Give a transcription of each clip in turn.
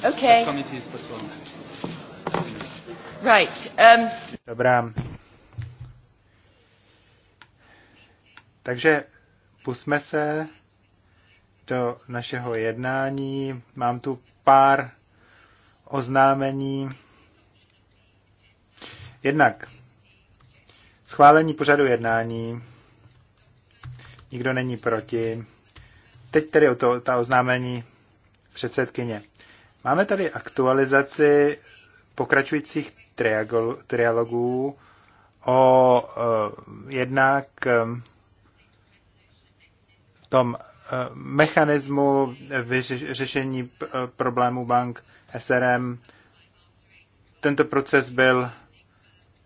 Okay. Right. Um... Dobrá. Takže pusme se do našeho jednání. Mám tu pár oznámení. Jednak schválení pořadu jednání. Nikdo není proti. Teď tedy o to, ta oznámení předsedkyně. Máme tady aktualizaci pokračujících trialogů o eh, jednak eh, tom eh, mechanismu řešení eh, problémů bank SRM. Tento proces byl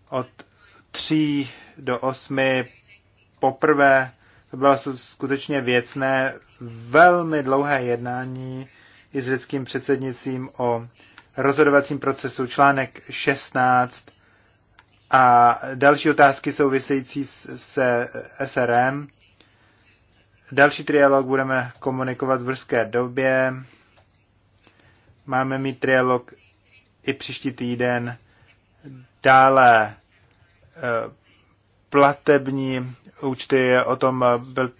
od 3 do 8 poprvé. To bylo skutečně věcné, velmi dlouhé jednání i s řeckým předsednicím o rozhodovacím procesu článek 16 a další otázky související se SRM. Další trialog budeme komunikovat v brzké době. Máme mít trialog i příští týden. Dále eh, platební účty, o tom byl,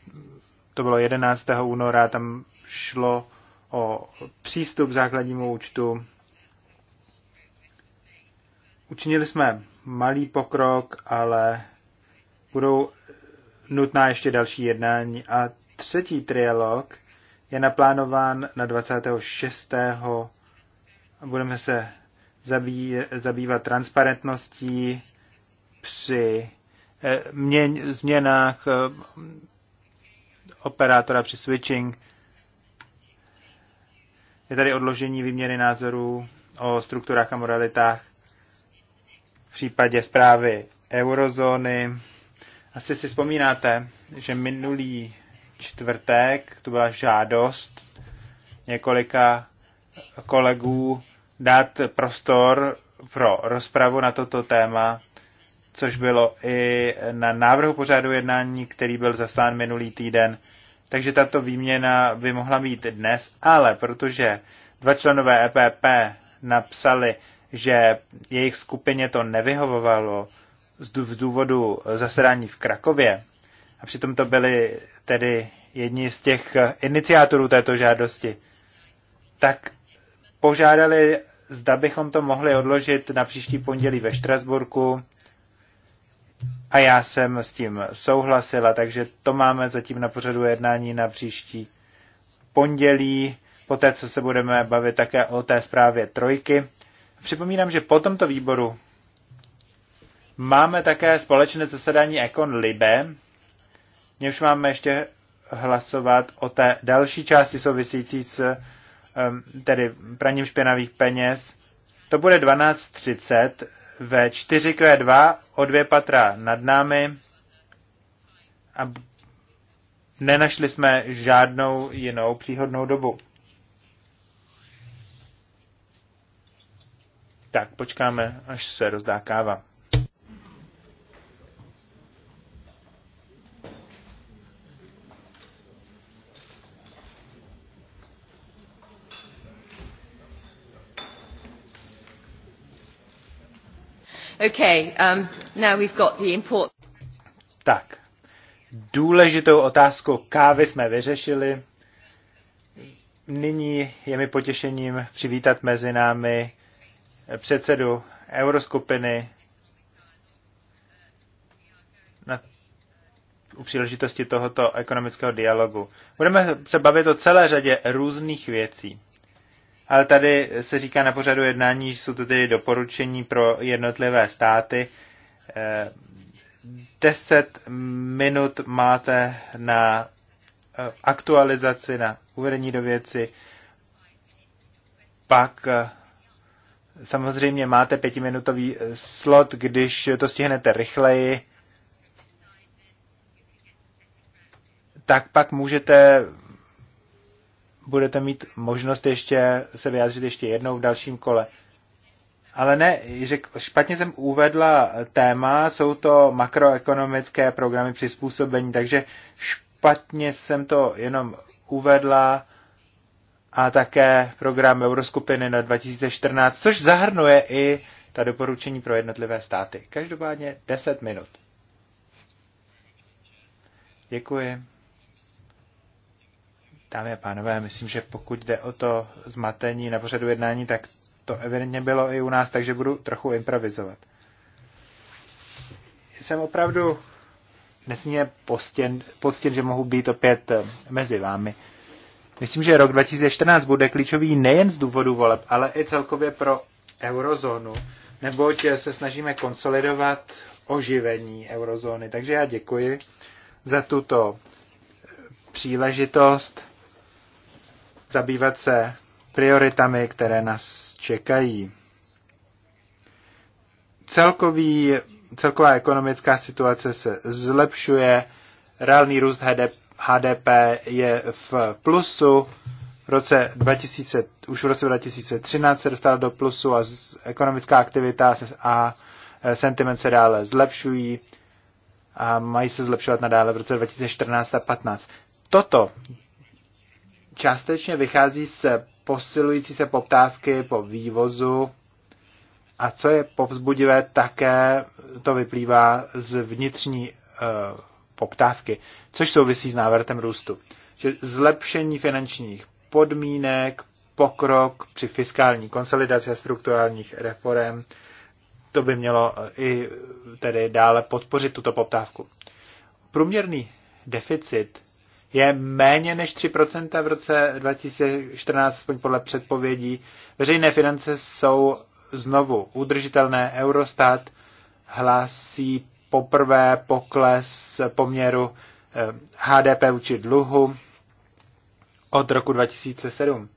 to bylo 11. února, tam šlo o přístup k základnímu účtu. Učinili jsme malý pokrok, ale budou nutná ještě další jednání. A třetí trialog je naplánován na 26. Budeme se zabý, zabývat transparentností při eh, měn, změnách eh, operátora při switching je tady odložení výměny názorů o strukturách a moralitách, v případě zprávy eurozóny. Asi si vzpomínáte, že minulý čtvrtek tu byla žádost několika kolegů dát prostor pro rozpravu na toto téma, což bylo i na návrhu pořadu jednání, který byl zaslán minulý týden takže tato výměna by mohla být dnes, ale protože dva členové EPP napsali, že jejich skupině to nevyhovovalo z důvodu zasedání v Krakově, a přitom to byli tedy jedni z těch iniciátorů této žádosti, tak požádali, zda bychom to mohli odložit na příští pondělí ve Štrasburku, a já jsem s tím souhlasila, takže to máme zatím na pořadu jednání na příští pondělí, poté co se budeme bavit také o té zprávě trojky. Připomínám, že po tomto výboru máme také společné zasedání Econ Libe, němž máme ještě hlasovat o té další části související s tedy praním špinavých peněz. To bude 12.30 ve 4Q2 o dvě patra nad námi a nenašli jsme žádnou jinou příhodnou dobu. Tak počkáme, až se rozdá káva. Okay, um, now we've got the import... Tak, důležitou otázku kávy jsme vyřešili. Nyní je mi potěšením přivítat mezi námi předsedu Euroskupiny na, u příležitosti tohoto ekonomického dialogu. Budeme se bavit o celé řadě různých věcí. Ale tady se říká na pořadu jednání, že jsou to tedy doporučení pro jednotlivé státy. Eh, deset minut máte na eh, aktualizaci, na uvedení do věci. Pak eh, samozřejmě máte pětiminutový slot, když to stihnete rychleji, tak pak můžete budete mít možnost ještě se vyjádřit ještě jednou v dalším kole. Ale ne, řek, špatně jsem uvedla téma, jsou to makroekonomické programy přizpůsobení, takže špatně jsem to jenom uvedla a také program Euroskupiny na 2014, což zahrnuje i ta doporučení pro jednotlivé státy. Každopádně 10 minut. Děkuji. Dámy a pánové, myslím, že pokud jde o to zmatení na pořadu jednání, tak to evidentně bylo i u nás, takže budu trochu improvizovat. Jsem opravdu nesmírně postěn, postěn, že mohu být opět eh, mezi vámi. Myslím, že rok 2014 bude klíčový nejen z důvodu voleb, ale i celkově pro eurozónu, neboť eh, se snažíme konsolidovat oživení eurozóny. Takže já děkuji za tuto eh, příležitost zabývat se prioritami, které nás čekají. Celkový, celková ekonomická situace se zlepšuje, reálný růst HDP je v plusu, v roce 2000, už v roce 2013 se dostala do plusu a ekonomická aktivita a e, sentiment se dále zlepšují a mají se zlepšovat nadále v roce 2014 a 2015. Toto částečně vychází z posilující se poptávky po vývozu a co je povzbudivé, také to vyplývá z vnitřní eh, poptávky, což souvisí s návratem růstu. Že zlepšení finančních podmínek, pokrok při fiskální konsolidaci a strukturálních reform, to by mělo eh, i tedy dále podpořit tuto poptávku. Průměrný deficit je méně než 3% v roce 2014, aspoň podle předpovědí. Veřejné finance jsou znovu udržitelné. Eurostat hlásí poprvé pokles poměru HDP eh, vůči dluhu od roku 2007.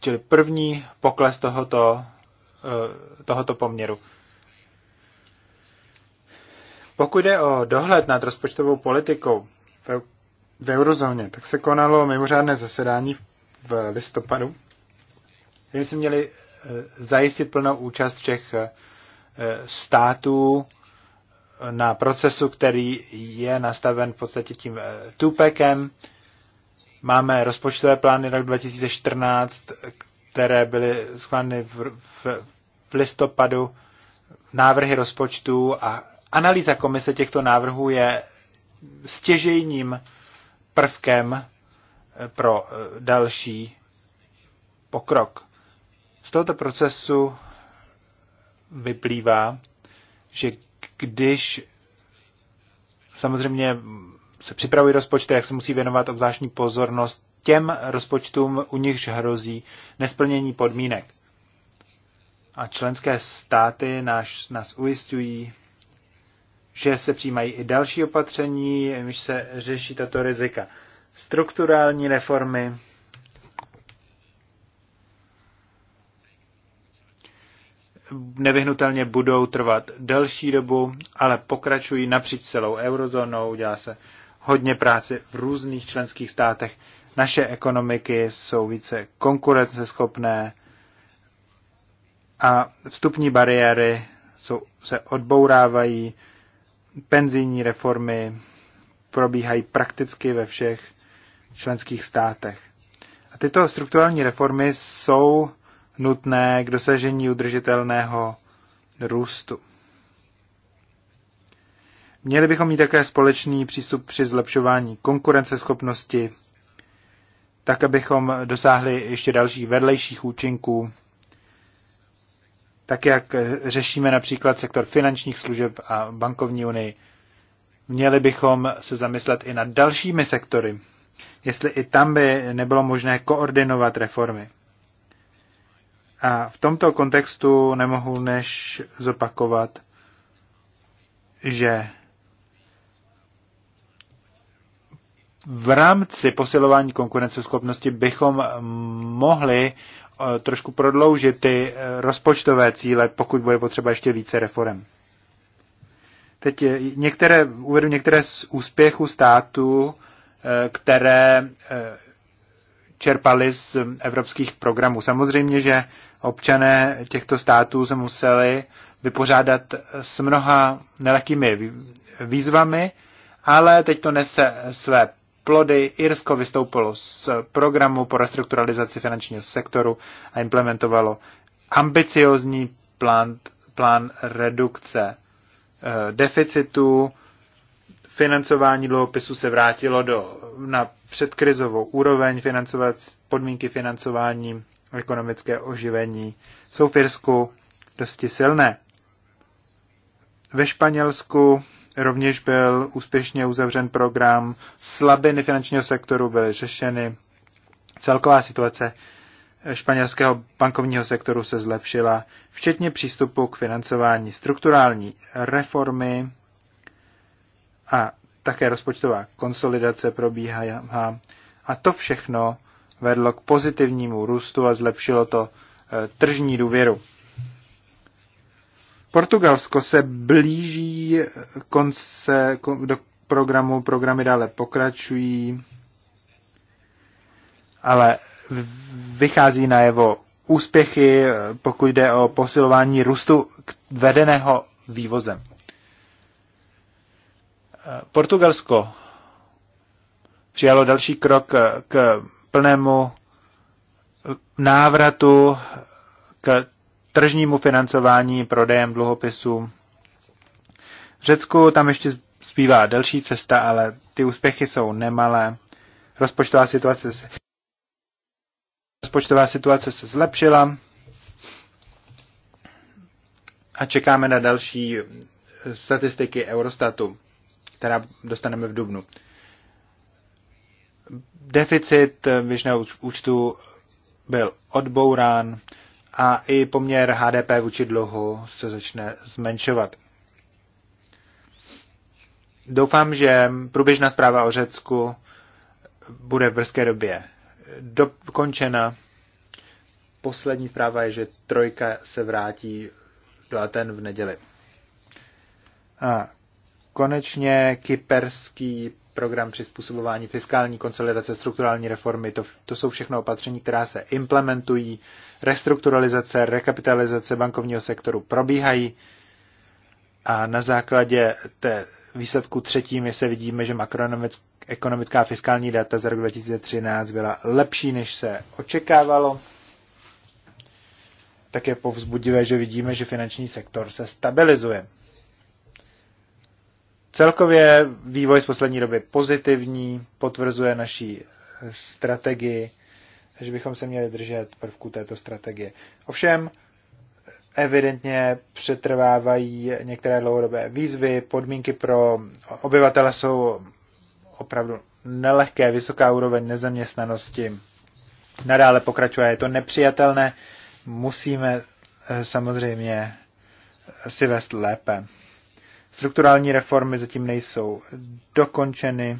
Čili první pokles tohoto, eh, tohoto poměru. Pokud je o dohled nad rozpočtovou politikou, v eurozóně, tak se konalo mimořádné zasedání v listopadu, kterým se měli eh, zajistit plnou účast všech eh, států eh, na procesu, který je nastaven v podstatě tím tupekem. Máme rozpočtové plány rok 2014, které byly schváleny v, v, v listopadu, návrhy rozpočtů a analýza komise těchto návrhů je stěžejním prvkem eh, pro eh, další pokrok. Z tohoto procesu vyplývá, že když samozřejmě se připravují rozpočty, jak se musí věnovat obzvláštní pozornost těm rozpočtům, u nichž hrozí nesplnění podmínek. A členské státy nás, nás ujistují, že se přijímají i další opatření, když se řeší tato rizika. Strukturální reformy, nevyhnutelně budou trvat delší dobu, ale pokračují napříč celou eurozónou, dělá se hodně práce v různých členských státech. Naše ekonomiky jsou více konkurenceschopné a vstupní bariéry jsou, se odbourávají, penzijní reformy probíhají prakticky ve všech členských státech. A tyto strukturální reformy jsou nutné k dosažení udržitelného růstu. Měli bychom mít také společný přístup při zlepšování konkurenceschopnosti, tak abychom dosáhli ještě dalších vedlejších účinků tak jak řešíme například sektor finančních služeb a bankovní unii, měli bychom se zamyslet i nad dalšími sektory, jestli i tam by nebylo možné koordinovat reformy. A v tomto kontextu nemohu než zopakovat, že v rámci posilování konkurenceschopnosti bychom mohli Eh, trošku prodloužit ty eh, rozpočtové cíle, pokud bude potřeba ještě více reform. Teď některé, uvedu některé z úspěchů států, eh, které čerpali z evropských programů. Samozřejmě, že občané těchto států se museli vypořádat s mnoha nelehkými výzvami, ale teď to nese své plody, Irsko vystoupilo z programu po restrukturalizaci finančního sektoru a implementovalo ambiciozní plán, plán redukce eh, deficitu. Financování dluhopisu se vrátilo do, na předkrizovou úroveň, financovat, podmínky financování, ekonomické oživení jsou v Irsku dosti silné. Ve Španělsku Rovněž byl úspěšně uzavřen program, slabiny finančního sektoru byly řešeny, celková situace španělského bankovního sektoru se zlepšila, včetně přístupu k financování strukturální reformy a také rozpočtová konsolidace probíhá. A to všechno vedlo k pozitivnímu růstu a zlepšilo to eh, tržní důvěru. Portugalsko se blíží konce do programu, programy dále pokračují, ale vychází najevo úspěchy, pokud jde o posilování růstu vedeného vývozem. Portugalsko přijalo další krok k plnému návratu k tržnímu financování prodejem dluhopisů. V Řecku tam ještě zbývá delší cesta, ale ty úspěchy jsou nemalé. Rozpočtová situace se, rozpočtová situace se zlepšila a čekáme na další eh, statistiky Eurostatu, která dostaneme v Dubnu. Deficit eh, běžného účtu byl odbourán, a i poměr HDP vůči dluhu se začne zmenšovat. Doufám, že průběžná zpráva o Řecku bude v brzké době dokončena. Poslední zpráva je, že trojka se vrátí do Aten v neděli. A konečně kyperský program přizpůsobování fiskální konsolidace, strukturální reformy, to, to jsou všechno opatření, která se implementují, restrukturalizace, rekapitalizace bankovního sektoru probíhají a na základě té výsledku třetím se vidíme, že makroekonomická fiskální data za rok 2013 byla lepší, než se očekávalo. Tak je povzbudivé, že vidíme, že finanční sektor se stabilizuje. Celkově vývoj z poslední doby pozitivní, potvrzuje naší strategii, že bychom se měli držet prvku této strategie. Ovšem, evidentně přetrvávají některé dlouhodobé výzvy, podmínky pro obyvatele jsou opravdu nelehké, vysoká úroveň nezaměstnanosti nadále pokračuje, je to nepřijatelné, musíme eh, samozřejmě si vést lépe. Strukturální reformy zatím nejsou dokončeny.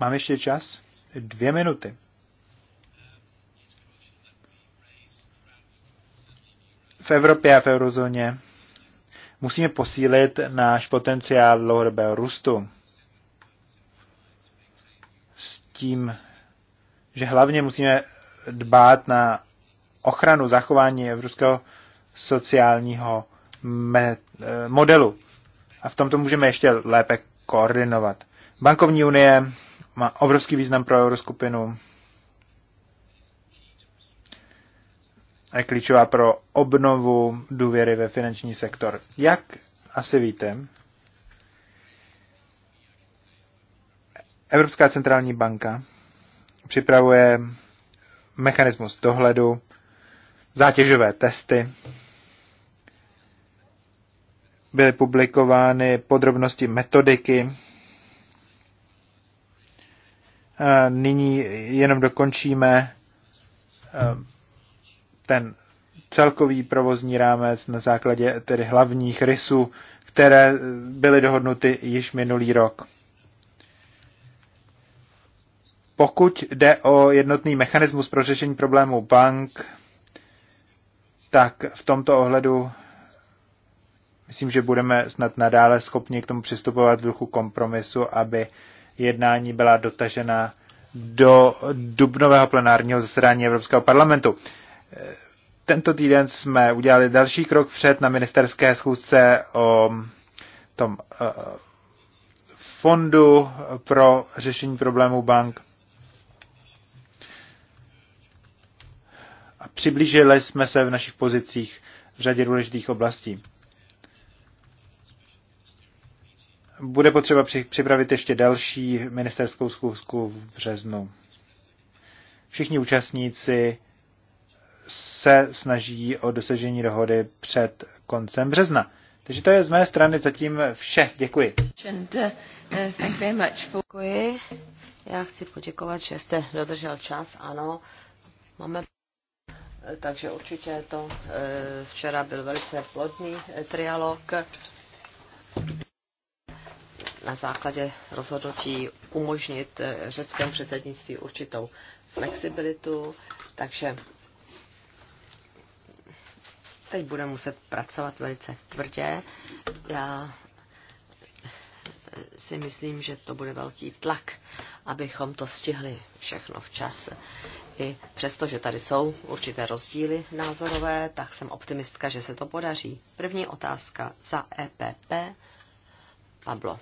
Mám ještě čas? Dvě minuty. V Evropě a v eurozóně musíme posílit náš potenciál dlouhodobého růstu. S tím, že hlavně musíme dbát na ochranu, zachování evropského sociálního eh, modelu. A v tomto můžeme ještě lépe koordinovat. Bankovní unie má obrovský význam pro euroskupinu. je klíčová pro obnovu důvěry ve finanční sektor. Jak asi víte, Evropská centrální banka připravuje mechanismus dohledu, zátěžové testy byly publikovány podrobnosti metodiky. A nyní jenom dokončíme e, ten celkový provozní rámec na základě tedy hlavních rysů, které byly dohodnuty již minulý rok. Pokud jde o jednotný mechanismus pro řešení problémů bank, tak v tomto ohledu Myslím, že budeme snad nadále schopni k tomu přistupovat v duchu kompromisu, aby jednání byla dotažena do dubnového plenárního zasedání Evropského parlamentu. Tento týden jsme udělali další krok před na ministerské schůzce o tom eh, fondu pro řešení problémů bank. A přiblížili jsme se v našich pozicích v řadě důležitých oblastí. bude potřeba připravit ještě další ministerskou schůzku v březnu. Všichni účastníci se snaží o dosažení dohody před koncem března. Takže to je z mé strany zatím vše. Děkuji. Uh, uh, Děkuji. Já chci poděkovat, že jste dodržel čas. Ano, máme. Takže určitě to eh, včera byl velice plodný eh, trialog na základě rozhodnutí umožnit eh, řeckému předsednictví určitou flexibilitu, takže teď bude muset pracovat velice tvrdě. Já eh, si myslím, že to bude velký tlak, abychom to stihli všechno včas. I přesto, že tady jsou určité rozdíly názorové, tak jsem optimistka, že se to podaří. První otázka za EPP. Pablo.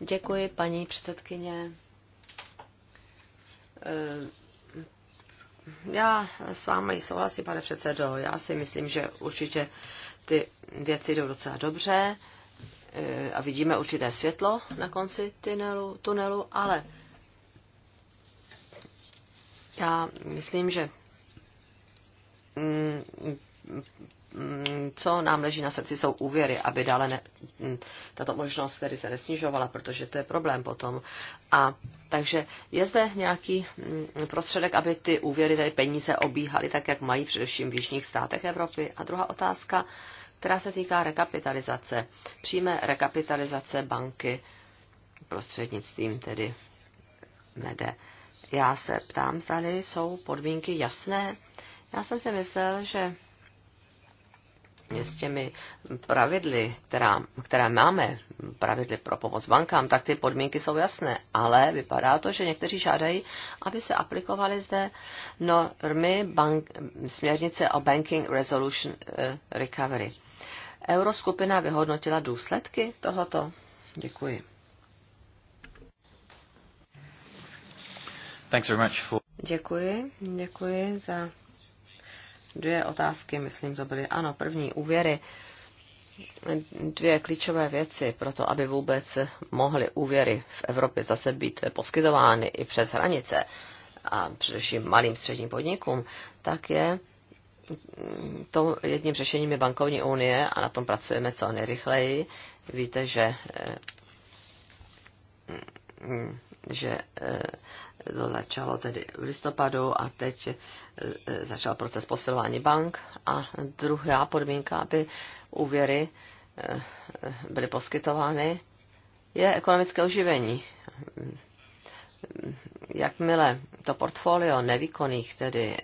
Děkuji, paní předsedkyně. Eh, já s vámi souhlasím, pane předsedo. Já si myslím, že určitě ty věci jdou docela dobře eh, a vidíme určité světlo na konci tunelu, tunelu ale já myslím, že mm, co nám leží na srdci, jsou úvěry, aby dále ne, tato možnost tedy se nesnižovala, protože to je problém potom. A takže je zde nějaký mm, prostředek, aby ty úvěry, tedy peníze obíhaly tak, jak mají především v jižních státech Evropy. A druhá otázka, která se týká rekapitalizace, přímé rekapitalizace banky prostřednictvím tedy nede. Já se ptám, zda jsou podmínky jasné. Já jsem si myslel, že s těmi pravidly, která, které máme, pravidly pro pomoc bankám, tak ty podmínky jsou jasné, ale vypadá to, že někteří žádají, aby se aplikovaly zde normy bank, směrnice o Banking Resolution eh, Recovery. Euroskupina vyhodnotila důsledky tohoto? Děkuji. Děkuji, děkuji za Dvě otázky, myslím, to byly. Ano, první, úvěry. Dvě klíčové věci pro to, aby vůbec mohly úvěry v Evropě zase být poskytovány i přes hranice a především malým středním podnikům, tak je to jedním řešením je bankovní unie a na tom pracujeme co nejrychleji. Víte, že eh, že eh, to začalo tedy v listopadu a teď e, e, začal proces posilování bank a druhá podmínka, aby úvěry e, byly poskytovány, je ekonomické oživení. Jakmile to portfolio nevýkonných tedy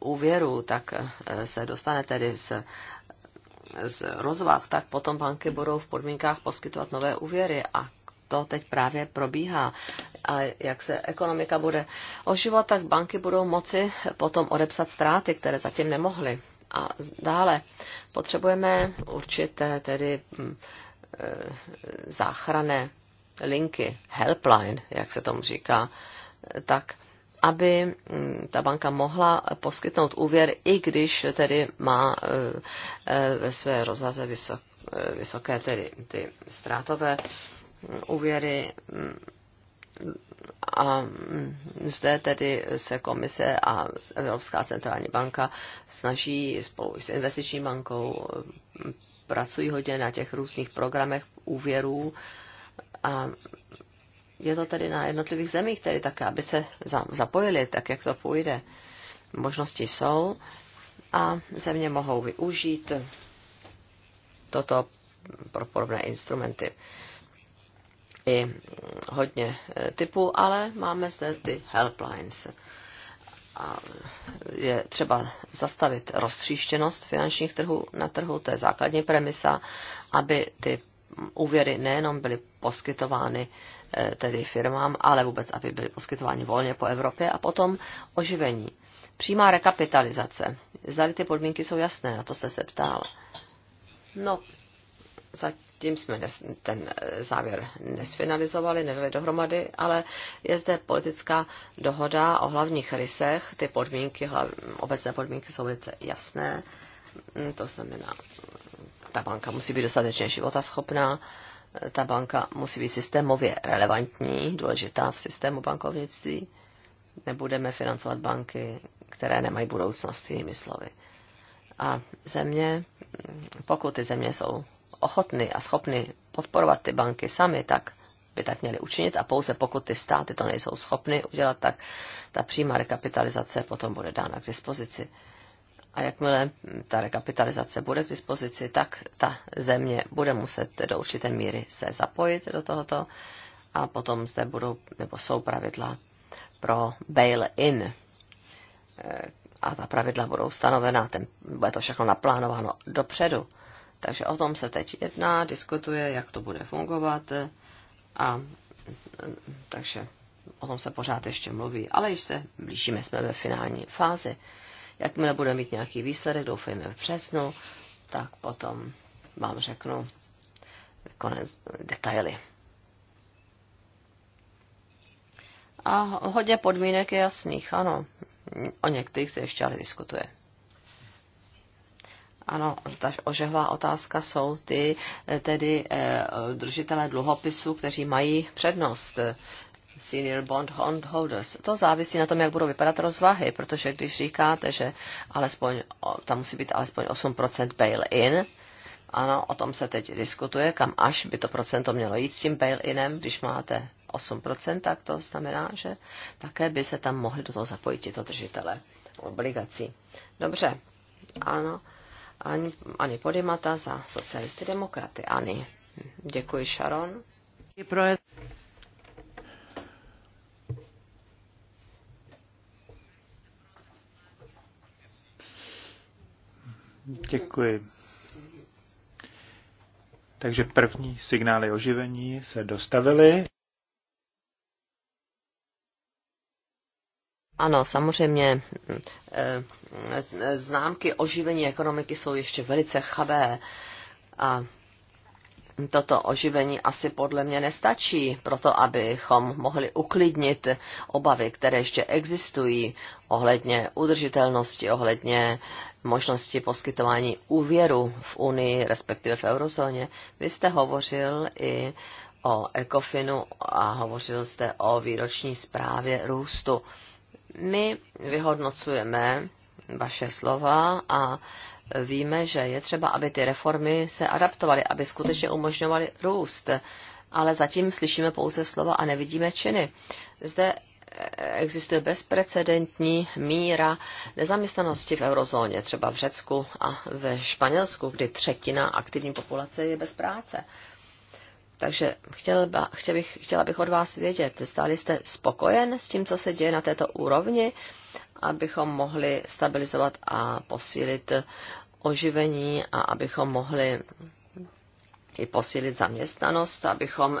úvěrů, tak se dostane tedy z z rozvah, tak potom banky budou v podmínkách poskytovat nové úvěry a to teď právě probíhá a jak se ekonomika bude oživovat, tak banky budou moci potom odepsat ztráty, které zatím nemohly. A dále potřebujeme určité tedy mm, eh, záchrané linky, helpline, jak se tomu říká, tak aby mm, ta banka mohla poskytnout úvěr, i když tedy má eh, eh, ve své rozvaze vysoké tedy ty ztrátové úvěry mm, a zde tedy se komise a Evropská centrální banka snaží spolu s investiční bankou, pracují hodně na těch různých programech úvěrů a je to tedy na jednotlivých zemích, tedy také, aby se zapojili, tak jak to půjde. Možnosti jsou a země mohou využít toto pro podobné instrumenty i hodně e, typů, ale máme zde ty helplines. A je třeba zastavit roztříštěnost finančních trhů na trhu, to je základní premisa, aby ty úvěry nejenom byly poskytovány e, tedy firmám, ale vůbec, aby byly poskytovány volně po Evropě a potom oživení. Přímá rekapitalizace. Zdali ty podmínky jsou jasné, na to jste se ptal. No, tím jsme nes, ten eh, závěr nesfinalizovali, nedali dohromady, ale je zde politická dohoda o hlavních rysech. Ty podmínky, hlav, obecné podmínky jsou velice jasné. Mm, to znamená, ta banka musí být dostatečně životaschopná, eh, ta banka musí být systémově relevantní, důležitá v systému bankovnictví. Nebudeme financovat banky, které nemají budoucnost, jinými slovy. A země, mm, pokud ty země jsou ochotny a schopny podporovat ty banky sami, tak by tak měly učinit a pouze pokud ty státy to nejsou schopny udělat, tak ta přímá rekapitalizace potom bude dána k dispozici. A jakmile ta rekapitalizace bude k dispozici, tak ta země bude muset do určité míry se zapojit do tohoto a potom zde budou, nebo jsou pravidla pro bail-in. Eh, a ta pravidla budou stanovená, ten, bude to všechno naplánováno dopředu. Takže o tom se teď jedná, diskutuje, jak to bude fungovat a takže o tom se pořád ještě mluví, ale již se blížíme, jsme ve finální fázi. Jakmile budeme mít nějaký výsledek, doufejme v přesnu, tak potom vám řeknu konec detaily. A hodně podmínek je jasných, ano. O některých se ještě ale diskutuje. Ano, ta ožehlá otázka jsou ty eh, tedy eh, držitelé dluhopisů, kteří mají přednost senior bond holders. To závisí na tom, jak budou vypadat rozvahy, protože když říkáte, že alespoň, tam musí být alespoň 8% bail-in, ano, o tom se teď diskutuje, kam až by to procento mělo jít s tím bail-inem, když máte 8%, tak to znamená, že také by se tam mohli do toho zapojit tito držitele obligací. Dobře, ano. Ani, ani Podimata za socialisty demokraty. Ani. Děkuji, Sharon. Děkuji. Takže první signály oživení se dostavily. Ano, samozřejmě mm, eh, eh, známky oživení ekonomiky jsou ještě velice chabé a toto oživení asi podle mě nestačí pro to, abychom mohli uklidnit obavy, které ještě existují ohledně udržitelnosti, ohledně možnosti poskytování úvěru v Unii, respektive v eurozóně. Vy jste hovořil i o ECOFINu a hovořil jste o výroční zprávě růstu. My vyhodnocujeme vaše slova a víme, že je třeba, aby ty reformy se adaptovaly, aby skutečně umožňovaly růst. Ale zatím slyšíme pouze slova a nevidíme činy. Zde existuje bezprecedentní míra nezaměstnanosti v eurozóně, třeba v Řecku a ve Španělsku, kdy třetina aktivní populace je bez práce. Takže chtěl, chtěl bych, chtěla bych od vás vědět, stáli jste spokojen s tím, co se děje na této úrovni, abychom mohli stabilizovat a posílit oživení a abychom mohli i posílit zaměstnanost, abychom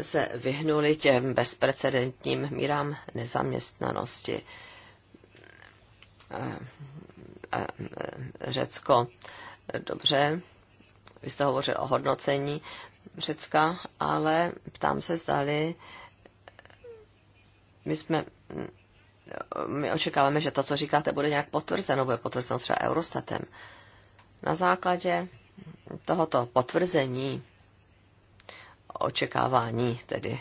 se vyhnuli těm bezprecedentním mírám nezaměstnanosti. Eh, eh, eh, Řecko, dobře, vy jste hovořil o hodnocení Řecka, ale ptám se, zdali my jsme my očekáváme, že to, co říkáte, bude nějak potvrzeno, bude potvrzeno třeba Eurostatem. Na základě tohoto potvrzení očekávání tedy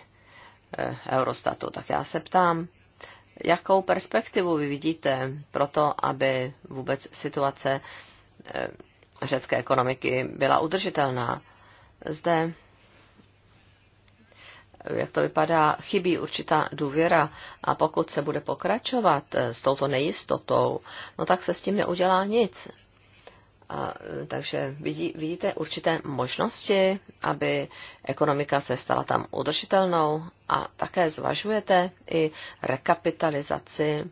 eh, Eurostatu, tak já se ptám, jakou perspektivu vy vidíte pro to, aby vůbec situace eh, řecké ekonomiky byla udržitelná? Zde jak to vypadá, chybí určitá důvěra a pokud se bude pokračovat eh, s touto nejistotou, no tak se s tím neudělá nic. A, eh, takže vidí, vidíte určité možnosti, aby ekonomika se stala tam udržitelnou a také zvažujete i rekapitalizaci,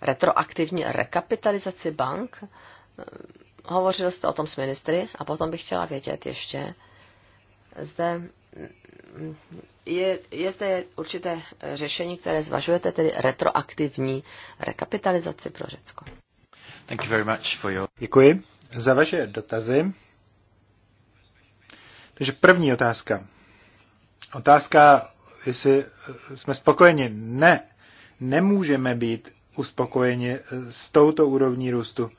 retroaktivní rekapitalizaci bank. Eh, hovořil jste o tom s ministry a potom bych chtěla vědět ještě, zde je, je zde určité řešení, které zvažujete, tedy retroaktivní rekapitalizaci pro Řecko. Thank you very much for your... Děkuji za vaše dotazy. Takže první otázka. Otázka, jestli jsme spokojeni. Ne, nemůžeme být uspokojeni s touto úrovní růstu,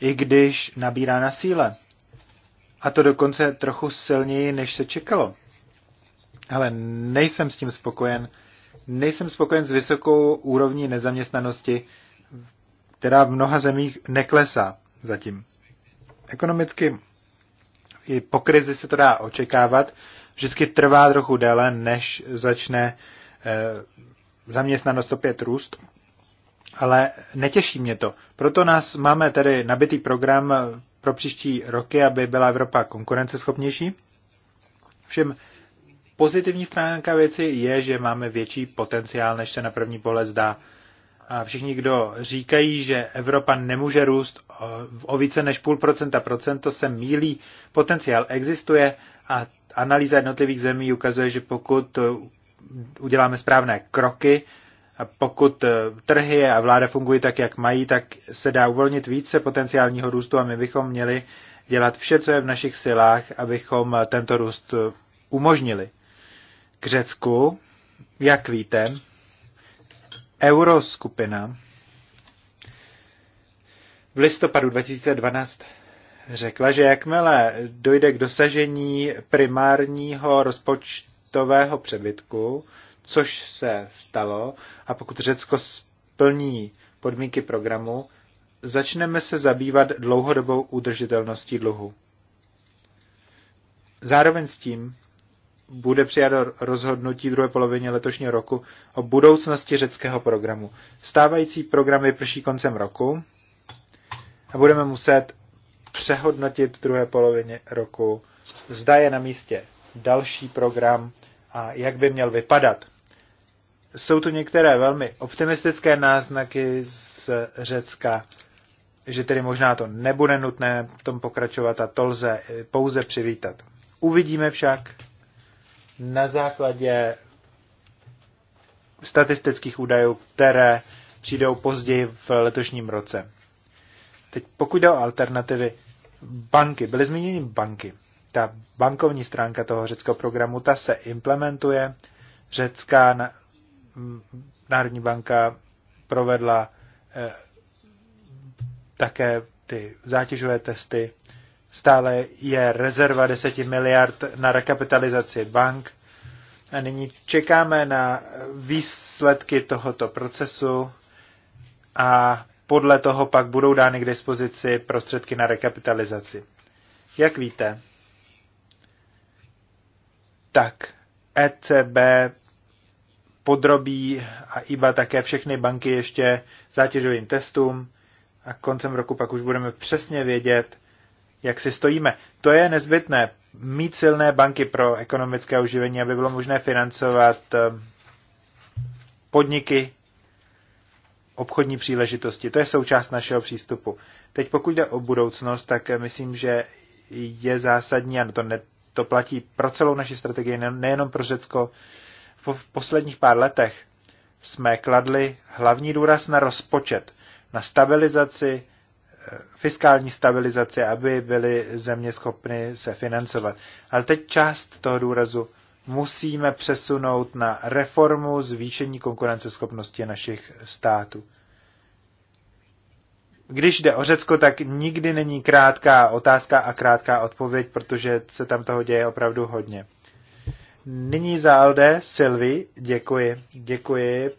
i když nabírá na síle. A to dokonce trochu silněji, než se čekalo. Ale nejsem s tím spokojen. Nejsem spokojen s vysokou úrovní nezaměstnanosti, která v mnoha zemích neklesá zatím. Ekonomicky i po krizi se to dá očekávat. Vždycky trvá trochu déle, než začne eh, zaměstnanost opět růst. Ale netěší mě to. Proto nás máme tedy nabitý program pro příští roky, aby byla Evropa konkurenceschopnější. Všem pozitivní stránka věci je, že máme větší potenciál, než se na první pohled zdá. A všichni, kdo říkají, že Evropa nemůže růst o více než půl procenta procent, to se mílí. Potenciál existuje a analýza jednotlivých zemí ukazuje, že pokud uděláme správné kroky, pokud eh, trhy a vláda fungují tak, jak mají, tak se dá uvolnit více potenciálního růstu a my bychom měli dělat vše, co je v našich silách, abychom eh, tento růst eh, umožnili. K Řecku, jak víte, euroskupina v listopadu 2012 řekla, že jakmile dojde k dosažení primárního rozpočtového přebytku, což se stalo. A pokud Řecko splní podmínky programu, začneme se zabývat dlouhodobou udržitelností dluhu. Zároveň s tím bude přijato rozhodnutí v druhé polovině letošního roku o budoucnosti řeckého programu. Stávající program vyprší koncem roku a budeme muset přehodnotit v druhé polovině roku, zda je na místě další program a jak by měl vypadat jsou tu některé velmi optimistické náznaky z Řecka, že tedy možná to nebude nutné v tom pokračovat a to lze pouze přivítat. Uvidíme však na základě statistických údajů, které přijdou později v letošním roce. Teď pokud jde o alternativy, banky, byly zmíněny banky. Ta bankovní stránka toho řeckého programu, ta se implementuje. Řecká Národní banka provedla eh, také ty zátěžové testy. Stále je rezerva 10 miliard na rekapitalizaci bank. A nyní čekáme na výsledky tohoto procesu a podle toho pak budou dány k dispozici prostředky na rekapitalizaci. Jak víte, tak ECB podrobí a IBA také všechny banky ještě zátěžovým testům a koncem roku pak už budeme přesně vědět, jak si stojíme. To je nezbytné, mít silné banky pro ekonomické oživení, aby bylo možné financovat ehm, podniky, obchodní příležitosti. To je součást našeho přístupu. Teď pokud jde o budoucnost, tak myslím, že je zásadní, a to, ne, to platí pro celou naši strategii, nejenom pro Řecko, v posledních pár letech jsme kladli hlavní důraz na rozpočet, na stabilizaci, eh, fiskální stabilizaci, aby byly země schopny se financovat. Ale teď část toho důrazu musíme přesunout na reformu zvýšení konkurenceschopnosti našich států. Když jde o Řecko, tak nikdy není krátká otázka a krátká odpověď, protože se tam toho děje opravdu hodně. Nyní za LD Silvi, děkuji. Děkuji.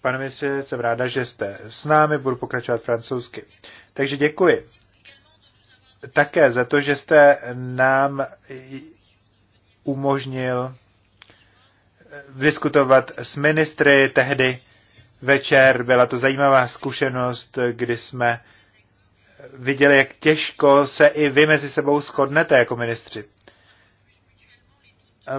Pane ministře, jsem ráda, že jste s námi, budu pokračovat francouzsky. Takže děkuji. Také za to, že jste nám umožnil diskutovat s ministry tehdy večer. Byla to zajímavá zkušenost, kdy jsme viděli, jak těžko se i vy mezi sebou shodnete jako ministři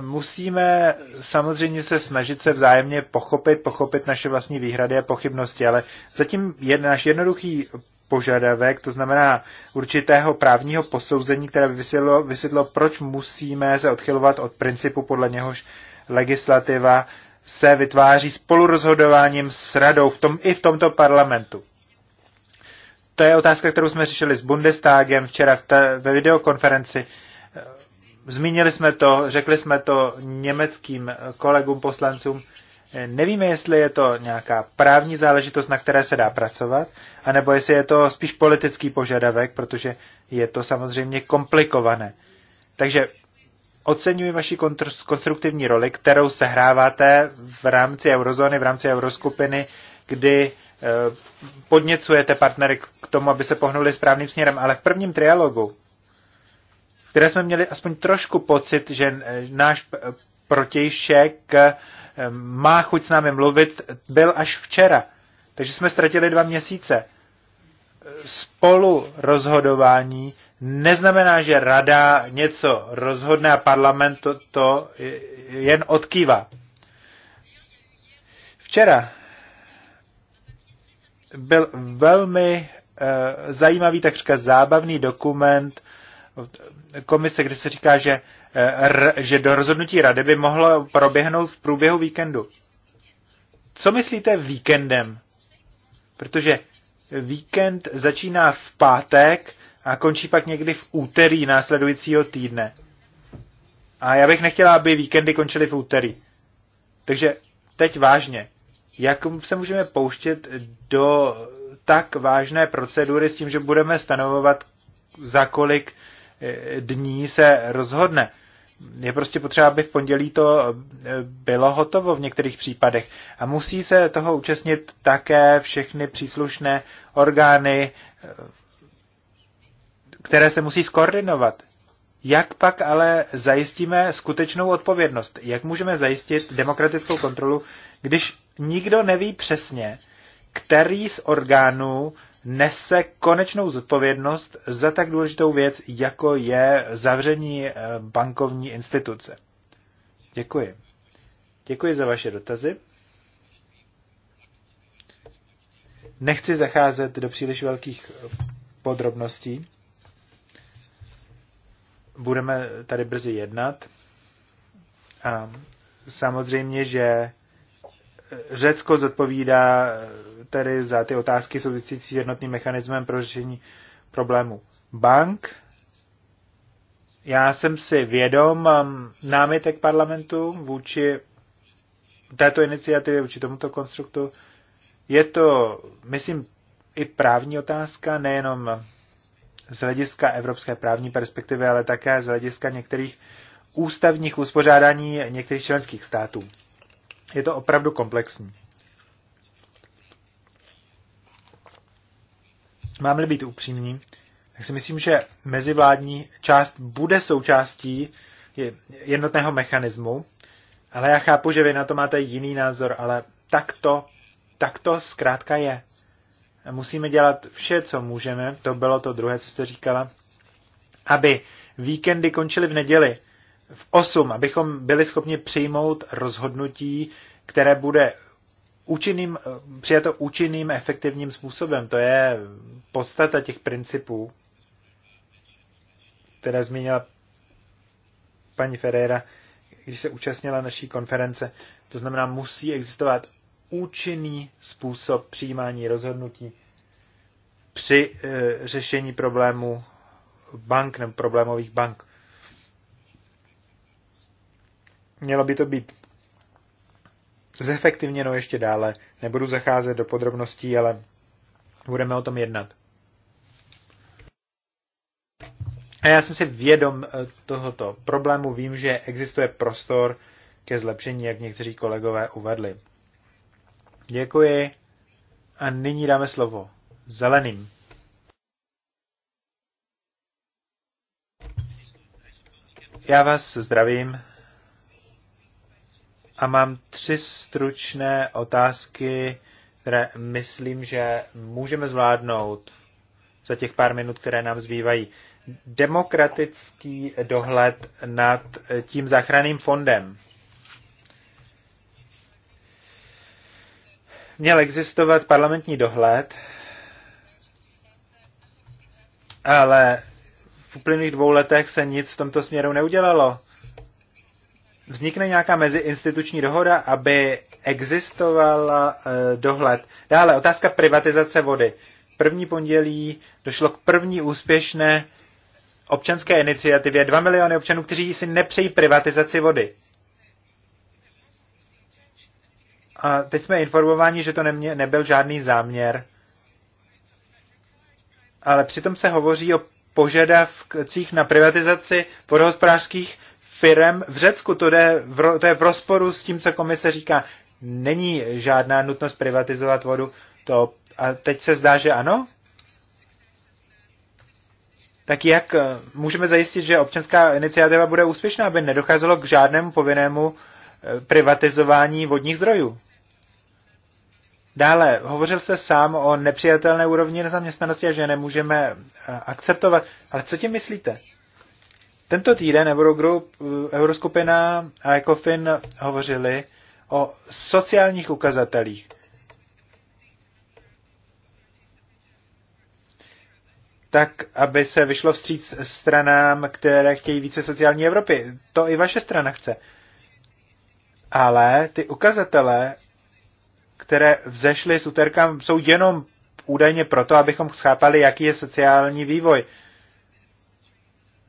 musíme samozřejmě se snažit se vzájemně pochopit, pochopit naše vlastní výhrady a pochybnosti, ale zatím je náš jednoduchý požadavek, to znamená určitého právního posouzení, které by vysvětlo, vysvětlo, proč musíme se odchylovat od principu, podle něhož legislativa se vytváří spolurozhodováním s radou v tom, i v tomto parlamentu. To je otázka, kterou jsme řešili s Bundestagem včera v ta, ve videokonferenci. Uh, Zmínili jsme to, řekli jsme to německým kolegům poslancům. Nevíme, jestli je to nějaká právní záležitost, na které se dá pracovat, anebo jestli je to spíš politický požadavek, protože je to samozřejmě komplikované. Takže oceňuji vaši konstruktivní roli, kterou sehráváte v rámci eurozóny, v rámci euroskupiny, kdy eh, podněcujete partnery k tomu, aby se pohnuli správným směrem. Ale v prvním trialogu které jsme měli aspoň trošku pocit, že eh, náš eh, protějšek eh, má chuť s námi mluvit, byl až včera. Takže jsme ztratili dva měsíce. Spolu rozhodování neznamená, že rada něco rozhodne a parlament to, to jen odkývá. Včera byl velmi uh, zajímavý, takřka zábavný dokument komise, kde se říká, že, eh, r, že do rozhodnutí rady by mohlo proběhnout v průběhu víkendu. Co myslíte víkendem? Protože víkend začíná v pátek a končí pak někdy v úterý následujícího týdne. A já bych nechtěla, aby víkendy končily v úterý. Takže teď vážně, jak se můžeme pouštět do tak vážné procedury s tím, že budeme stanovovat, za kolik dní se rozhodne. Je prostě potřeba, aby v pondělí to eh, bylo hotovo v některých případech. A musí se toho účastnit také všechny příslušné orgány, eh, které se musí skoordinovat. Jak pak ale zajistíme skutečnou odpovědnost? Jak můžeme zajistit demokratickou kontrolu, když nikdo neví přesně, který z orgánů nese konečnou zodpovědnost za tak důležitou věc, jako je zavření eh, bankovní instituce. Děkuji. Děkuji za vaše dotazy. Nechci zacházet do příliš velkých eh, podrobností. Budeme tady brzy jednat. A samozřejmě, že Řecko zodpovídá eh, tedy za ty otázky související s jednotným mechanismem pro řešení problému bank. Já jsem si vědom námitek parlamentu vůči této iniciativě, vůči tomuto konstruktu. Je to, myslím, i právní otázka, nejenom z hlediska evropské právní perspektivy, ale také z hlediska některých ústavních uspořádání některých členských států je to opravdu komplexní. Mám-li být upřímní, tak si myslím, že mezivládní část bude součástí jednotného mechanismu, ale já chápu, že vy na to máte jiný názor, ale tak to, tak to zkrátka je. Musíme dělat vše, co můžeme, to bylo to druhé, co jste říkala, aby víkendy končily v neděli v 8, abychom byli schopni přijmout rozhodnutí, které bude účinným, přijato účinným, efektivním způsobem. To je podstata těch principů, které zmínila paní Ferreira, když se účastnila naší konference. To znamená, musí existovat účinný způsob přijímání rozhodnutí při e, řešení problému bank nebo problémových bank. Mělo by to být zefektivněno ještě dále. Nebudu zacházet do podrobností, ale budeme o tom jednat. A já jsem si vědom eh, tohoto problému, vím, že existuje prostor ke zlepšení, jak někteří kolegové uvedli. Děkuji a nyní dáme slovo zeleným. Já vás zdravím. A mám tři stručné otázky, které myslím, že můžeme zvládnout za těch pár minut, které nám zbývají. Demokratický dohled nad tím záchranným fondem. Měl existovat parlamentní dohled, ale v uplynulých dvou letech se nic v tomto směru neudělalo vznikne nějaká meziinstituční dohoda, aby existoval eh, dohled. Dále otázka privatizace vody. První pondělí došlo k první úspěšné občanské iniciativě Dva miliony občanů, kteří si nepřejí privatizaci vody. A teď jsme informováni, že to nemě, nebyl žádný záměr, ale přitom se hovoří o požadavcích na privatizaci podhospodářských firem v Řecku. To, jde v, to je v rozporu s tím, co komise říká. Není žádná nutnost privatizovat vodu. To, a teď se zdá, že ano? Tak jak eh, můžeme zajistit, že občanská iniciativa bude úspěšná, aby nedocházelo k žádnému povinnému eh, privatizování vodních zdrojů? Dále, hovořil se sám o nepřijatelné úrovni nezaměstnanosti a že nemůžeme eh, akceptovat. Ale co tím myslíte? Tento týden Eurogroup, Euroskupina a Ecofin hovořili o sociálních ukazatelích. tak, aby se vyšlo vstříc stranám, které chtějí více sociální Evropy. To i vaše strana chce. Ale ty ukazatele, které vzešly s úterkám, jsou jenom údajně proto, abychom schápali, jaký je sociální vývoj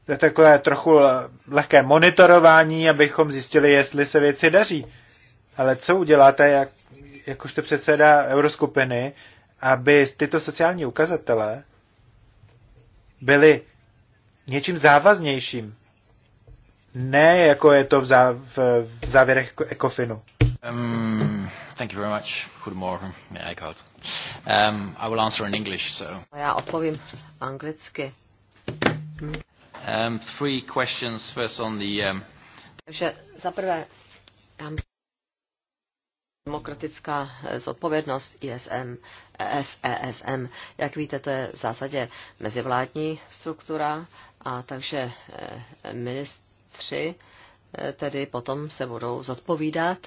to je takové trochu lehké monitorování, abychom zjistili, jestli se věci daří. Ale co uděláte, jak, jakožto předseda euroskupiny, aby tyto sociální ukazatele byly něčím závaznějším? Ne, jako je to v, zá, v, v závěrech ECOFINu. Um, thank you very much. morning. Yeah, I got. Um, I will answer in English, so. Já odpovím anglicky. Hmm. Um, three questions first on the... Um... Takže za prvé, demokratická eh, zodpovědnost ISM, eh, SESM, Jak víte, to je v zásadě mezivládní struktura a takže eh, ministři tedy potom se budou zodpovídat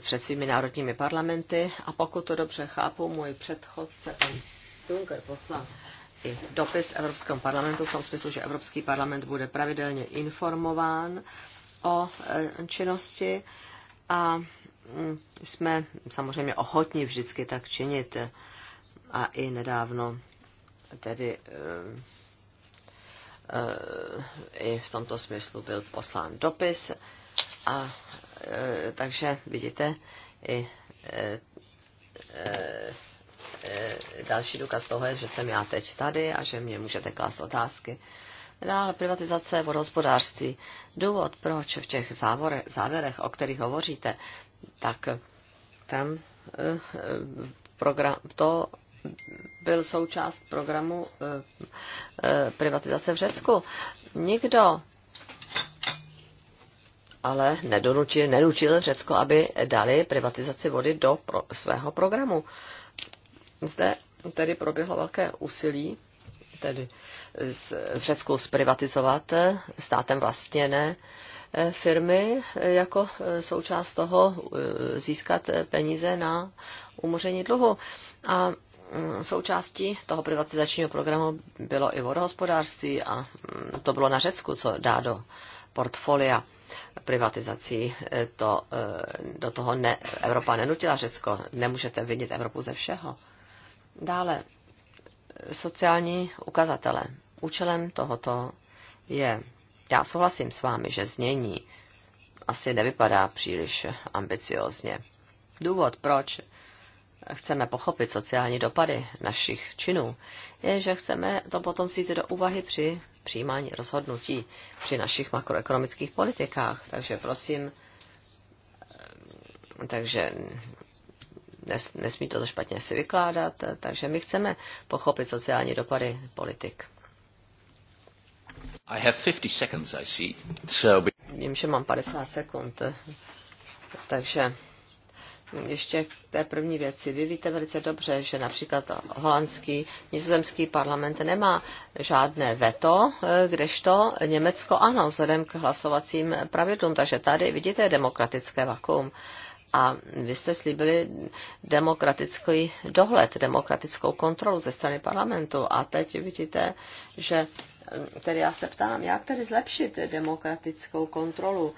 před svými národními parlamenty a pokud to dobře chápu, můj předchůdce pan Juncker poslal i dopis Evropskému parlamentu v tom smyslu, že Evropský parlament bude pravidelně informován o e, činnosti a mm, jsme samozřejmě ochotní vždycky tak činit. A i nedávno tedy e, e, i v tomto smyslu byl poslán dopis. A takže vidíte, i Eh, další důkaz toho je, že jsem já teď tady a že mě můžete klást otázky. Dále privatizace vodohospodářství. Důvod, proč v těch závorech, závěrech, o kterých hovoříte, tak tam eh, program, to byl součást programu eh, privatizace v Řecku. Nikdo ale nedonučil, nenučil Řecko, aby dali privatizaci vody do pro, svého programu. Zde tedy proběhlo velké úsilí tedy v Řecku zprivatizovat státem vlastněné eh, firmy eh, jako eh, součást toho získat peníze na umoření dluhu. A mm, součástí toho privatizačního programu bylo i vodohospodářství a mm, to bylo na Řecku, co dá do portfolia privatizací. To, do toho ne, Evropa nenutila Řecko. Nemůžete vidět Evropu ze všeho. Dále sociální ukazatele. Účelem tohoto je, já souhlasím s vámi, že znění asi nevypadá příliš ambiciozně. Důvod, proč chceme pochopit sociální dopady našich činů, je, že chceme to potom vzít do úvahy při přijímání rozhodnutí při našich makroekonomických politikách. Takže prosím, takže nes, nesmí to špatně si vykládat, takže my chceme pochopit sociální dopady politik. I have 50 seconds, I see. So... Vím, že mám 50 sekund, takže ještě k té první věci. Vy víte velice dobře, že například holandský, nizozemský parlament nemá žádné veto, kdežto Německo ano, vzhledem k hlasovacím pravidlům. Takže tady vidíte demokratické vakuum. A vy jste slíbili demokratický dohled, demokratickou kontrolu ze strany parlamentu. A teď vidíte, že tedy já se ptám, jak tedy zlepšit demokratickou kontrolu?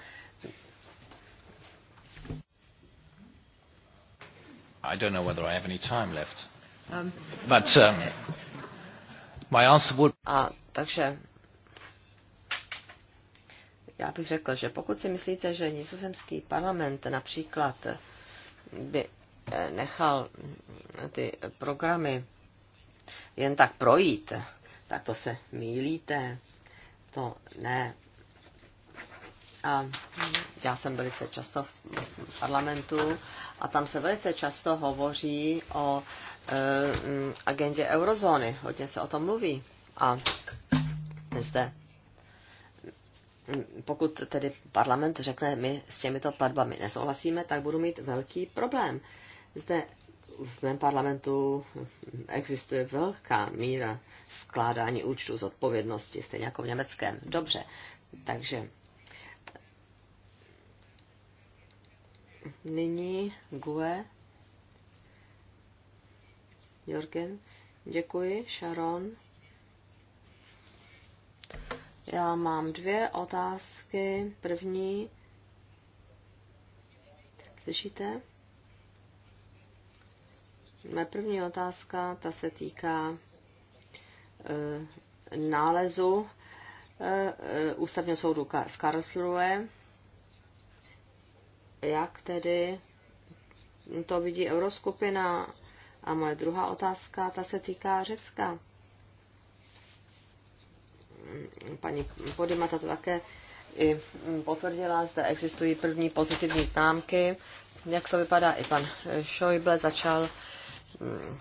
I don't know whether I have any time left. Um. But um, my answer would... A takže já bych řekl, že pokud si myslíte, že nizozemský parlament například by eh, nechal mm, ty programy jen tak projít, tak to se mílíte. To ne. A já jsem velice často v parlamentu a tam se velice často hovoří o e, agendě eurozóny. Hodně se o tom mluví. A zde pokud tedy parlament řekne, my s těmito platbami nesouhlasíme, tak budu mít velký problém. Zde v mém parlamentu existuje velká míra skládání účtu z odpovědnosti, stejně jako v německém. Dobře, takže nyní Gue. Jorgen, děkuji, Sharon. Já mám dvě otázky. První. Slyšíte? Moje první otázka, ta se týká e, nálezu e, e, Ústavního soudu z Karlsruhe. Jak tedy to vidí Euroskupina? A moje druhá otázka, ta se týká Řecka paní Podimata to také i potvrdila, zde existují první pozitivní známky. Jak to vypadá, i pan Schäuble začal mm,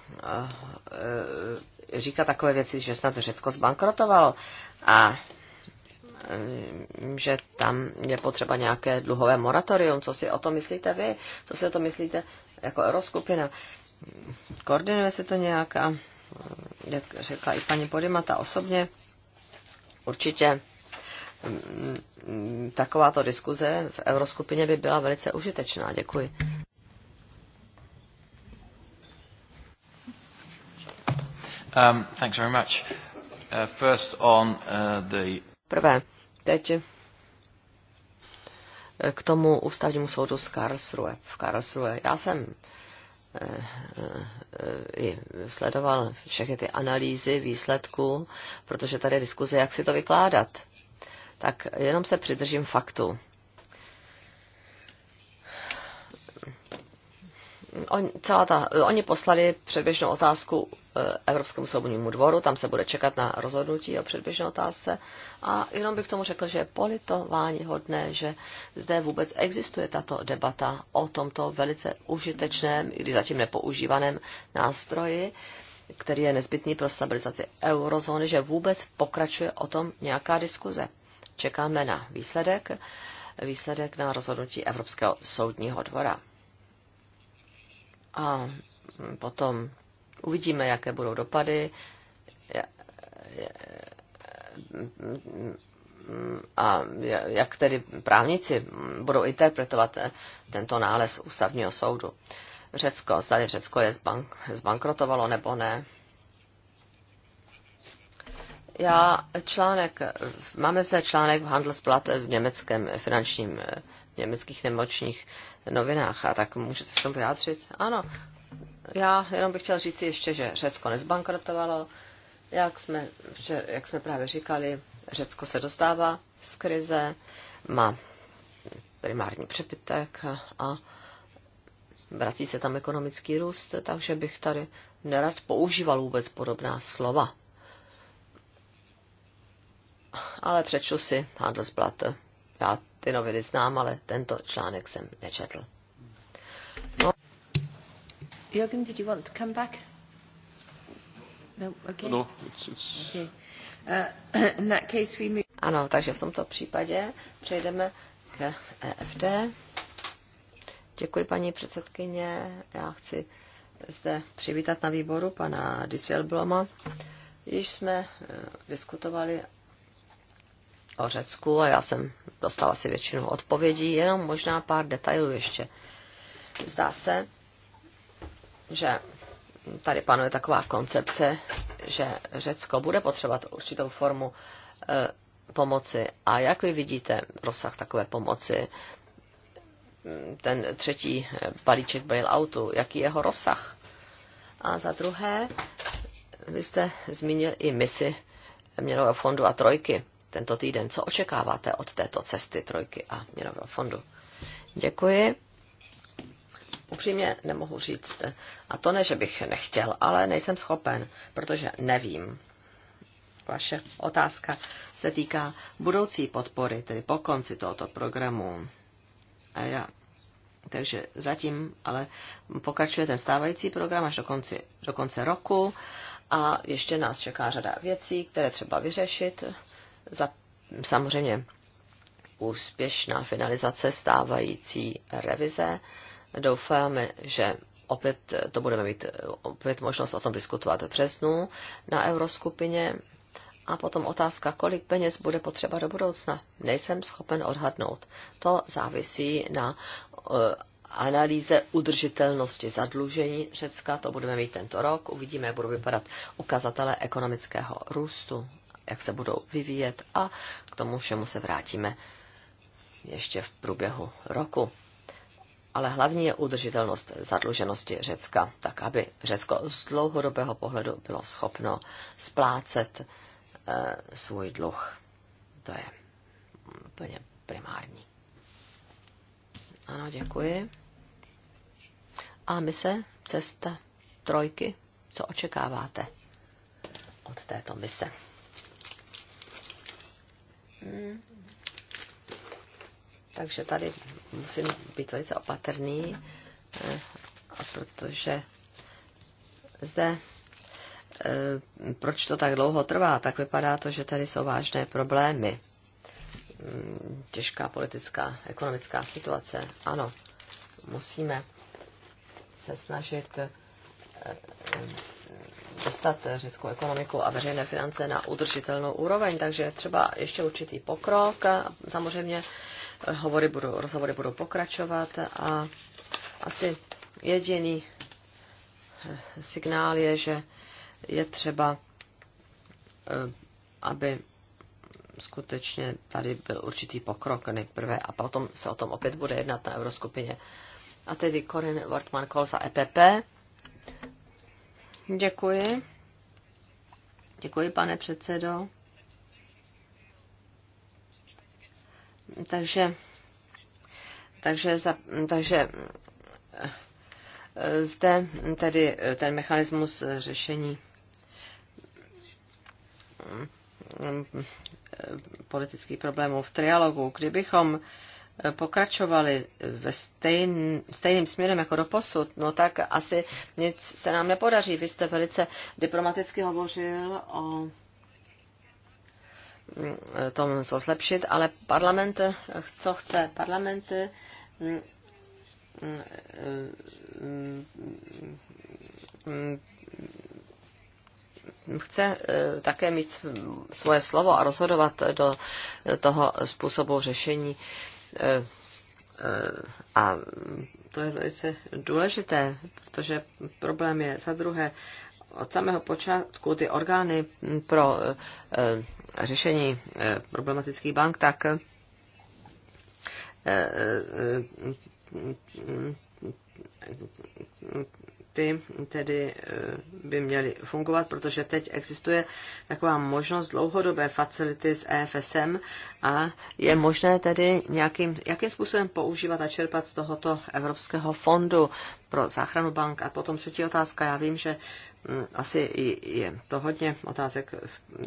e, říkat takové věci, že snad Řecko zbankrotovalo a e, že tam je potřeba nějaké dluhové moratorium. Co si o to myslíte vy? Co si o to myslíte jako euroskupina? Koordinuje se to nějak a e, jak řekla i paní Podimata osobně, určitě mm, takováto diskuze v Euroskupině by byla velice užitečná. Děkuji. Um, thanks very much. Uh, first on uh, the... Prvé, teď eh, k tomu ústavnímu soudu z Karlsruhe. V Karlsruhe. Já jsem Eh, eh, i sledoval všechny ty analýzy výsledků, protože tady je diskuze, jak si to vykládat. Tak jenom se přidržím faktu. on, celá ta, eh, oni poslali předběžnou otázku eh, Evropskému soudnímu dvoru, tam se bude čekat na rozhodnutí o předběžné otázce. A jenom bych tomu řekl, že je politování hodné, že zde vůbec existuje tato debata o tomto velice užitečném, i když zatím nepoužívaném nástroji, který je nezbytný pro stabilizaci eurozóny, že vůbec pokračuje o tom nějaká diskuze. Čekáme na výsledek, výsledek na rozhodnutí Evropského soudního dvora a potom uvidíme, jaké budou dopady. A jak tedy právníci budou interpretovat tento nález ústavního soudu. Řecko, zdali Řecko je zbank, zbankrotovalo nebo ne. Já článek, máme zde článek v Handelsblatt v německém finančním německých nemočních novinách. A tak můžete se tomu vyjádřit? Ano. Já jenom bych chtěl říct ještě, že Řecko nezbankrotovalo. Jak jsme, jak jsme právě říkali, Řecko se dostává z krize, má primární přepitek a, a vrací se tam ekonomický růst, takže bych tady nerad používal vůbec podobná slova. Ale přečtu si Handelsblatt. Já ty noviny znám, ale tento článek jsem nečetl. No. Jürgen, did you want to come back? No, okay. No, it's, it's... Okay. Uh, in that case we move... Ano, takže v tomto případě přejdeme k EFD. Děkuji, paní předsedkyně. Já chci zde přivítat na výboru pana Disselbloma. Již jsme eh, diskutovali o Řecku a já jsem dostala si většinu odpovědí, jenom možná pár detailů ještě. Zdá se, že tady panuje taková koncepce, že Řecko bude potřebovat určitou formu e, pomoci. A jak vy vidíte rozsah takové pomoci? Ten třetí e, balíček bailoutu, jaký je jeho rozsah? A za druhé, vy jste zmínil i misi Měnového fondu a trojky tento týden. Co očekáváte od této cesty Trojky a Měnového fondu? Děkuji. Upřímně nemohu říct. A to ne, že bych nechtěl, ale nejsem schopen, protože nevím. Vaše otázka se týká budoucí podpory, tedy po konci tohoto programu. A já takže zatím ale pokračuje ten stávající program až do, konci, do konce roku a ještě nás čeká řada věcí, které třeba vyřešit za, samozřejmě úspěšná finalizace stávající revize. Doufáme, že opět to budeme mít opět možnost o tom diskutovat v březnu na euroskupině. A potom otázka, kolik peněz bude potřeba do budoucna. Nejsem schopen odhadnout. To závisí na eh, analýze udržitelnosti zadlužení Řecka. To budeme mít tento rok. Uvidíme, jak budou vypadat ukazatele ekonomického růstu jak se budou vyvíjet a k tomu všemu se vrátíme ještě v průběhu roku. Ale hlavní je udržitelnost zadluženosti Řecka, tak aby Řecko z dlouhodobého pohledu bylo schopno splácet e, svůj dluh. To je úplně primární. Ano, děkuji. A my se cesta trojky, co očekáváte od této mise? Takže tady musím být velice opatrný, eh, a protože zde eh, proč to tak dlouho trvá, tak vypadá to, že tady jsou vážné problémy. Mm, těžká politická, ekonomická situace. Ano, musíme se snažit eh, dostat eh, řeckou ekonomiku a veřejné finance na udržitelnou úroveň, takže třeba ještě určitý pokrok. Samozřejmě eh, hovory budou, rozhovory budou pokračovat a asi jediný eh, signál je, že je třeba, aby skutečně tady byl určitý pokrok nejprve a potom se o tom opět bude jednat na Euroskupině. A tedy Corinne Wortmann-Kohl za EPP. Děkuji. Děkuji, pane předsedo. Takže, takže, za, takže eh, zde tedy ten mechanismus řešení eh, politických problémů v trialogu. Kdybychom pokračovali ve stejn, stejným směrem jako do posud, no tak asi nic se nám nepodaří. Vy jste velice diplomaticky hovořil o mm, tom, co zlepšit, ale parlament, co chce? Parlamenty mm, mm, chce eh, také mít svoje slovo a rozhodovat do toho způsobu řešení Eh, eh, a to je velice důležité, protože problém je za druhé, od samého počátku ty orgány pro eh, řešení problematických bank, tak ty tedy eh, by měly fungovat, protože teď existuje taková možnost dlouhodobé facility s EFSM a je možné tedy nějakým, jakým způsobem používat a čerpat z tohoto Evropského fondu pro záchranu bank. A potom třetí otázka, já vím, že hm, asi je to hodně otázek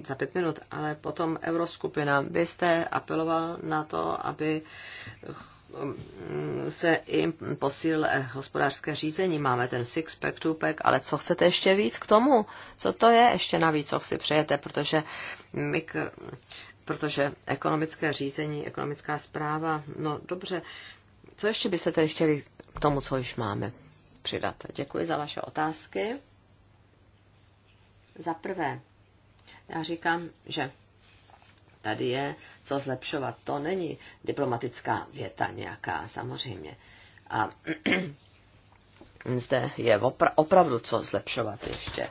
za pět minut, ale potom Euroskupina, byste apeloval na to, aby se i posíl hospodářské řízení. Máme ten six-pack, two-pack, ale co chcete ještě víc k tomu? Co to je ještě navíc, co si přejete? Protože, mikro, protože ekonomické řízení, ekonomická zpráva, no dobře, co ještě byste tedy chtěli k tomu, co již máme přidat? Děkuji za vaše otázky. Za prvé, já říkám, že Tady je co zlepšovat. To není diplomatická věta nějaká, samozřejmě. A zde je opra- opravdu co zlepšovat ještě.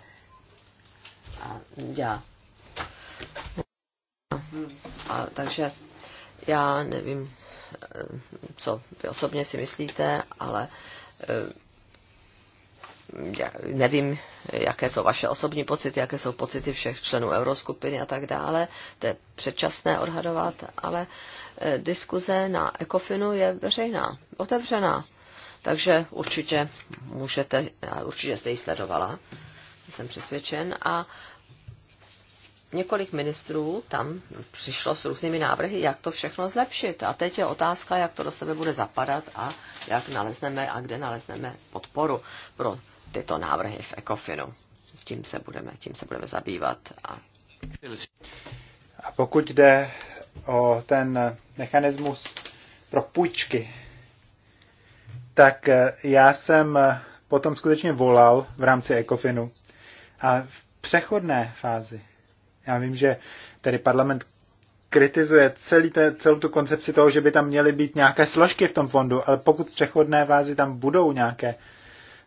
A já. A, takže já nevím, eh, co vy osobně si myslíte, ale eh, já nevím, jaké jsou vaše osobní pocity, jaké jsou pocity všech členů euroskupiny a tak dále. To je předčasné odhadovat, ale eh, diskuze na ECOFINu je veřejná, otevřená. Takže určitě můžete, určitě jste ji sledovala, jsem přesvědčen. A několik ministrů tam přišlo s různými návrhy, jak to všechno zlepšit. A teď je otázka, jak to do sebe bude zapadat a jak nalezneme a kde nalezneme podporu pro tyto návrhy v ECOFINu. S tím se budeme, tím se budeme zabývat. A... a pokud jde o ten mechanismus pro půjčky, tak eh, já jsem eh, potom skutečně volal v rámci ECOFINu a v přechodné fázi. Já vím, že tedy parlament kritizuje celý te, celou tu koncepci toho, že by tam měly být nějaké složky v tom fondu, ale pokud v přechodné vázi tam budou nějaké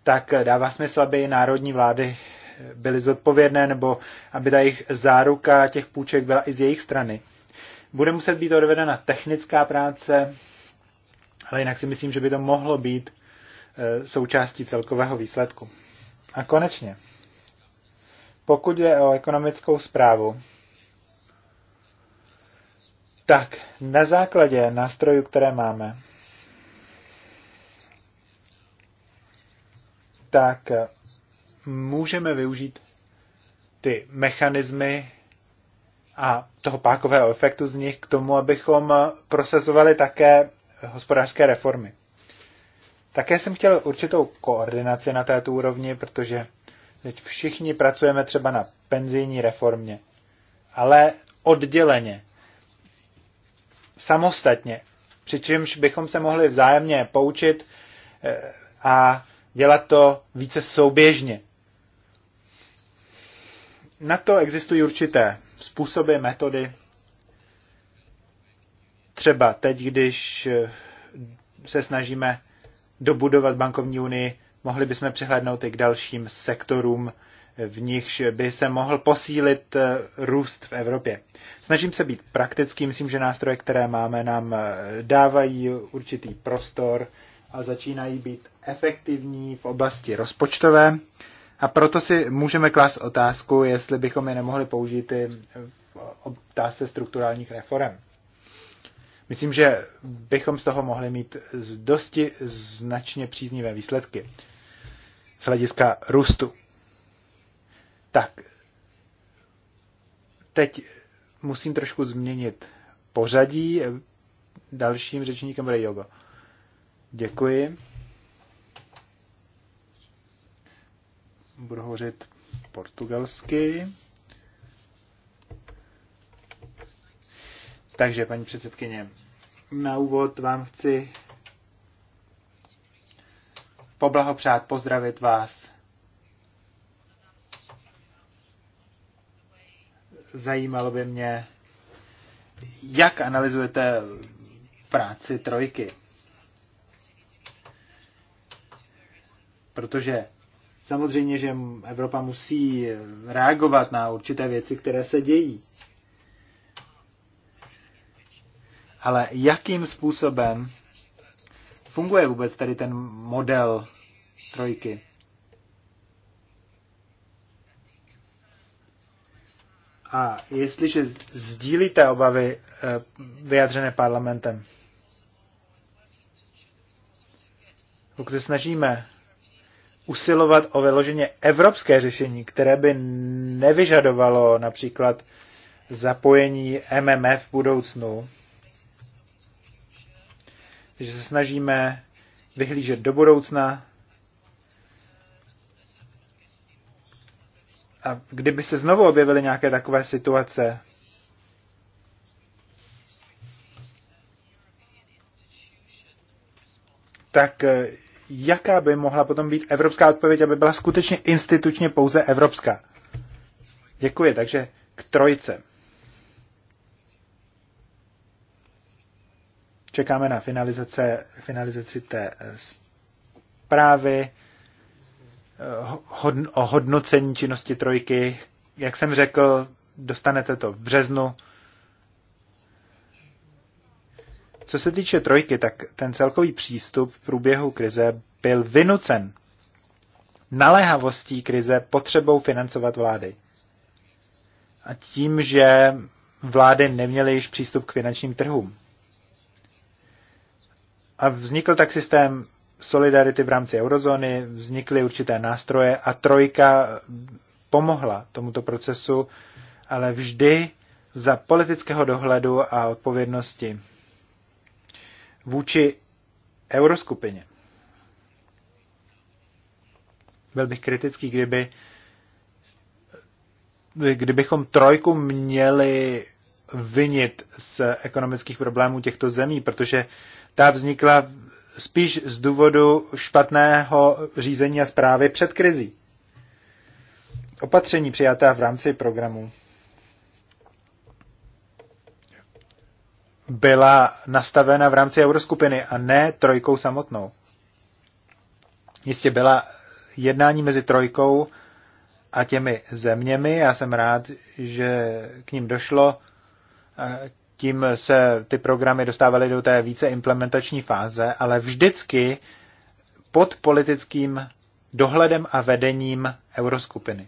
tak dává smysl, aby národní vlády byly zodpovědné, nebo aby ta jejich záruka těch půjček byla i z jejich strany. Bude muset být odvedena technická práce, ale jinak si myslím, že by to mohlo být e, součástí celkového výsledku. A konečně, pokud je o ekonomickou zprávu, tak na základě nástrojů, které máme, tak můžeme využít ty mechanismy a toho pákového efektu z nich k tomu, abychom prosazovali také hospodářské reformy. Také jsem chtěl určitou koordinaci na této úrovni, protože teď všichni pracujeme třeba na penzijní reformě, ale odděleně, samostatně, přičemž bychom se mohli vzájemně poučit eh, a dělat to více souběžně. Na to existují určité způsoby, metody. Třeba teď, když se snažíme dobudovat bankovní unii, mohli bychom přehlednout i k dalším sektorům, v nichž by se mohl posílit eh, růst v Evropě. Snažím se být praktický, myslím, že nástroje, které máme, nám eh, dávají určitý prostor a začínají být efektivní v oblasti rozpočtové. A proto si můžeme klást otázku, jestli bychom je nemohli použít i v otázce strukturálních reform. Myslím, že bychom z toho mohli mít dosti značně příznivé výsledky z hlediska růstu. Tak, teď musím trošku změnit pořadí. Dalším řečníkem bude Jogo. Děkuji. Budu hovořit portugalsky. Takže, paní předsedkyně, na úvod vám chci poblahopřát, pozdravit vás. Zajímalo by mě, jak analyzujete práci trojky. Protože samozřejmě, že Evropa musí reagovat na určité věci, které se dějí. Ale jakým způsobem funguje vůbec tady ten model trojky? A jestliže sdílíte obavy eh, vyjádřené parlamentem, pokud se snažíme usilovat o vyloženě evropské řešení, které by nevyžadovalo například zapojení MMF v budoucnu. Takže se snažíme vyhlížet do budoucna. A kdyby se znovu objevily nějaké takové situace, tak jaká by mohla potom být evropská odpověď, aby byla skutečně institučně pouze evropská. Děkuji, takže k trojce. Čekáme na finalizace, finalizaci té eh, zprávy eh, o hodnocení činnosti trojky. Jak jsem řekl, dostanete to v březnu. Co se týče trojky, tak ten celkový přístup v průběhu krize byl vynucen naléhavostí krize potřebou financovat vlády. A tím, že vlády neměly již přístup k finančním trhům. A vznikl tak systém solidarity v rámci eurozóny, vznikly určité nástroje a trojka pomohla tomuto procesu, ale vždy za politického dohledu a odpovědnosti vůči euroskupině. Byl bych kritický, kdyby kdybychom trojku měli vinit z ekonomických problémů těchto zemí, protože ta vznikla spíš z důvodu špatného řízení a zprávy před krizí. Opatření přijatá v rámci programu byla nastavena v rámci euroskupiny a ne trojkou samotnou. Jistě byla jednání mezi trojkou a těmi zeměmi. Já jsem rád, že k ním došlo. Tím se ty programy dostávaly do té více implementační fáze, ale vždycky pod politickým dohledem a vedením euroskupiny.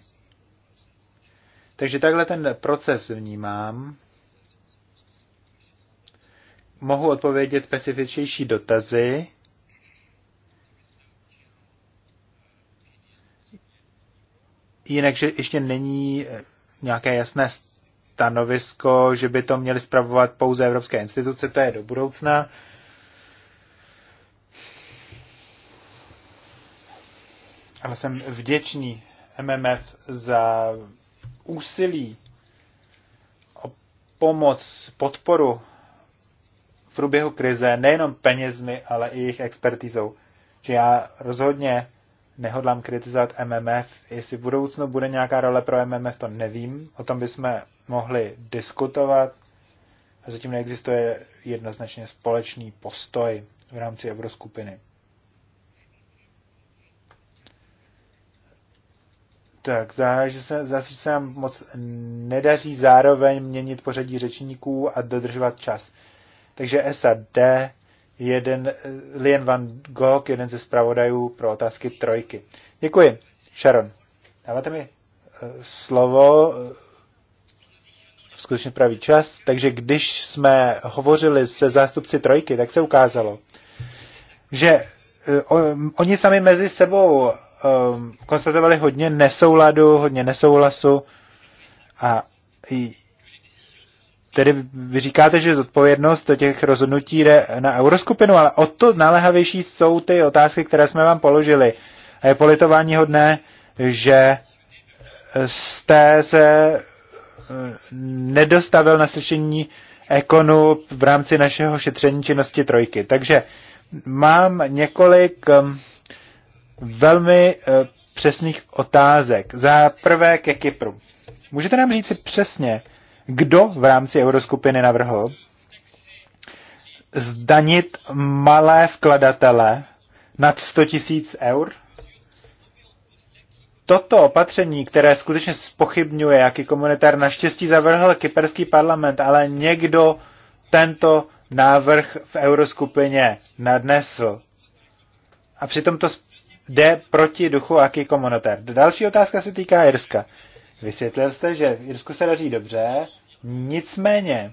Takže takhle ten proces vnímám mohu odpovědět specifičnější dotazy. Jinak, že ještě není eh, nějaké jasné stanovisko, že by to měly spravovat pouze evropské instituce, to je do budoucna. Ale jsem vděčný MMF za úsilí o pomoc, podporu v průběhu krize nejenom penězmi, ale i jejich expertizou. Že já rozhodně nehodlám kritizovat MMF. Jestli v budoucnu bude nějaká role pro MMF, to nevím. O tom bychom mohli diskutovat. A zatím neexistuje jednoznačně společný postoj v rámci euroskupiny. Tak, zase, se, zase se nám moc nedaří zároveň měnit pořadí řečníků a dodržovat čas. Takže SAD, jeden, Lien van Gogh, jeden ze zpravodajů pro otázky trojky. Děkuji. Sharon, dáváte mi eh, slovo eh, skutečně pravý čas. Takže když jsme hovořili se zástupci trojky, tak se ukázalo, že eh, oni sami mezi sebou konstatovali hodně nesouladu, hodně nesouhlasu a Tedy vy říkáte, že zodpovědnost do těch rozhodnutí jde na euroskupinu, ale o to naléhavější jsou ty otázky, které jsme vám položili. A je politování hodné, že jste se eh, nedostavil na slyšení ekonu v rámci našeho šetření činnosti trojky. Takže mám několik eh, velmi eh, přesných otázek. Za prvé ke Kypru. Můžete nám říct si přesně, kdo v rámci euroskupiny navrhl zdanit malé vkladatele nad 100 tisíc eur? Toto opatření, které skutečně spochybňuje, jaký komunitár naštěstí zavrhl kyperský parlament, ale někdo tento návrh v euroskupině nadnesl. A přitom to jde proti duchu aký komunitár. Další otázka se týká Irska. Vysvětlil jste, že v Irsku se daří dobře, nicméně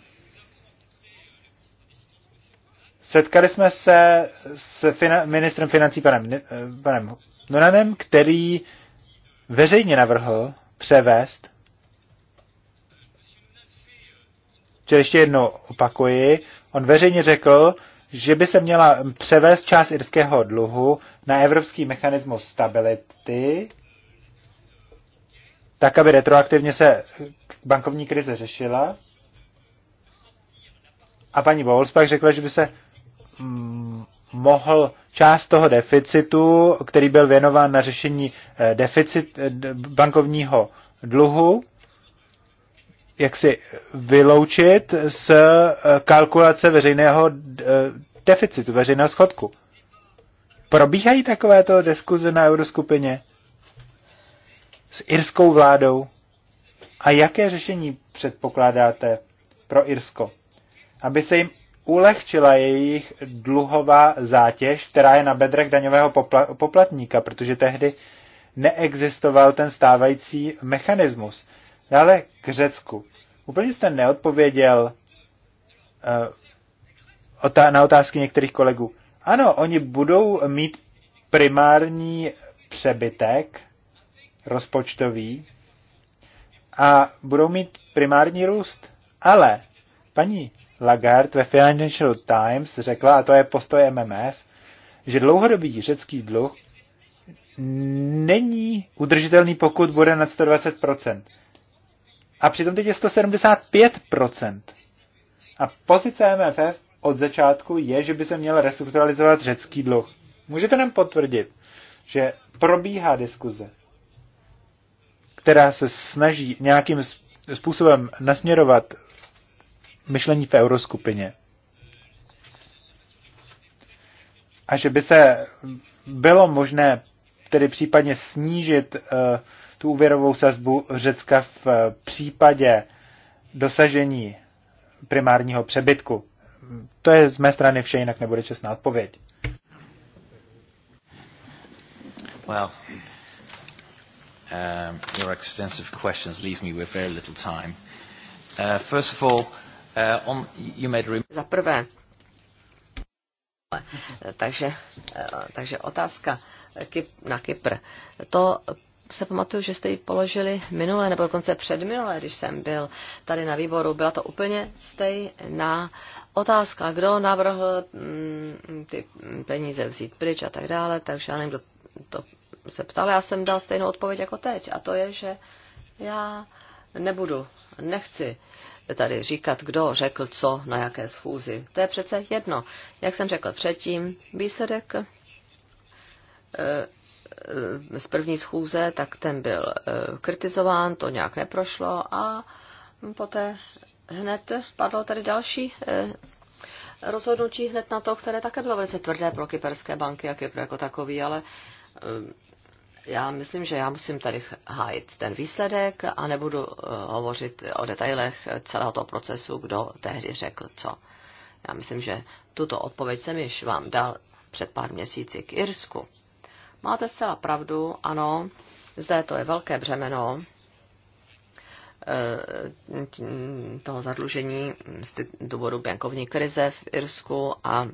setkali jsme se s finan- ministrem financí panem, eh, panem Nonanem, který veřejně navrhl převést Čili ještě jednou opakuji, on veřejně řekl, že by se měla převést část irského dluhu na evropský mechanismus stability tak aby retroaktivně se bankovní krize řešila. A paní Bowles pak řekla, že by se mm, mohl část toho deficitu, který byl věnován na řešení eh, deficit eh, bankovního dluhu, jak si vyloučit z eh, kalkulace veřejného deficitu, veřejného schodku. Probíhají takovéto diskuze na euroskupině? s irskou vládou a jaké řešení předpokládáte pro Irsko, aby se jim ulehčila jejich dluhová zátěž, která je na bedrech daňového popla- poplatníka, protože tehdy neexistoval ten stávající mechanismus. Dále k Řecku. Úplně jste neodpověděl uh, na otázky některých kolegů. Ano, oni budou mít primární přebytek rozpočtový a budou mít primární růst. Ale paní Lagarde ve Financial Times řekla, a to je postoj MMF, že dlouhodobý řecký dluh není udržitelný, pokud bude nad 120%. A přitom teď je 175%. A pozice MFF od začátku je, že by se měl restrukturalizovat řecký dluh. Můžete nám potvrdit, že probíhá diskuze která se snaží nějakým způsobem nasměrovat myšlení v euroskupině. A že by se bylo možné tedy případně snížit eh, tu úvěrovou sazbu Řecka v eh, případě dosažení primárního přebytku. To je z mé strany vše, jinak nebude čestná odpověď. Well, Um, your extensive questions leave me with very little time. Uh, first of all, uh, on, you made a... Za prvé, takže, uh, takže otázka uh, na Kypr. To se pamatuju, že jste ji položili minule, nebo dokonce předminule, když jsem byl tady na výboru. Byla to úplně stejná otázka, kdo navrhl mm, ty peníze vzít pryč a tak dále, takže já nevím, kdo to se ptal, já jsem dal stejnou odpověď jako teď. A to je, že já nebudu, nechci tady říkat, kdo řekl co na jaké schůzi. To je přece jedno. Jak jsem řekl předtím, výsledek eh, eh, z první schůze, tak ten byl eh, kritizován, to nějak neprošlo a poté hned padlo tady další rozhodnutí hned na to, které také bylo velice tvrdé pro kyperské banky a je jako takový, ale já myslím, že já musím tady hájit ten výsledek a nebudu eh, hovořit o detailech celého toho procesu, kdo tehdy řekl co. Já myslím, že tuto odpověď jsem již vám dal před pár měsíci k Irsku. Máte zcela pravdu, ano, zde to je velké břemeno eh, toho zadlužení z důvodu bankovní krize v Irsku a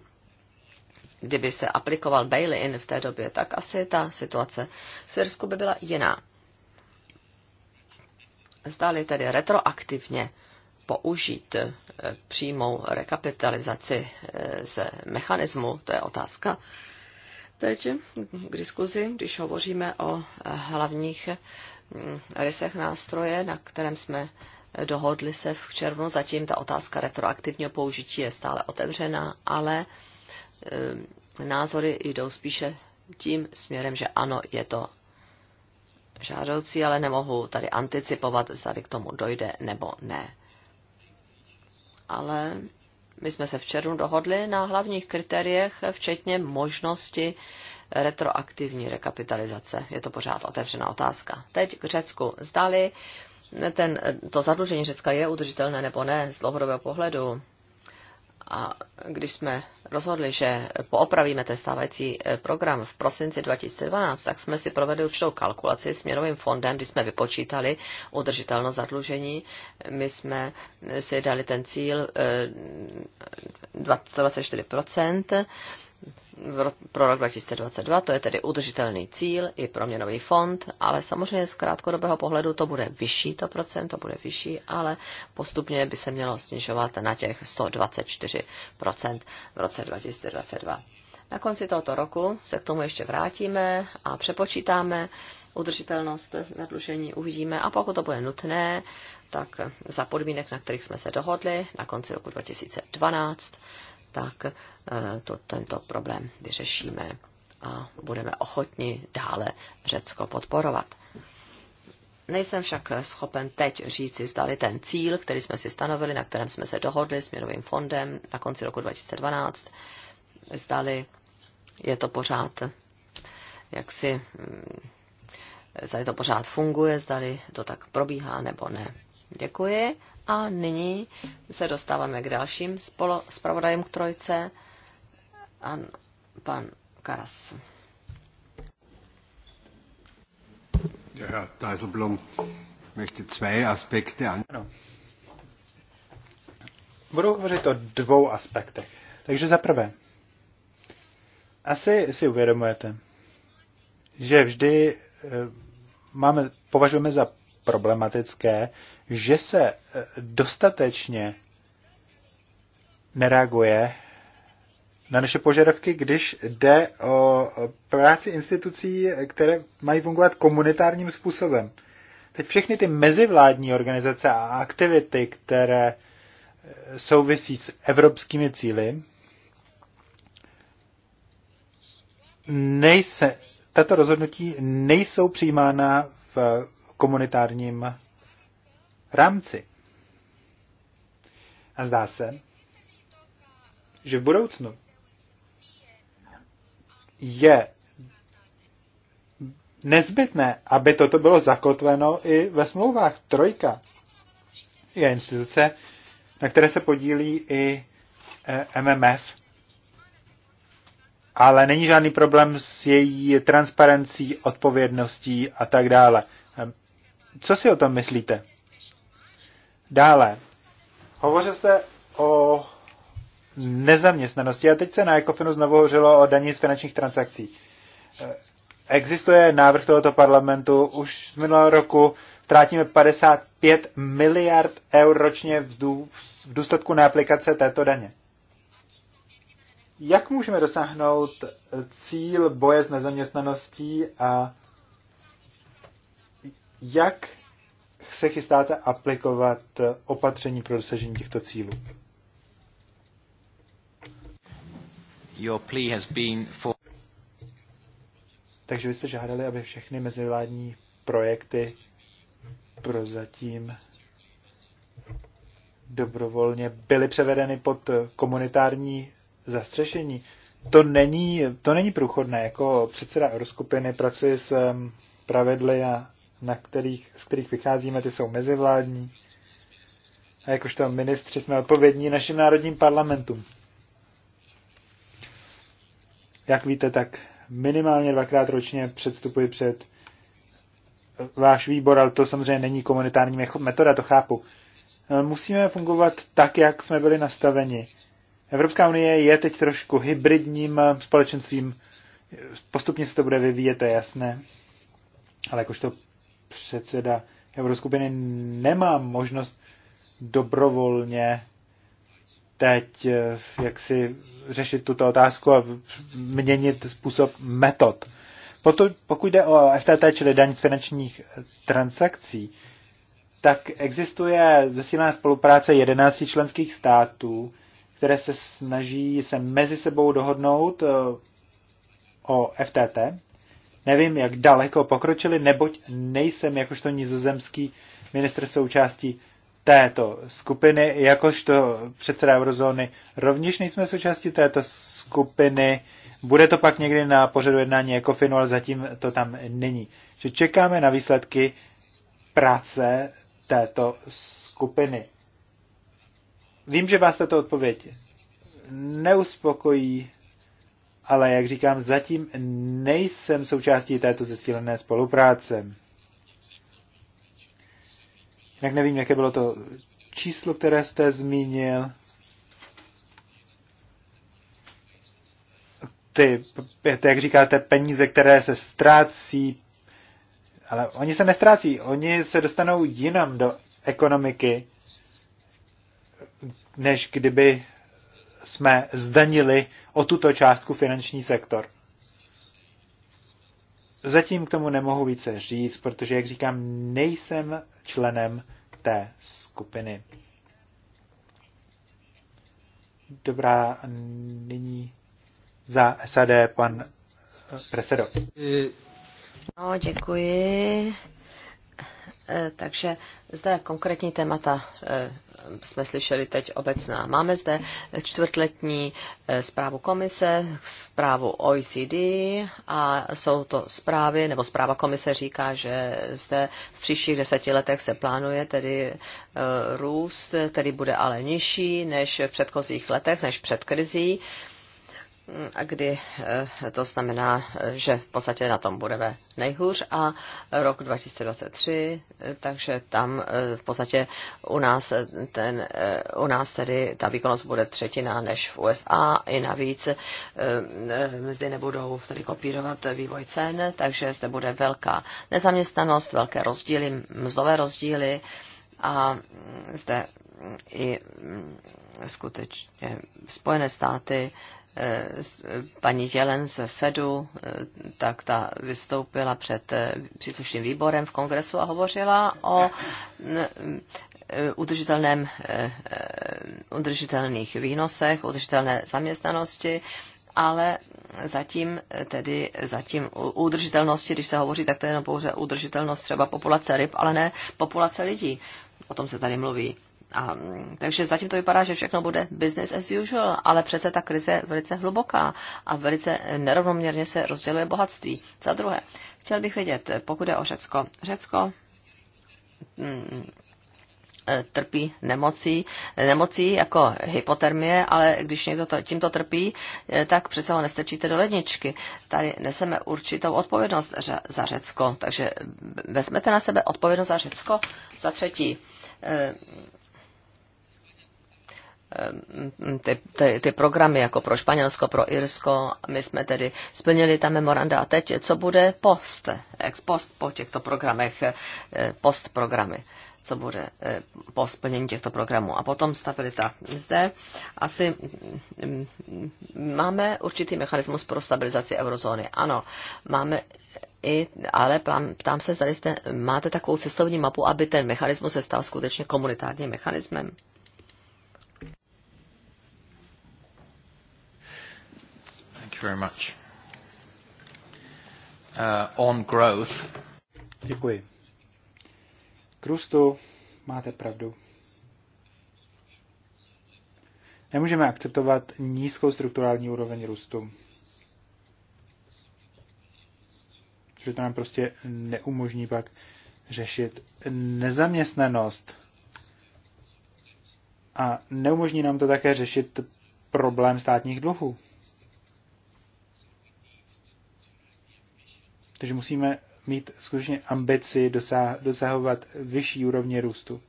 kdyby se aplikoval bail-in v té době, tak asi ta situace v Irsku by byla jiná. Zdali tedy retroaktivně použít eh, přímou rekapitalizaci eh, z mechanismu, to je otázka. Teď k diskuzi, když hovoříme o eh, hlavních mm, rysech nástroje, na kterém jsme dohodli se v červnu, zatím ta otázka retroaktivního použití je stále otevřená, ale Ehm, názory jdou spíše tím směrem, že ano, je to žádoucí, ale nemohu tady anticipovat, zda k tomu dojde nebo ne. Ale my jsme se v červnu dohodli na hlavních kritériech, včetně možnosti retroaktivní rekapitalizace. Je to pořád otevřená otázka. Teď k Řecku. Zdali ten, to zadlužení Řecka je udržitelné nebo ne z dlouhodobého pohledu a když jsme rozhodli, že poopravíme ten stávající e, program v prosinci 2012, tak jsme si provedli určitou kalkulaci s měnovým fondem, kdy jsme vypočítali udržitelnost zadlužení. My jsme e, si dali ten cíl 24%, e, pro rok 2022, to je tedy udržitelný cíl i pro měnový fond, ale samozřejmě z krátkodobého pohledu to bude vyšší, to procent, to bude vyšší, ale postupně by se mělo snižovat na těch 124% v roce 2022. Na konci tohoto roku se k tomu ještě vrátíme a přepočítáme udržitelnost zadlužení, uvidíme a pokud to bude nutné, tak za podmínek, na kterých jsme se dohodli na konci roku 2012, tak eh, to, tento problém vyřešíme a budeme ochotni dále Řecko podporovat. Nejsem však schopen teď říci, zdali ten cíl, který jsme si stanovili, na kterém jsme se dohodli s Měnovým fondem na konci roku 2012, zdali je to pořád, jak si, mm, zdali to pořád funguje, zdali to tak probíhá nebo ne. Děkuji a nyní se dostáváme k dalším spolo, k trojce. An, pan Karas. Ja, Deiselblom möchte zwei Aspekte an. Ano. Budu hovořit o dvou aspektech. Takže za prvé, asi si uvědomujete, že vždy eh, máme, považujeme za problematické, že se eh, dostatečně nereaguje na naše požadavky, když jde o práci institucí, které mají fungovat komunitárním způsobem. Teď všechny ty mezivládní organizace a aktivity, které eh, souvisí s evropskými cíly, nejse, tato rozhodnutí nejsou přijímána v komunitárním rámci. A zdá se, že v budoucnu je nezbytné, aby toto bylo zakotveno i ve smlouvách. Trojka je instituce, na které se podílí i eh, MMF, ale není žádný problém s její transparencí, odpovědností a tak dále. Co si o tom myslíte? Dále. Hovořil jste o nezaměstnanosti a teď se na Ecofinu znovu hořilo o daní z finančních transakcí. Eh, existuje návrh tohoto parlamentu, už z minulého roku ztrátíme 55 miliard eur ročně v důsledku neaplikace této daně. Jak můžeme dosáhnout cíl boje s nezaměstnaností a jak se chystáte aplikovat opatření pro dosažení těchto cílů? Your plea has been for... Takže vy jste žádali, aby všechny mezivládní projekty prozatím dobrovolně byly převedeny pod komunitární zastřešení. To není, to není průchodné. Jako předseda Euroskupiny pracuji s pravidly a na kterých, z kterých vycházíme, ty jsou mezivládní. A jakožto ministři jsme odpovědní našim národním parlamentům. Jak víte, tak minimálně dvakrát ročně předstupuji před váš výbor, ale to samozřejmě není komunitární metoda, to chápu. Musíme fungovat tak, jak jsme byli nastaveni. Evropská unie je teď trošku hybridním společenstvím, postupně se to bude vyvíjet, to je jasné. Ale jakožto předseda Euroskupiny, nemám možnost dobrovolně teď eh, jak si řešit tuto otázku a měnit způsob metod. Potom, pokud jde o FTT, čili daň z finančních eh, transakcí, tak existuje zesílená spolupráce 11 členských států, které se snaží se mezi sebou dohodnout eh, o FTT, Nevím, jak daleko pokročili, neboť nejsem jakožto nizozemský minister součástí této skupiny, jakožto předseda eurozóny. Rovněž nejsme součástí této skupiny. Bude to pak někdy na pořadu jednání jako finu, ale zatím to tam není. Že čekáme na výsledky práce této skupiny. Vím, že vás tato odpověď neuspokojí, ale jak říkám, zatím nejsem součástí této zesílené spolupráce. Jinak nevím, jaké bylo to číslo, které jste zmínil. Ty, jak říkáte, peníze, které se ztrácí, ale oni se nestrácí, oni se dostanou jinam do ekonomiky, než kdyby jsme zdanili o tuto částku finanční sektor. Zatím k tomu nemohu více říct, protože, jak říkám, nejsem členem té skupiny. Dobrá, nyní za SAD pan eh, Presedo. No, děkuji. Eh, takže zde konkrétní témata eh, jsme slyšeli teď obecná. Máme zde čtvrtletní eh, zprávu komise, zprávu OECD a jsou to zprávy, nebo zpráva komise říká, že zde v příštích deseti letech se plánuje tedy růst, který bude ale nižší než v předchozích letech, než před krizí a kdy eh, to znamená, že v podstatě na tom budeme nejhůř a rok 2023, eh, takže tam eh, v podstatě u nás, ten, u nás tedy ta výkonnost bude třetina než v USA i navíc zde nebudou tedy kopírovat vývoj cen, takže zde bude velká nezaměstnanost, velké rozdíly, mzdové rozdíly a zde i mm, skutečně Spojené státy Eh, paní Jelen z Fedu, eh, tak ta vystoupila před eh, příslušným výborem v kongresu a hovořila o udržitelném, udržitelných výnosech, udržitelné zaměstnanosti, ale zatím tedy zatím udržitelnosti, když se hovoří, tak to je jenom pouze udržitelnost třeba populace ryb, ale ne populace lidí. O tom se tady mluví. A, mm, takže zatím to vypadá, že všechno bude business as usual, ale přece ta krize je velice hluboká a velice nerovnoměrně se rozděluje bohatství. Za druhé, chtěl bych vědět, pokud je o Řecko. Řecko mm, trpí nemocí, nemocí jako hypotermie, ale když někdo to, tímto trpí, eh, tak přece ho nestrčíte do ledničky. Tady neseme určitou odpovědnost za Řecko, takže vezmete na sebe odpovědnost za Řecko. Za třetí, eh, Ehm, ty, ty, ty programy jako pro Španělsko, pro Irsko. My jsme tedy splnili ta memoranda a teď co bude post, ex post po těchto programech, eh, post programy co bude eh, po splnění těchto programů. A potom stabilita. Zde asi mm, mm, máme určitý mechanismus pro stabilizaci eurozóny. Ano, máme i, ale plám, ptám se, zda jste, máte takovou cestovní mapu, aby ten mechanismus se stal skutečně komunitárním mechanismem. very much. Uh, on growth. Děkuji. Krustu, růstu máte pravdu. Nemůžeme akceptovat nízkou strukturální úroveň růstu. Protože to nám prostě neumožní pak řešit nezaměstnanost. A neumožní nám to také řešit problém státních dluhů. Takže musíme mít skutečně ambici dosahovat vyšší úrovně růstu.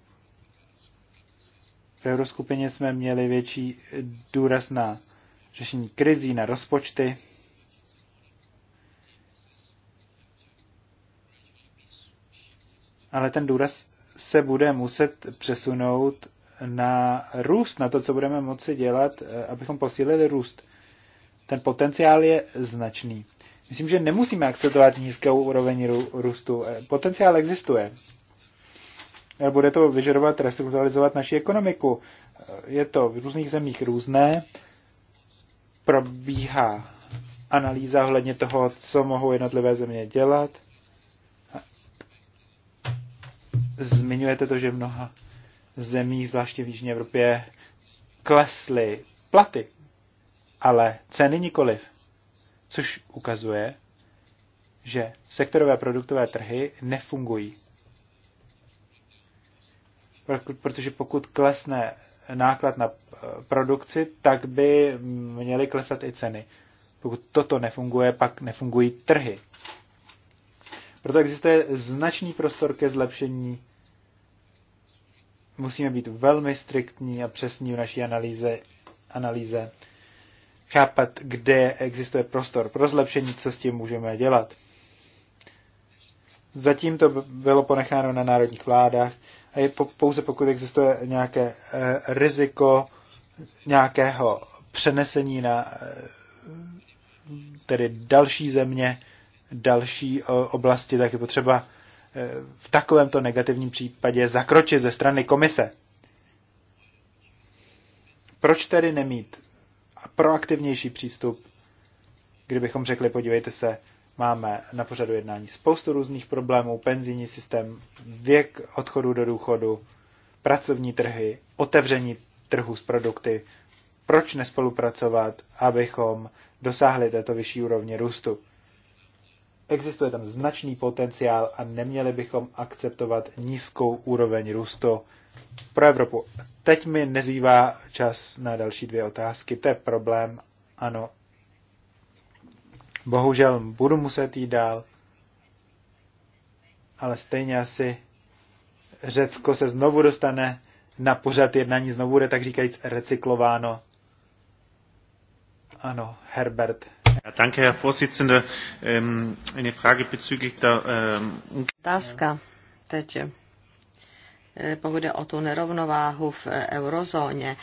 V euroskupině jsme měli větší důraz na řešení krizí, na rozpočty. Ale ten důraz se bude muset přesunout na růst, na to, co budeme moci dělat, eh, abychom posílili růst. Ten potenciál je značný. Myslím, že nemusíme akceptovat nízkou úroveň růstu. E, potenciál existuje. Bude to vyžadovat restrukturalizovat naši ekonomiku. E, je to v různých zemích různé. Probíhá analýza hledně toho, co mohou jednotlivé země dělat. Zmiňujete to, že v mnoha zemích, zvláště v Jižní Evropě, klesly platy, ale ceny nikoliv což ukazuje, že sektorové a produktové trhy nefungují. Protože pokud klesne náklad na eh, produkci, tak by měly klesat i ceny. Pokud toto nefunguje, pak nefungují trhy. Proto existuje značný prostor ke zlepšení. Musíme být velmi striktní a přesní v naší analýze, analýze chápat, kde existuje prostor pro zlepšení, co s tím můžeme dělat. Zatím to bylo ponecháno na národních vládách a je pouze pokud existuje nějaké eh, riziko nějakého přenesení na eh, tedy další země, další eh, oblasti, tak je potřeba v takovémto negativním případě zakročit ze strany komise. Proč tedy nemít proaktivnější přístup, kdybychom řekli, podívejte se, máme na pořadu jednání spoustu různých problémů, penzijní systém, věk odchodu do důchodu, pracovní trhy, otevření trhu s produkty, proč nespolupracovat, abychom dosáhli této vyšší úrovně růstu. Existuje tam značný potenciál a neměli bychom akceptovat nízkou úroveň růstu pro Evropu. Teď mi nezbývá čas na další dvě otázky. To je problém, ano. Bohužel budu muset jít dál, ale stejně asi Řecko se znovu dostane na pořad jednání, znovu bude tak říkajíc recyklováno. Ano, Herbert Otázka teď eh, pokud jde o tu nerovnováhu v eh, eurozóně,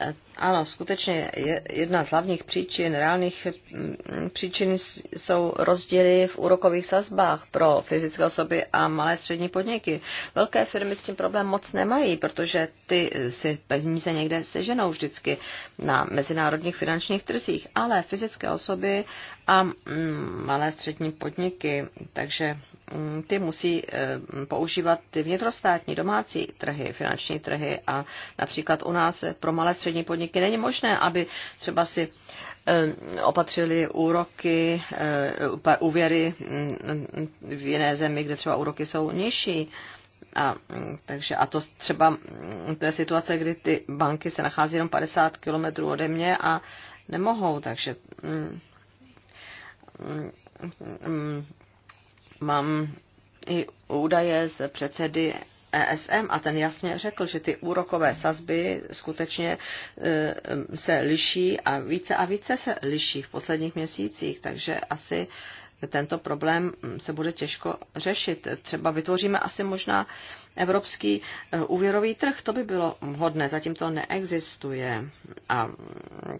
Eh, ano, skutečně jedna z hlavních příčin, reálných mm, příčin jsou rozdíly v úrokových sazbách pro fyzické osoby a malé střední podniky. Velké firmy s tím problém moc nemají, protože ty eh, si peníze někde seženou vždycky na mezinárodních finančních trzích, ale fyzické osoby a mm, malé střední podniky, takže Mm, ty musí eh, používat ty vnitrostátní domácí trhy, finanční trhy a například u nás pro malé střední podniky není možné, aby třeba si eh, opatřili úroky, eh, úvěry mm, v jiné zemi, kde třeba úroky jsou nižší. A, mm, takže, a to třeba, to je situace, kdy ty banky se nachází jenom 50 kilometrů ode mě a nemohou, takže mám i údaje z předsedy ESM a ten jasně řekl, že ty úrokové sazby skutečně e, se liší a více a více se liší v posledních měsících, takže asi tento problém mm, se bude těžko řešit. Třeba vytvoříme asi možná evropský e, úvěrový trh, to by bylo hodné, zatím to neexistuje. A mm,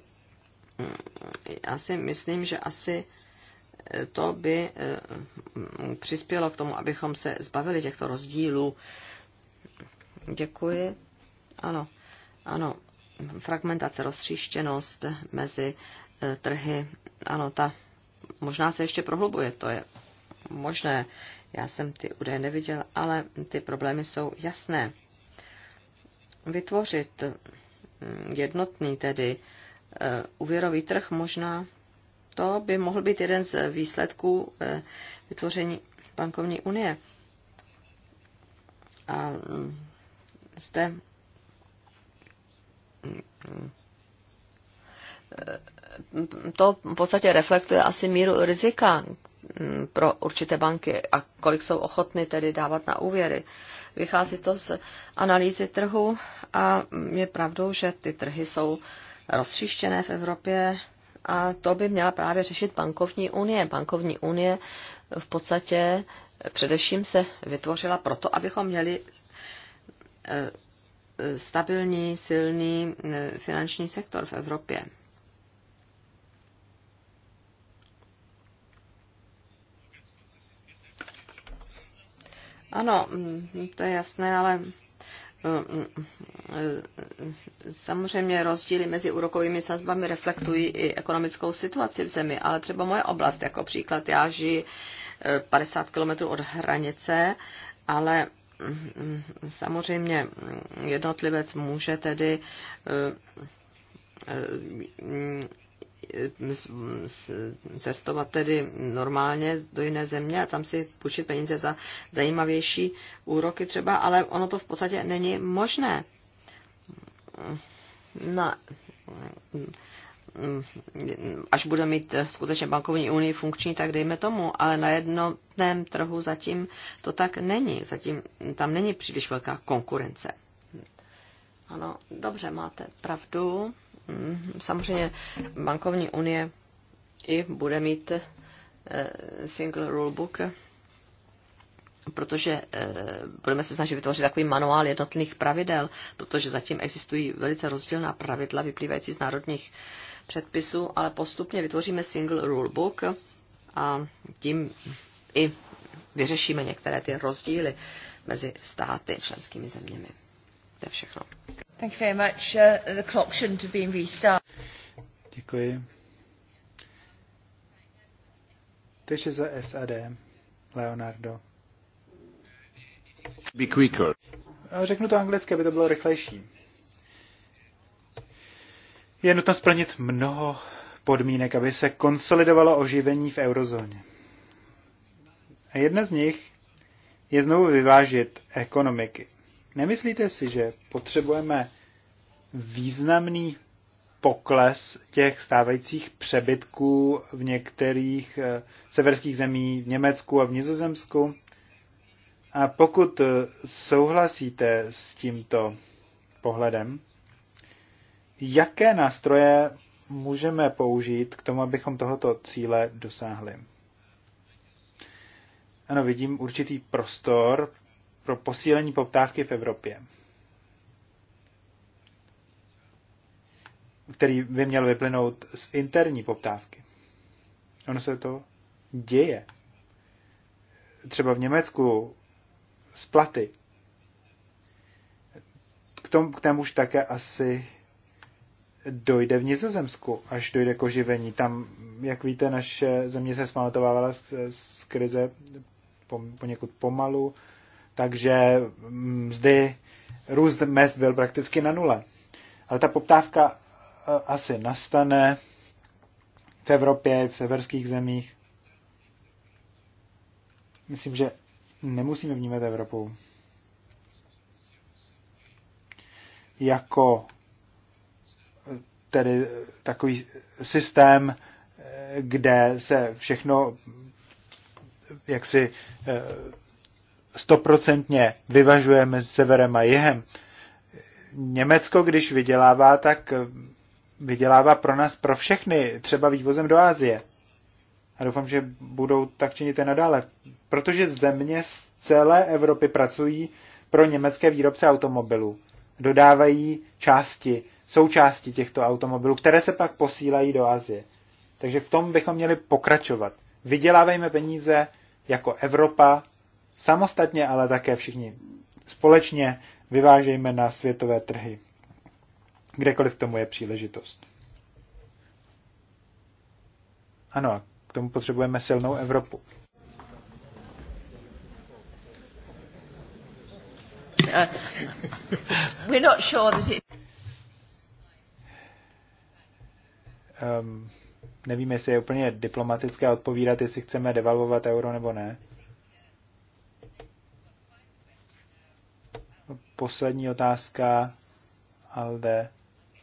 já si myslím, že asi to by eh, přispělo k tomu, abychom se zbavili těchto rozdílů. Děkuji. Ano, ano, fragmentace, roztříštěnost mezi eh, trhy, ano, ta možná se ještě prohlubuje, to je možné. Já jsem ty údaje neviděl, ale ty problémy jsou jasné. Vytvořit mm, jednotný tedy eh, úvěrový trh možná to by mohl být jeden z výsledků eh, vytvoření bankovní unie. A mm, zde mm, mm, to v podstatě reflektuje asi míru rizika pro určité banky a kolik jsou ochotny tedy dávat na úvěry. Vychází to z analýzy trhu a je pravdou, že ty trhy jsou roztříštěné v Evropě a to by měla právě řešit bankovní unie. Bankovní unie v podstatě především se vytvořila proto, abychom měli eh, stabilní, silný eh, finanční sektor v Evropě. Ano, mm, to je jasné, ale Samozřejmě rozdíly mezi úrokovými sazbami reflektují i ekonomickou situaci v zemi, ale třeba moje oblast, jako příklad, já žiji 50 eh, km od hranice, ale mm, samozřejmě mm, jednotlivec může tedy eh, eh, Eh, cestovat tedy normálně do jiné země a tam si půjčit peníze za zajímavější úroky třeba, ale ono to v podstatě není možné. Na, eh, až bude mít skutečně bankovní unii funkční, tak dejme tomu, ale na jednotném trhu zatím to tak není. Zatím tam není příliš velká konkurence. Ano, dobře, máte pravdu. Mm, samozřejmě bankovní unie i bude mít eh, single rulebook, protože eh, budeme se snažit vytvořit takový manuál jednotných pravidel, protože zatím existují velice rozdílná pravidla vyplývající z národních předpisů, ale postupně vytvoříme single rulebook a tím i vyřešíme některé ty rozdíly mezi státy členskými zeměmi. To je všechno. Thank you very much. Uh, the clock shouldn't have been restarted. Děkuji. Takže za SAD, Leonardo. Be quicker. Řeknu to anglicky, aby to bylo rychlejší. Je nutno splnit mnoho podmínek, aby se konsolidovalo oživení v eurozóně. A jedna z nich je znovu vyvážit ekonomiky. Nemyslíte si, že potřebujeme významný pokles těch stávajících přebytků v některých eh, severských zemí, v Německu a v Nizozemsku? A pokud eh, souhlasíte s tímto pohledem, jaké nástroje můžeme použít k tomu, abychom tohoto cíle dosáhli? Ano, vidím určitý prostor pro posílení poptávky v Evropě, který by měl vyplynout z interní poptávky. Ono se to děje. Třeba v Německu z platy. K, tomu, k už také asi dojde v Nizozemsku, až dojde k oživení. Tam, jak víte, naše země se smaltovávala z, z krize poněkud pomalu takže mzdy, růst mest byl prakticky na nule. Ale ta poptávka e, asi nastane v Evropě, v severských zemích. Myslím, že nemusíme vnímat Evropu jako e, tedy takový systém, e, kde se všechno jaksi stoprocentně vyvažuje mezi severem a jihem. Německo, když vydělává, tak eh, vydělává pro nás, pro všechny, třeba vývozem do Asie. A doufám, že budou tak činit i nadále. Protože země z celé Evropy pracují pro německé výrobce automobilů. Dodávají části, součásti těchto automobilů, které se pak posílají do Asie. Takže v tom bychom měli pokračovat. Vydělávejme peníze jako Evropa samostatně, ale také všichni společně vyvážejme na světové trhy, kdekoliv k tomu je příležitost. Ano, k tomu potřebujeme silnou Evropu. Uh, we're not sure that it... um, nevím, jestli je úplně diplomatické odpovídat, jestli chceme devalvovat euro nebo ne. poslední otázka Alde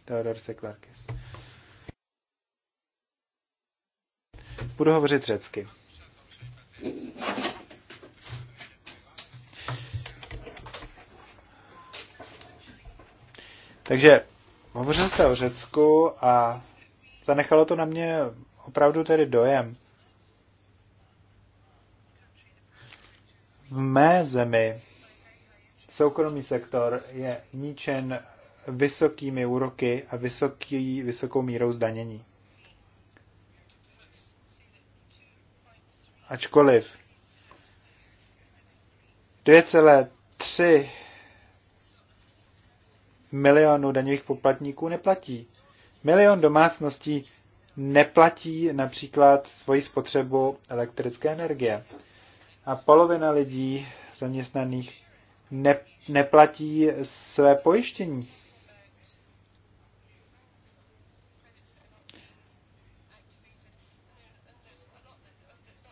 Theodor Seklarkis. Budu hovořit řecky. Takže hovořil jste o Řecku a zanechalo to na mě opravdu tedy dojem. V mé zemi soukromý sektor je ničen vysokými úroky a vysoký, vysokou mírou zdanění. Ačkoliv 2,3 milionů daňových poplatníků neplatí. Milion domácností neplatí například svoji spotřebu elektrické energie. A polovina lidí zaměstnaných ne, neplatí své pojištění.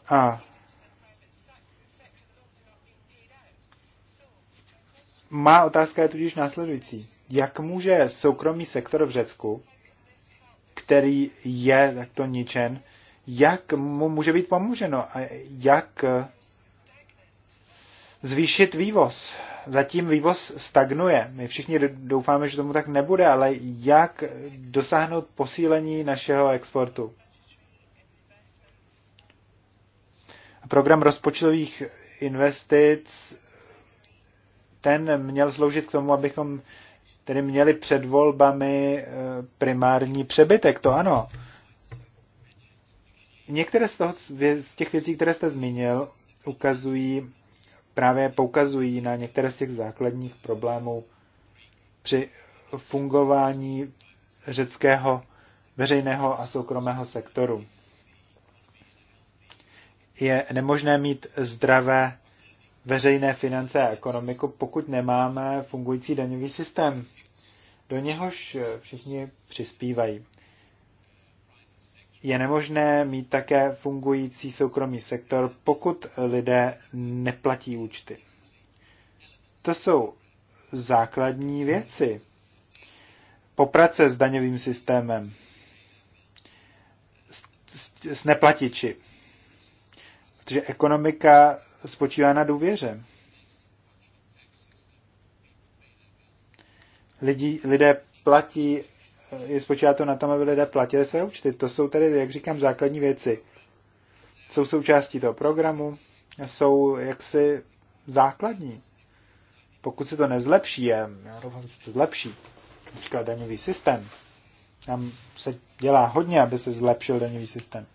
A má otázka je tudíž následující. Jak může soukromý sektor v Řecku, který je takto ničen, jak mu může být pomůženo a jak zvýšit vývoz. Zatím vývoz stagnuje. My všichni doufáme, že tomu tak nebude, ale jak dosáhnout posílení našeho exportu? Program rozpočtových investic, ten měl sloužit k tomu, abychom tedy měli před volbami eh, primární přebytek, to ano. Některé z, toho, z těch věcí, které jste zmínil, ukazují právě poukazují na některé z těch základních problémů při fungování řeckého veřejného a soukromého sektoru. Je nemožné mít zdravé veřejné finance a ekonomiku, pokud nemáme fungující daňový systém. Do něhož všichni přispívají je nemožné mít také fungující soukromý sektor, pokud lidé neplatí účty. To jsou základní věci. Poprace s daňovým systémem, s, s, s neplatiči, protože ekonomika spočívá na důvěře. Lidi, lidé platí je spočívá na tom, aby lidé platili své účty. To jsou tedy, jak říkám, základní věci. Jsou součástí toho programu, jsou jaksi základní. Pokud se to nezlepší, já doufám, že to zlepší, například daňový systém. Tam se dělá hodně, aby se zlepšil daňový systém.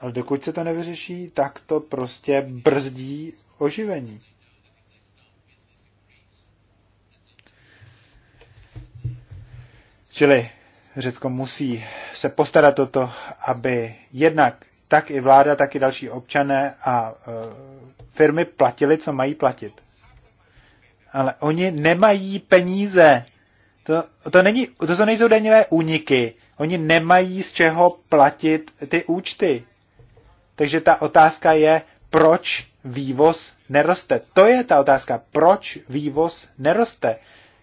Ale dokud se to nevyřeší, tak to prostě brzdí oživení. Čili Řecko musí se postarat o to, aby jednak tak i vláda, tak i další občané a e, firmy platili, co mají platit. Ale oni nemají peníze. To, to, není, to jsou nejsou daňové úniky. Oni nemají z čeho platit ty účty. Takže ta otázka je, proč vývoz neroste. To je ta otázka, proč vývoz neroste.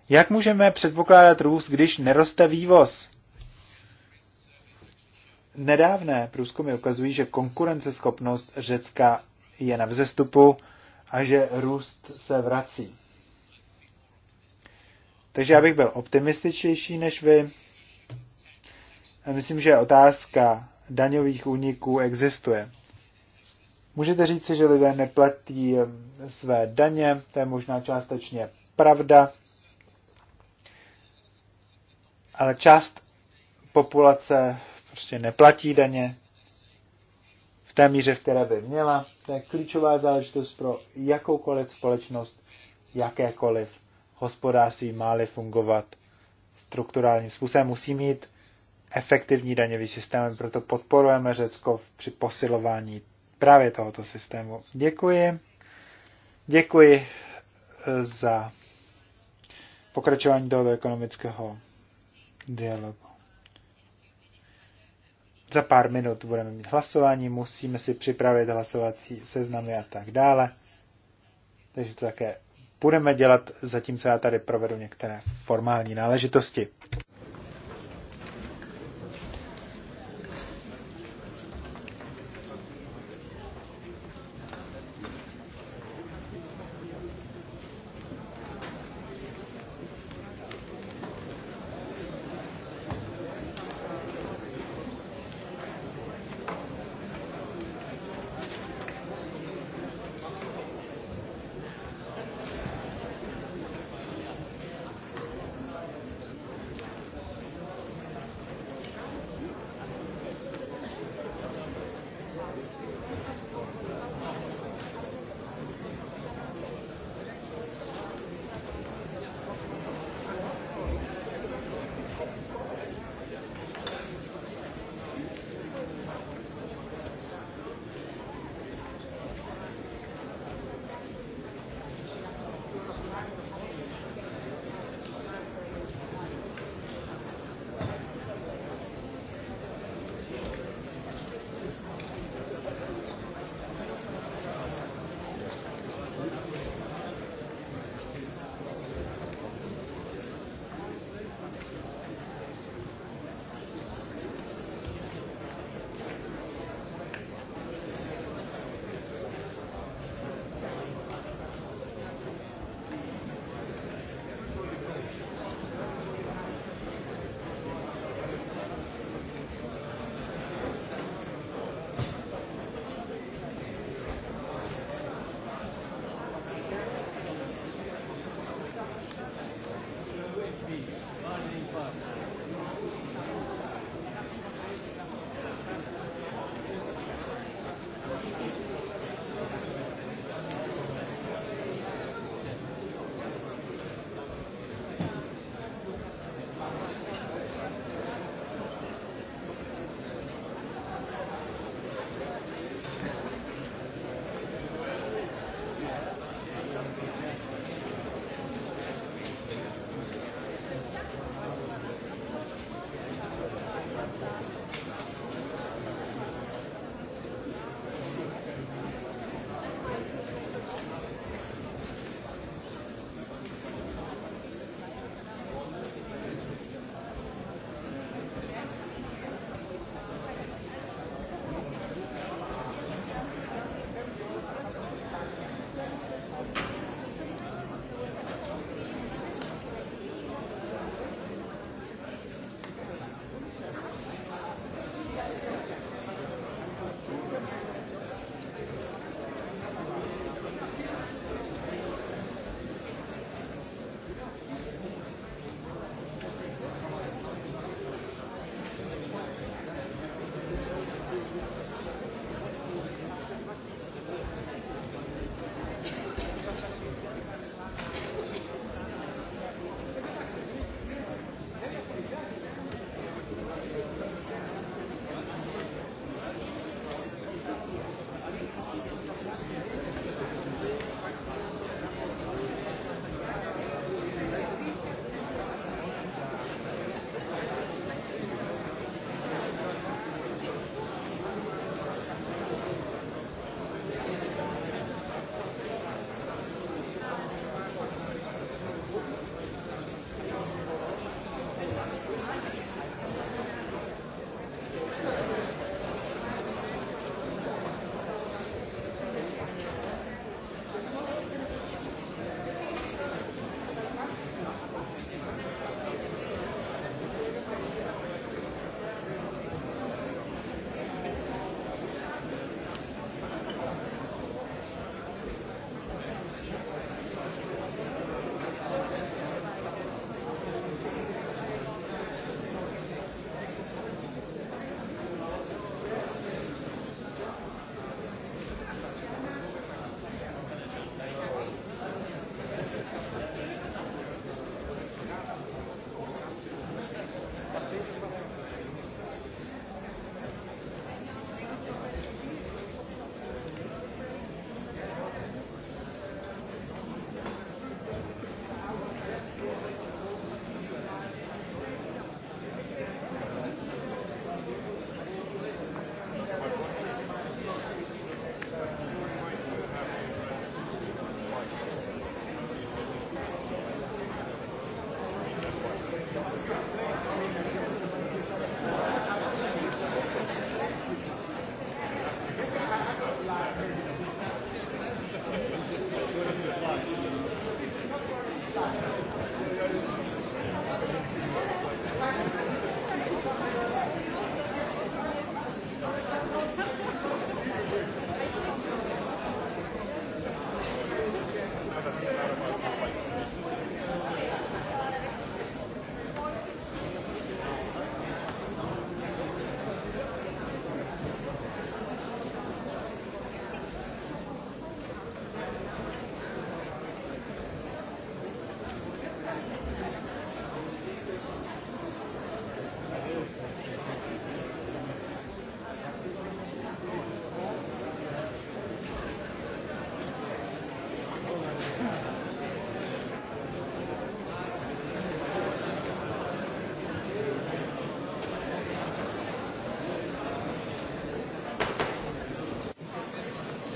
Jak můžeme předpokládat růst, když neroste vývoz? Nedávné průzkumy ukazují, že konkurenceschopnost Řecka je na vzestupu a že růst se vrací. Takže já bych byl optimističtější než vy. A myslím, že otázka daňových úniků existuje. Můžete říct si, že lidé neplatí um, své daně, to je možná částečně pravda, ale část populace prostě neplatí daně v té míře, v které by měla. To je klíčová záležitost pro jakoukoliv společnost, jakékoliv hospodářství má-li fungovat strukturálním způsobem. Musí mít efektivní daňový systém, proto podporujeme Řecko při posilování právě tohoto systému. Děkuji. Děkuji eh, za pokračování tohoto ekonomického dialogu. Za pár minut budeme mít hlasování, musíme si připravit hlasovací seznamy a tak dále. Takže to také budeme dělat, zatímco já tady provedu některé formální náležitosti.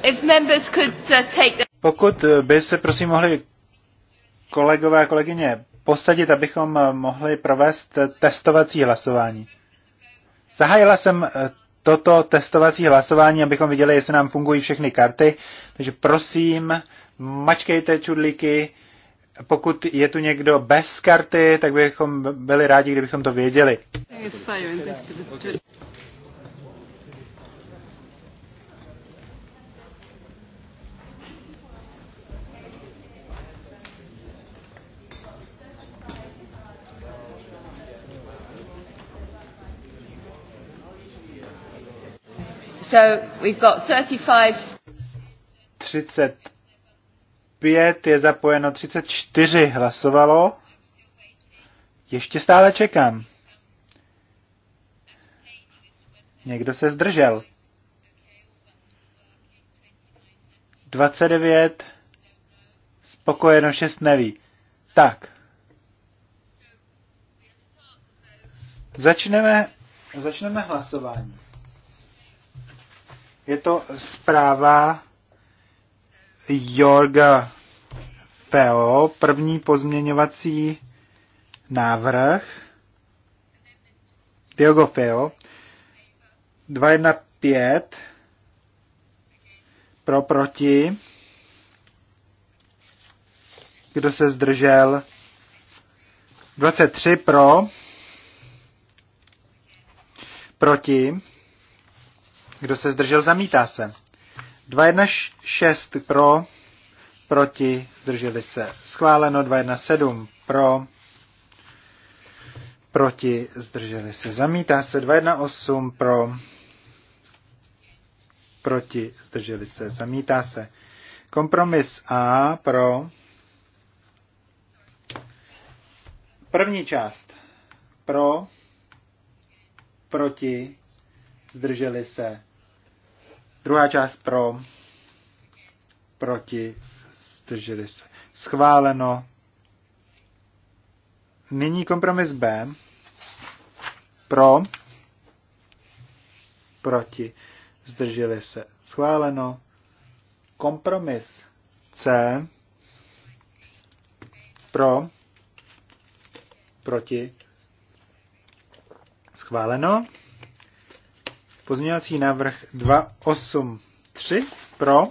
Uh, Pokud by se prosím mohli kolegové a kolegyně posadit, abychom uh, mohli provést uh, testovací hlasování. Zahájila jsem toto testovací hlasování, abychom viděli, jestli nám fungují všechny karty. Takže prosím, mačkejte čudlíky. Pokud je tu někdo bez karty, tak bychom byli rádi, kdybychom to věděli. So we've got 35. 35 je zapojeno, 34 hlasovalo. Ještě stále čekám. Někdo se zdržel. 29, spokojeno 6 neví. Tak. Začneme, začneme hlasování. Je to zpráva Jorga Feo, první pozměňovací návrh. Diogo Feo, 215 pro proti. Kdo se zdržel? 23 pro. Proti. Kdo se zdržel, zamítá se. 216 pro, proti, zdrželi se. Schváleno 217 pro, proti, zdrželi se. Zamítá se 218 pro, proti, zdrželi se. Zamítá se. Kompromis A pro první část. Pro, proti, zdrželi se Druhá část pro, proti, zdrželi se. Schváleno. Nyní kompromis B. Pro, proti, zdrželi se. Schváleno. Kompromis C. Pro, proti, schváleno. Pozměňovací návrh 283 pro,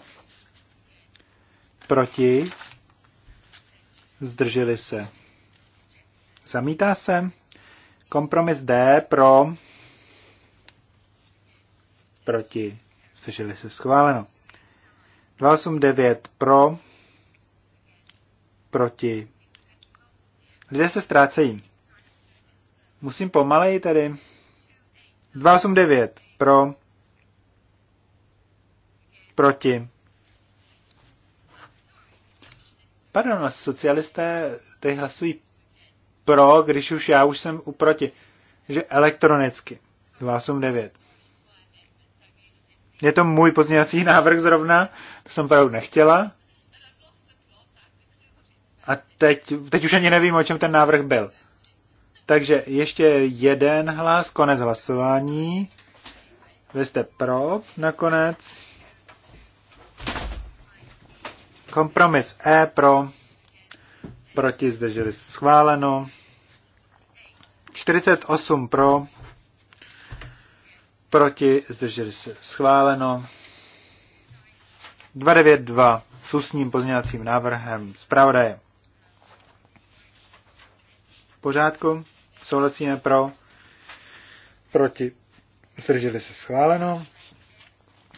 proti, zdrželi se. Zamítá se. Kompromis D pro, proti, zdrželi se. Schváleno. 289 pro, proti. Lidé se ztrácejí. Musím pomaleji tady. 289 pro, proti. Pardon, socialisté teď hlasují pro, když už já už jsem uproti. že elektronicky. 289. Je to můj pozměňovací návrh zrovna, to jsem opravdu nechtěla. A teď, teď už ani nevím, o čem ten návrh byl. Takže ještě jeden hlas, konec hlasování. Vy jste pro nakonec. Kompromis E pro. Proti zdrželi schváleno. 48 pro. Proti zdrželi se schváleno. 292 s ústním pozměňovacím návrhem zpravodaje. V pořádku? Souhlasíme pro? Proti? zdrželi se schváleno.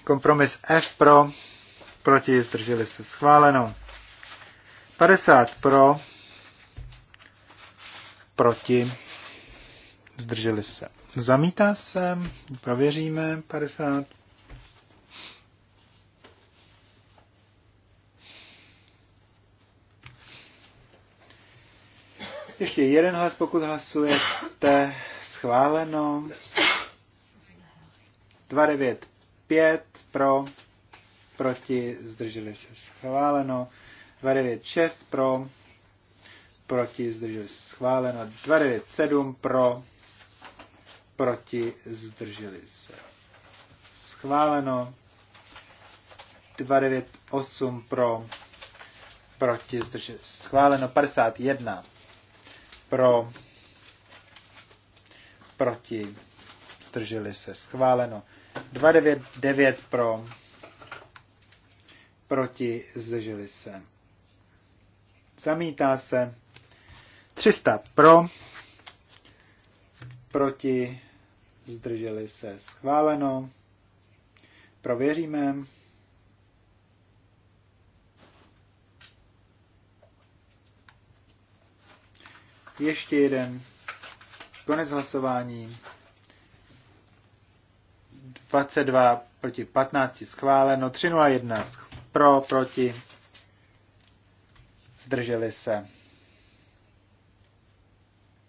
Kompromis F pro, proti, zdrželi se schváleno. 50 pro, proti, zdrželi se. Zamítá se, prověříme 50. Ještě jeden hlas, pokud hlasujete, schváleno. 5 pro, proti, zdrželi se schváleno. 6 pro, proti, zdrželi se schváleno. 7 pro, proti, zdrželi se schváleno. 8 pro, proti, zdrželi se schváleno. 51 pro, proti, zdrželi se schváleno. 299 pro. Proti zdrželi se. Zamítá se. 300 pro. Proti zdrželi se. Schváleno. Prověříme. Ještě jeden. Konec hlasování. 22 proti 15 schváleno, 301 pro, proti, zdrželi se.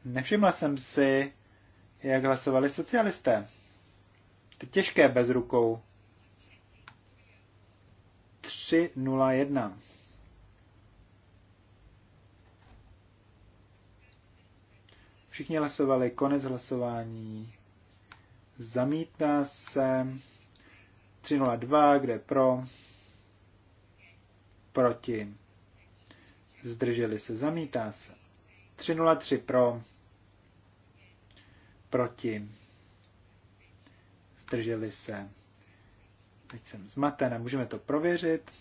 Nevšimla jsem si, jak hlasovali socialisté. To těžké bez rukou. 301. Všichni hlasovali, konec hlasování. Zamítá se 302, kde pro, proti, zdrželi se, zamítá se. 303 pro, proti, zdrželi se. Teď jsem zmaten a můžeme to prověřit.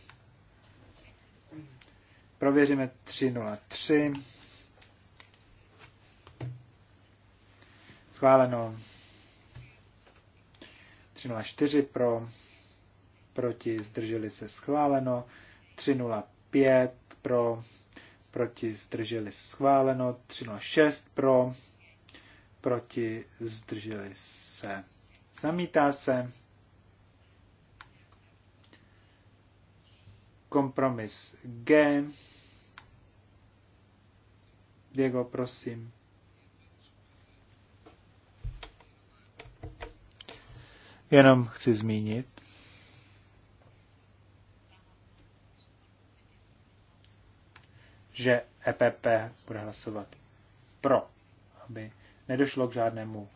Prověříme 303. Schváleno. 304 pro, proti, zdrželi se schváleno, 305 pro, proti, zdrželi se schváleno, 306 pro, proti, zdrželi se, zamítá se. Kompromis G. Diego, prosím. Jenom chci zmínit, že EPP bude hlasovat pro, aby nedošlo k žádnému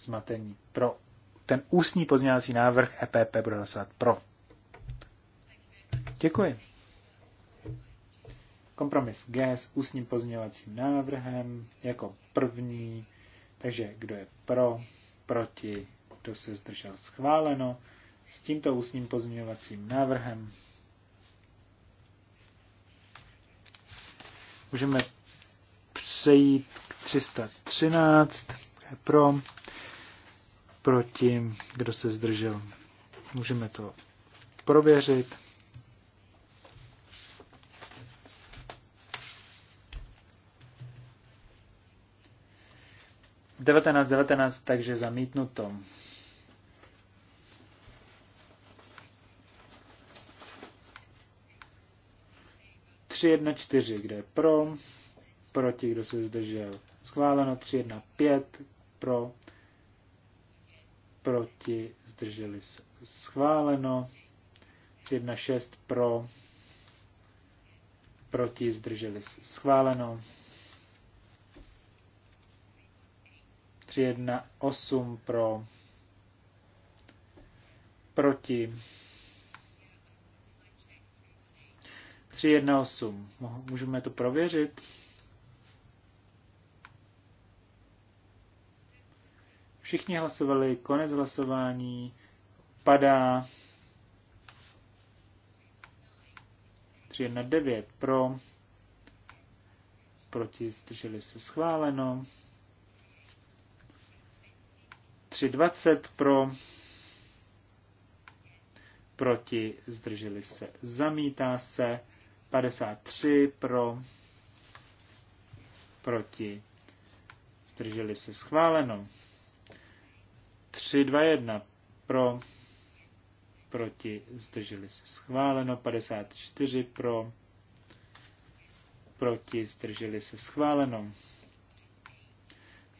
zmatení. Pro ten ústní pozměňovací návrh EPP bude hlasovat pro. Děkuji. Kompromis G s ústním pozměňovacím návrhem jako první. Takže kdo je pro, proti, kdo se zdržel schváleno s tímto ústním pozměňovacím návrhem. Můžeme přejít k 313 pro, proti, kdo se zdržel. Můžeme to prověřit. Devatenáct, devatenáct, takže zamítnuto. 3.1.4, kde je pro, proti, kdo se zdržel. Schváleno 3.1.5, pro, proti, zdrželi se. Schváleno 3.1.6, pro, proti, zdrželi se. Schváleno 3.1.8, pro, proti, 318. Můžeme to prověřit? Všichni hlasovali, konec hlasování, padá 319 pro, proti zdrželi se schváleno, 320 pro, proti zdrželi se zamítá se, 53 pro, proti, zdrželi se schváleno. 3, 2, 1 pro, proti, zdrželi se schváleno. 54 pro, proti, zdrželi se schváleno.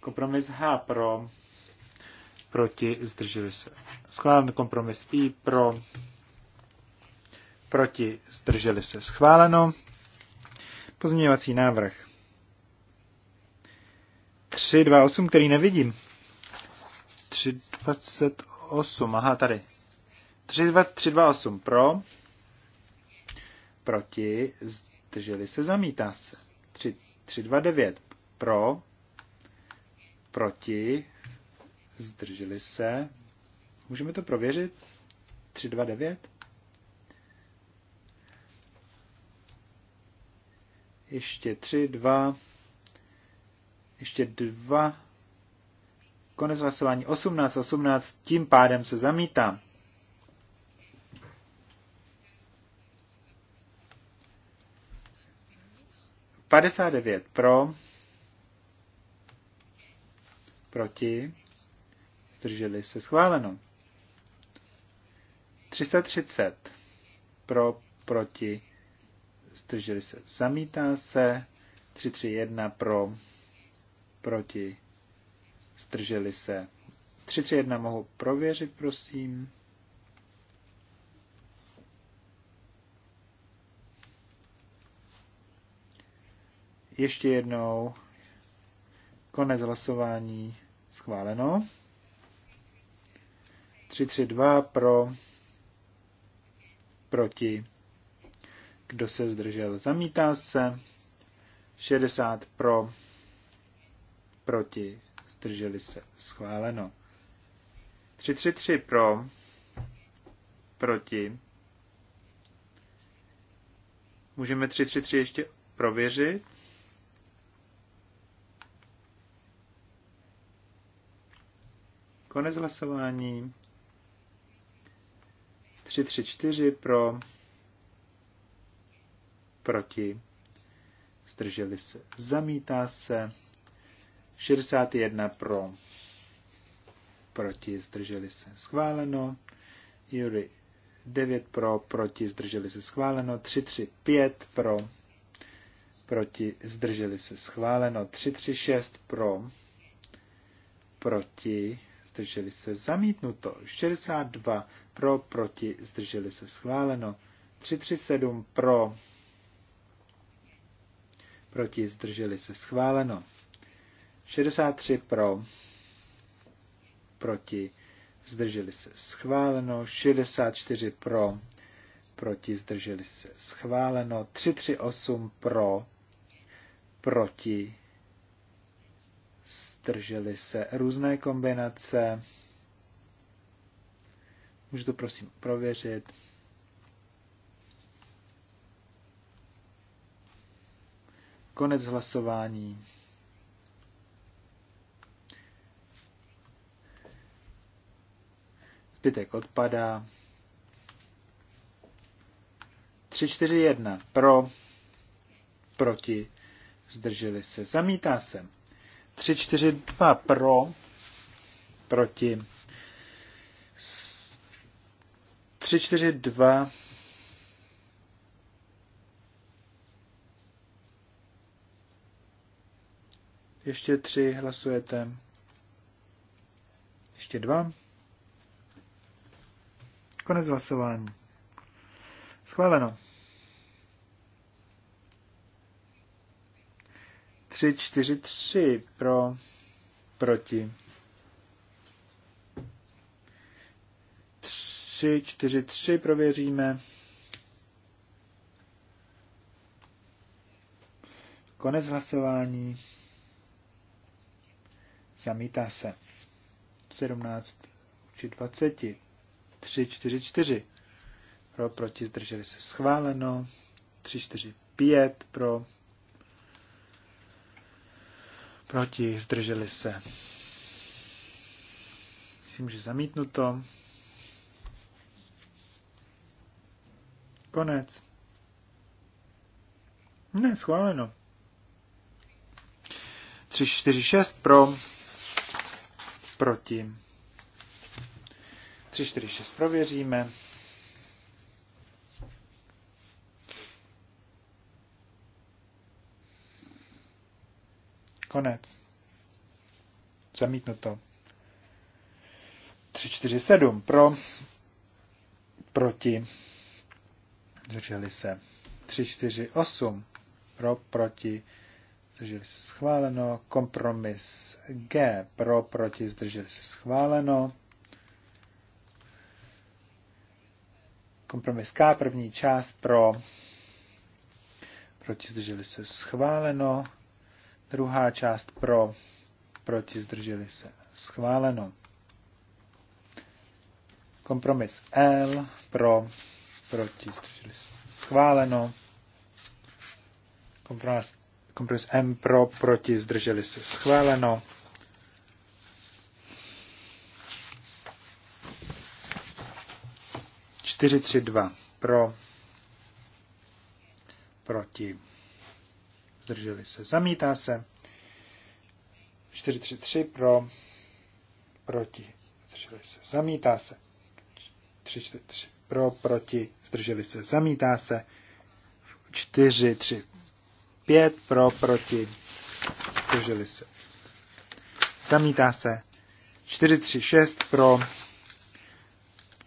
Kompromis H pro, proti, zdrželi se schváleno. Kompromis I pro, proti, zdrželi se, schváleno. Pozměňovací návrh 328, který nevidím. 328, aha, tady. 328 pro, proti, zdrželi se, zamítá se. 329 pro, proti, zdrželi se. Můžeme to prověřit? 329? ještě tři, dva, ještě dva, konec hlasování 18, 18, tím pádem se zamítá. Padesát devět pro, proti, zdrželi se schváleno. 330 pro, proti, zdrželi se, zamítá se, 331 pro, proti, zdrželi se. 331 mohu prověřit, prosím. Ještě jednou. Konec hlasování. Schváleno. 332 pro. Proti. Kdo se zdržel? Zamítá se. 60 pro. Proti. Zdrželi se. Schváleno. 333 pro. Proti. Můžeme 333 ještě prověřit. Konec hlasování. 334 pro, proti, zdrželi se, zamítá se, 61 pro, proti, zdrželi se, schváleno, Jury 9 pro, proti, zdrželi se, schváleno, 335 pro, proti, zdrželi se, schváleno, 336 pro, proti, zdrželi se, zamítnuto, 62 pro, proti, zdrželi se, schváleno, 337 pro, proti, zdrželi se, schváleno. 63 pro, proti, zdrželi se, schváleno. 64 pro, proti, zdrželi se, schváleno. 338 pro, proti, zdrželi se, různé kombinace. Můžu to prosím prověřit. Konec hlasování. Zbytek odpadá. 3-4-1 pro, proti, zdrželi se, zamítá se. 3-4-2 pro, proti, 3-4-2 Ještě tři hlasujete. Ještě dva. Konec hlasování. Schváleno. Tři, čtyři, tři pro, proti. Tři, čtyři, tři prověříme. Konec hlasování zamítá se. 17 či 20, 3, 4, 4, pro, proti, zdrželi se, schváleno, 3, 4, 5, pro, proti, zdrželi se. Myslím, že zamítnuto. Konec. Ne, schváleno. 3, 4, 6 pro, proti. 3, 4, 6 prověříme. Konec. Zamítnuto. 3, 4, 7 pro, proti. Zdrželi se. 3, 4, 8 pro, proti zdrželi se schváleno. Kompromis G pro, proti, zdrželi se schváleno. Kompromis K, první část pro, proti, zdrželi se schváleno. Druhá část pro, proti, zdrželi se schváleno. Kompromis L pro, proti, zdrželi se schváleno. Kompromis kompromis M pro, proti, zdrželi se, schváleno. Čtyři, tři, dva, pro, proti, zdrželi se, zamítá se. Čtyři, tři, tři, pro, proti, zdrželi se, zamítá se. Tři, čtyři tři, pro, proti, zdrželi se, zamítá se. Čtyři, tři, 5 pro, proti, zdrželi se. Zamítá se. 4, 3, 6 pro,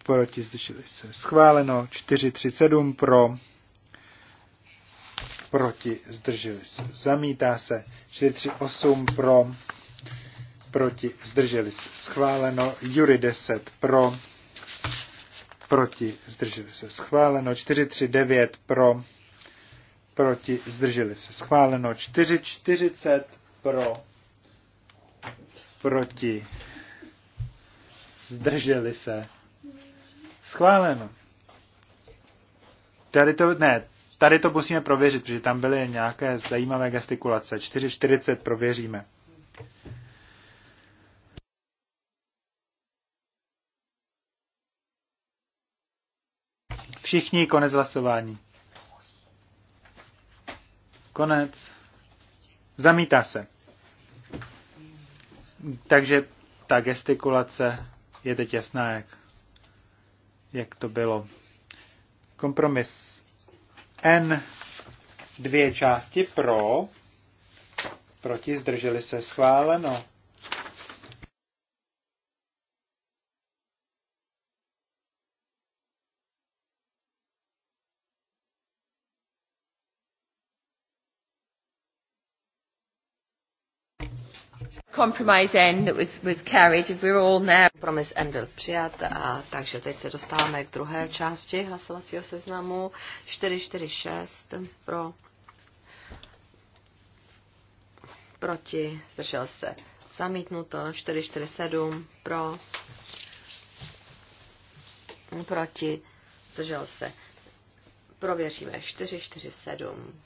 proti, zdrželi se. Schváleno. 4, 3, 7 pro, proti, zdrželi se. Zamítá se. 4, 3, 8 pro, proti, zdrželi se. Schváleno. Jury 10 pro, proti, zdrželi se. Schváleno. 4, 3, 9 pro, proti, zdrželi se. Schváleno 4,40 pro, proti, zdrželi se. Schváleno. Tady to, ne, tady to musíme prověřit, protože tam byly nějaké zajímavé gestikulace. 4,40 prověříme. Všichni konec hlasování. Konec. Zamítá se. Takže ta gestikulace je teď jasná, jak, jak to bylo. Kompromis N dvě části pro, proti zdrželi se schváleno. Kompromis N byl přijat, a, takže teď se dostáváme k druhé části hlasovacího seznamu. 446 pro, proti, zdržel se zamítnuto, 447 pro, proti, zdržel se. Prověříme 447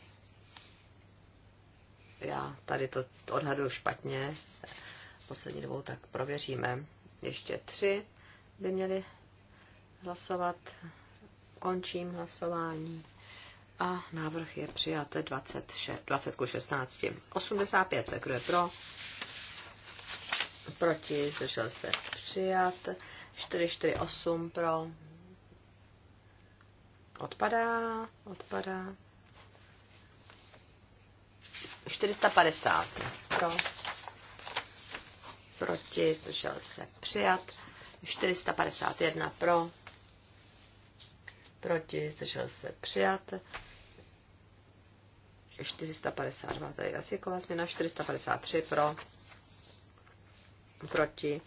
já tady to odhaduju špatně, poslední dvou tak prověříme. Ještě tři by měli hlasovat. Končím hlasování. A návrh je přijat 26, 20 ku 16. 85, kdo je pro? Proti, zdržel se přijat. 448 pro. Odpadá, odpadá. 450 pro, proti, zdržel se přijat, 451 pro, proti, zdržel se přijat, 452, tady asi kola změna, 453 pro, proti,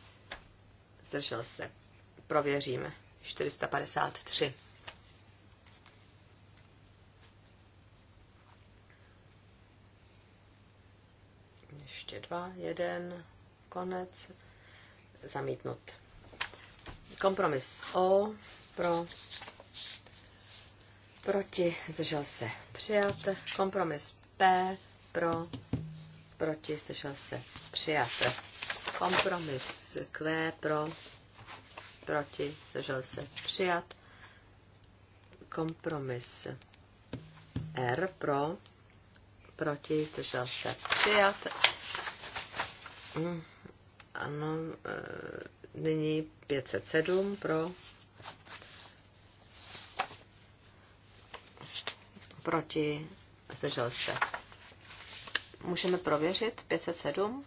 zdržel se, prověříme, 453. dva, jeden, konec, zamítnut. Kompromis O pro, proti, zdržel se, přijat. Kompromis P pro, proti, zdržel se, přijat. Kompromis Q pro, proti, zdržel se, přijat. Kompromis R pro, proti, zdržel se, přijat Mm, ano, e, nyní 507 pro. Proti. Zdržel se. Můžeme prověřit 507.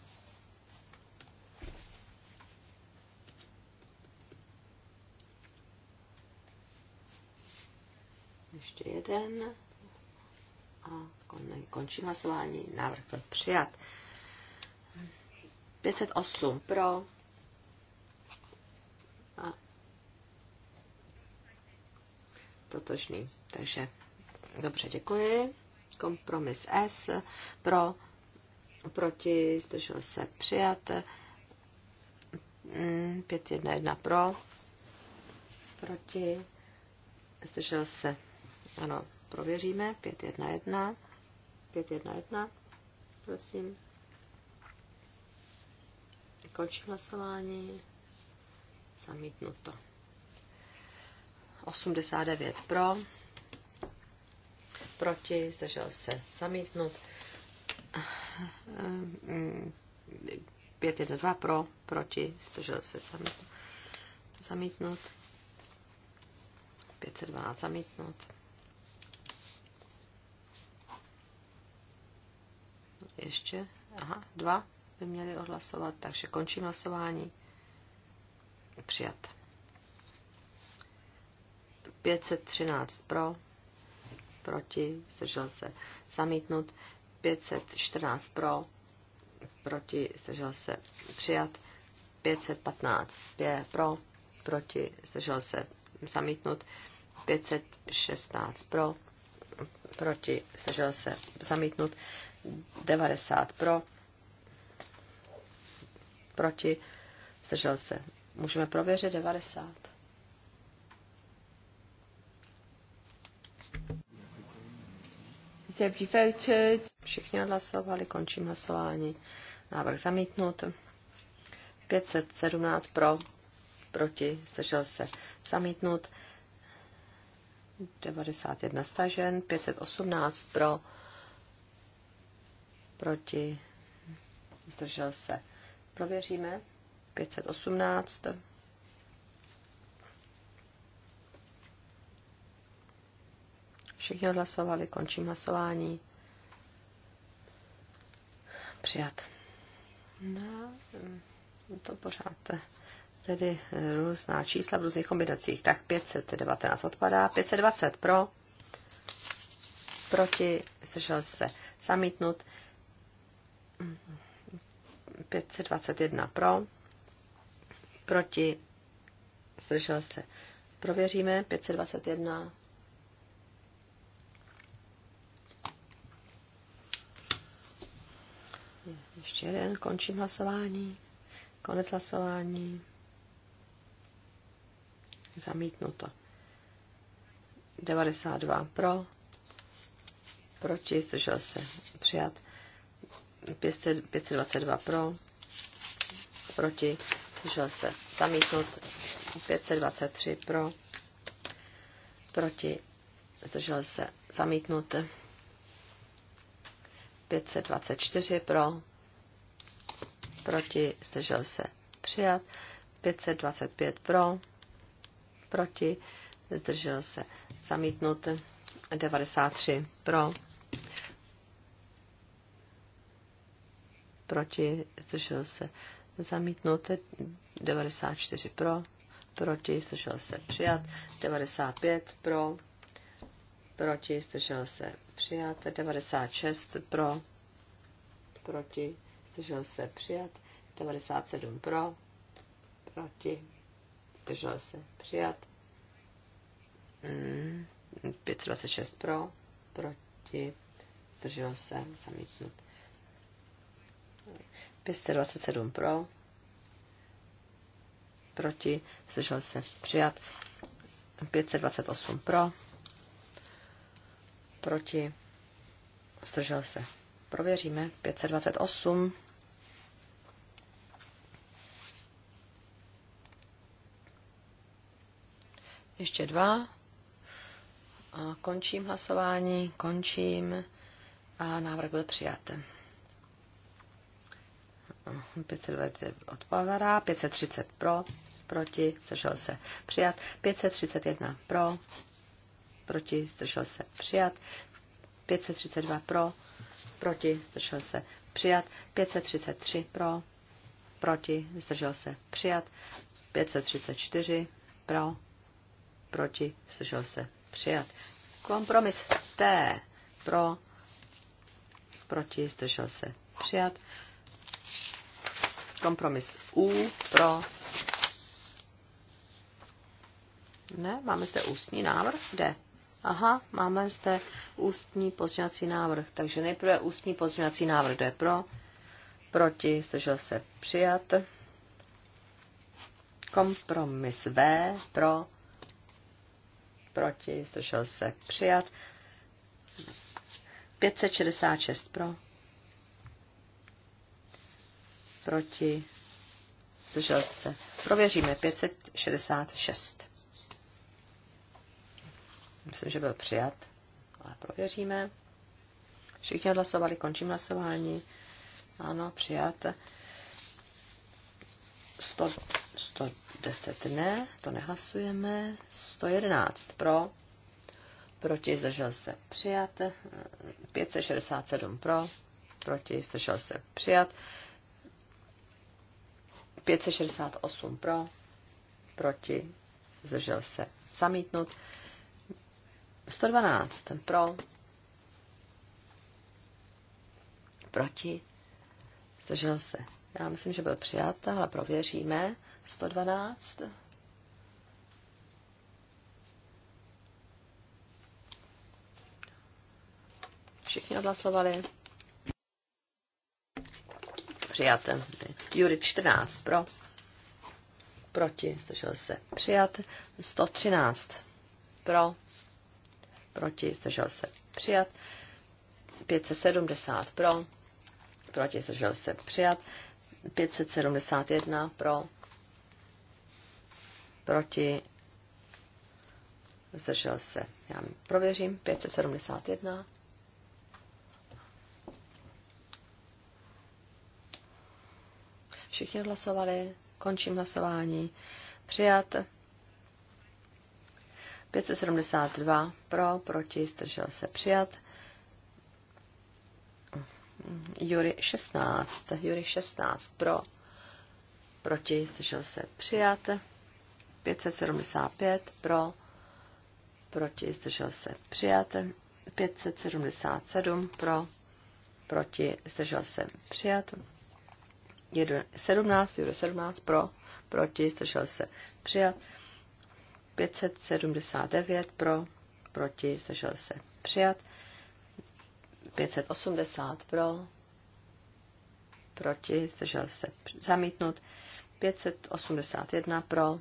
Ještě jeden. A končí hlasování. Návrh byl přijat. 508 pro. A totožný. Takže dobře, děkuji. Kompromis S pro, proti, zdržel se přijat. 511 mm, pro, proti, zdržel se. Ano, prověříme. 511. 511. Prosím. Končím hlasování. Zamítnuto. 89 pro. Proti. Zdržel se. Zamítnut. 512 pro. Proti. Zdržel se. Zamítnut. Zamítnut. 512 zamítnut. Ještě. Aha, dva by měli odhlasovat, takže končím hlasování. Přijat. 513 pro, proti, zdržel se zamítnut. 514 pro, proti, zdržel se přijat. 515 pě, pro, proti, zdržel se zamítnut. 516 pro, proti, zdržel se zamítnut. 90 pro, proti, zdržel se. Můžeme prověřit 90. Všichni odhlasovali, končím hlasování. Návrh zamítnut. 517 pro, proti, zdržel se zamítnut. 91 stažen, 518 pro, proti, zdržel se Prověříme. 518. Všichni odhlasovali, končím hlasování. Přijat. No, mm, to pořád eh, tedy eh, různá čísla v různých kombinacích. Tak 519 odpadá, 520 pro, proti, zdržel se zamítnut. Mm, 521 pro, proti, zdržel se. Prověříme 521. Ještě jeden, končím hlasování. Konec hlasování. Zamítnuto. 92 pro, proti, zdržel se. Přijat. 522 pro, proti, zdržel se zamítnut, 523 pro, proti, zdržel se zamítnut, 524 pro, proti, zdržel se přijat, 525 pro, proti, zdržel se zamítnut, 93 pro, proti, zdržel se zamítnut, 94 pro, proti, zdržel se přijat, 95 pro, proti, zdržel se přijat, 96 pro, proti, zdržel se přijat, 97 pro, proti, zdržel se přijat, 526 mm, pro, proti, zdržel se zamítnut. 527 pro, proti, slyšel se přijat. 528 pro, proti, zdržel se. Prověříme. 528. Ještě dva. A končím hlasování, končím a návrh byl přijat. 520 odpadá, 530 pro, proti, zdržel se přijat, 531 pro, proti, zdržel se přijat, 532 pro, proti, zdržel se přijat, 533 pro, proti, zdržel se přijat, 534 pro, proti, zdržel se přijat. Kompromis T pro, proti, zdržel se přijat. Kompromis U pro. Ne, máme zde ústní návrh? Kde? Aha, máme zde ústní pozměňovací návrh. Takže nejprve ústní pozměňovací návrh, kde pro, proti, zdržel se přijat. Kompromis V pro, proti, zdržel se přijat. 566 pro, proti, zdržel se. Prověříme 566. Myslím, že byl přijat, ale prověříme. Všichni odhlasovali, končím hlasování. Ano, přijat. 100, 110 ne, to nehlasujeme. 111 pro, proti zdržel se přijat. 567 pro, proti zdržel se přijat. 568 pro, proti, zdržel se zamítnut. 112 pro, proti, zdržel se. Já myslím, že byl přijat, ale prověříme. 112. Všichni odhlasovali přijat. Jury 14 pro, proti, zdržel se přijat. 113 pro, proti, zdržel se přijat. 570 pro, proti, zdržel se přijat. 571 pro, proti, zdržel se. Já prověřím. 571. Všichni hlasovali. Končím hlasování. Přijat. 572 pro, proti, zdržel se přijat. Jury 16, Jury 16 pro, proti, zdržel se přijat. 575 pro, proti, zdržel se přijat. 577 pro, proti, zdržel se přijat. 17, 17 pro, proti, zdržel se přijat. 579 pro, proti, zdržel se přijat. 580 pro, proti, zdržel se zamítnut. 581 pro,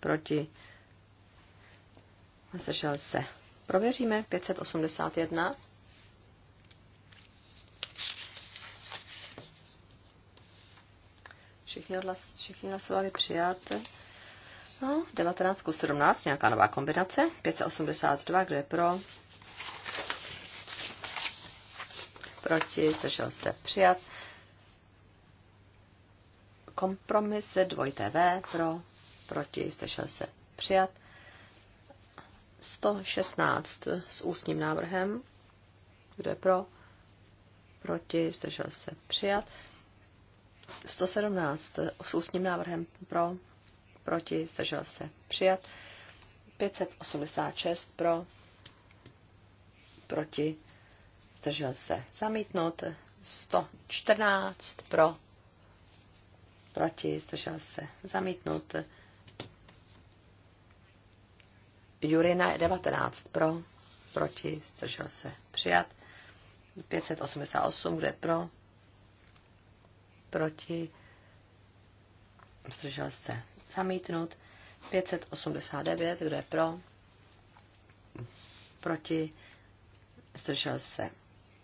proti, zdržel se. Prověříme 581. Všichni, hlas, všichni hlasovali přijat. No, 19 17, nějaká nová kombinace. 582, kdo je pro? Proti, zdržel se přijat. Kompromis dvojité V pro, proti, zdržel se přijat. 116 s ústním návrhem. Kdo je pro? Proti, zdržel se přijat. 117 eh, s ústním návrhem pro, proti, zdržel se, přijat. 586 pro, proti, zdržel se, zamítnout. 114 pro, proti, zdržel se, zamítnout. Jurina 19 pro, proti, zdržel se, přijat. 588, kde pro, proti, zdržel se zamítnut, 589, kdo je pro, proti, zdržel se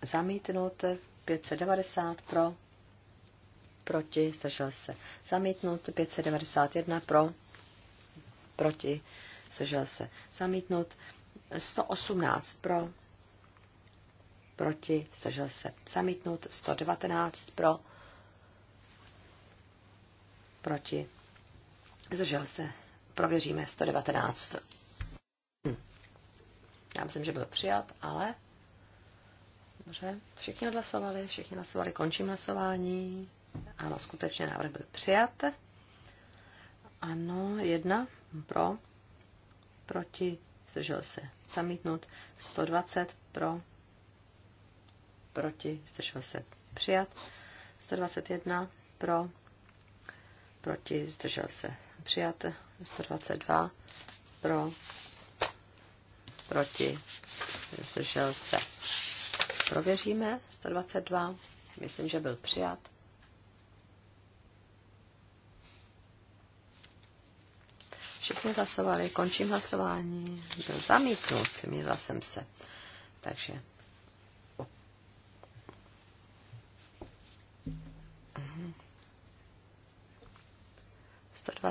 zamítnut, 590 pro, proti, zdržel se zamítnut, 591 pro, proti, zdržel se zamítnut, 118 pro, proti, zdržel se zamítnut, 119 pro, proti, zdržel se, prověříme 119. Hm. Já myslím, že byl přijat, ale dobře, všichni odhlasovali, všichni hlasovali, končím hlasování. Ano, skutečně návrh byl přijat. Ano, jedna pro, proti, zdržel se, zamítnut, 120 pro, proti, zdržel se, přijat, 121 pro, proti, zdržel se přijat, 122 pro, proti, zdržel se. Prověříme, 122, myslím, že byl přijat. Všichni hlasovali, končím hlasování, byl zamítnut, mýla jsem se. Takže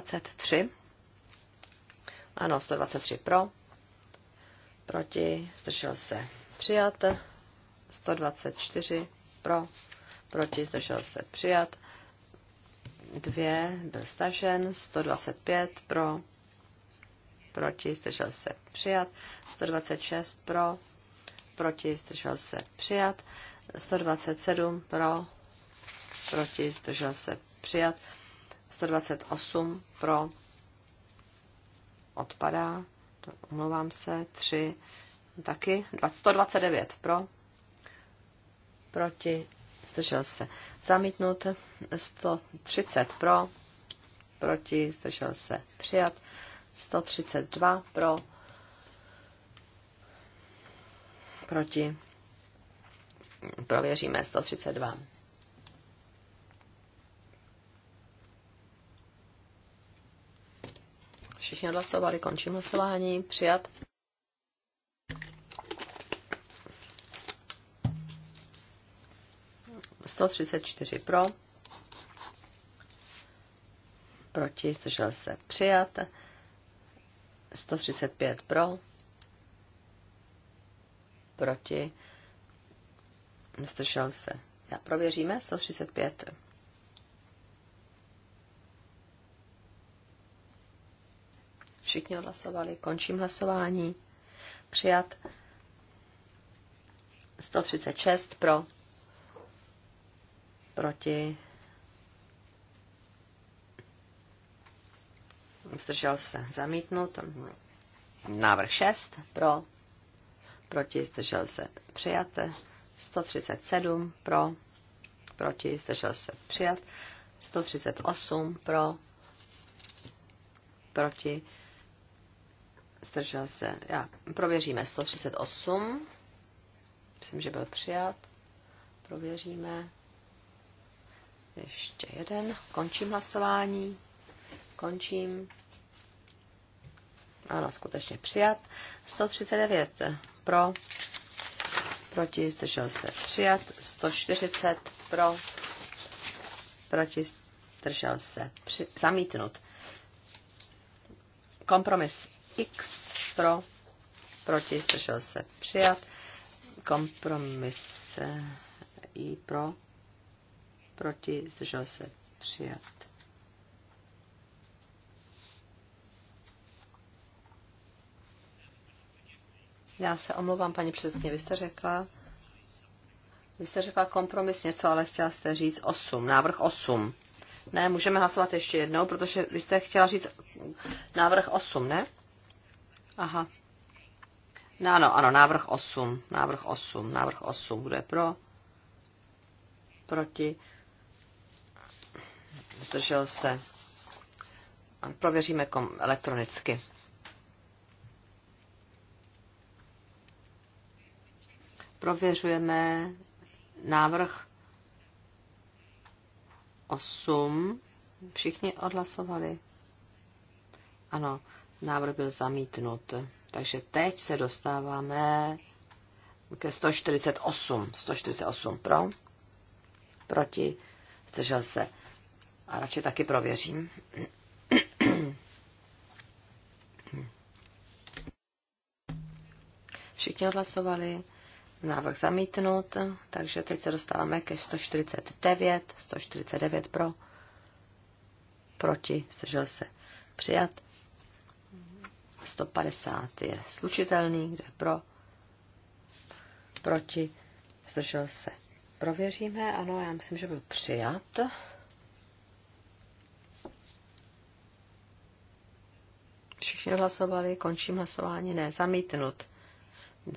123. Ano, 123 pro. Proti. Zdržel se. Přijat. 124 pro. Proti. Zdržel se. Přijat. 2 byl stažen. 125 pro. Proti. Zdržel se. Přijat. 126 pro. Proti. Zdržel se. Přijat. 127 pro. Proti. Zdržel se. Přijat. 128 pro, odpadá, omlouvám se, 3 taky, 129 pro, proti, zdržel se, zamítnut, 130 pro, proti, zdržel se, přijat, 132 pro, proti, prověříme 132. Všichni odhlasovali, končím hlasování. Přijat. Sto pro. Proti, zdržel se. Přijat. 135 pro. Proti. Zdržel se. Já prověříme. 135. Všichni hlasovali. Končím hlasování. Přijat. 136 pro. Proti. Zdržel se. zamítnout, Návrh 6 pro. Proti. Zdržel se. Přijat. 137 pro. Proti. Zdržel se. Přijat. 138 pro proti, zdržel se. Já, prověříme 138. Myslím, že byl přijat. Prověříme. Ještě jeden. Končím hlasování. Končím. Ano, skutečně přijat. 139 pro, proti, zdržel se přijat. 140 pro, proti, zdržel se při, zamítnut. Kompromis X pro, proti, zdržel se přijat. Kompromis I pro, proti, zdržel se přijat. Já se omlouvám, paní předsedkyně, vy jste řekla, vy jste řekla kompromis něco, ale chtěla jste říct 8, návrh 8. Ne, můžeme hlasovat ještě jednou, protože vy jste chtěla říct návrh 8, ne? Aha. No, ano, ano, návrh 8, návrh 8, návrh 8, kdo je pro? Proti? Zdržel se. A prověříme kom- elektronicky. Prověřujeme návrh 8. Všichni odhlasovali? Ano, Návrh byl zamítnut. Takže teď se dostáváme ke 148. 148 pro, proti, zdržel se. A radši taky prověřím. Všichni odhlasovali návrh zamítnut, takže teď se dostáváme ke 149, 149 pro, proti, zdržel se, přijat, 150 je slučitelný, kdo je pro, proti, zdržel se. Prověříme, ano, já myslím, že byl přijat. Všichni hlasovali, končím hlasování, ne, zamítnut.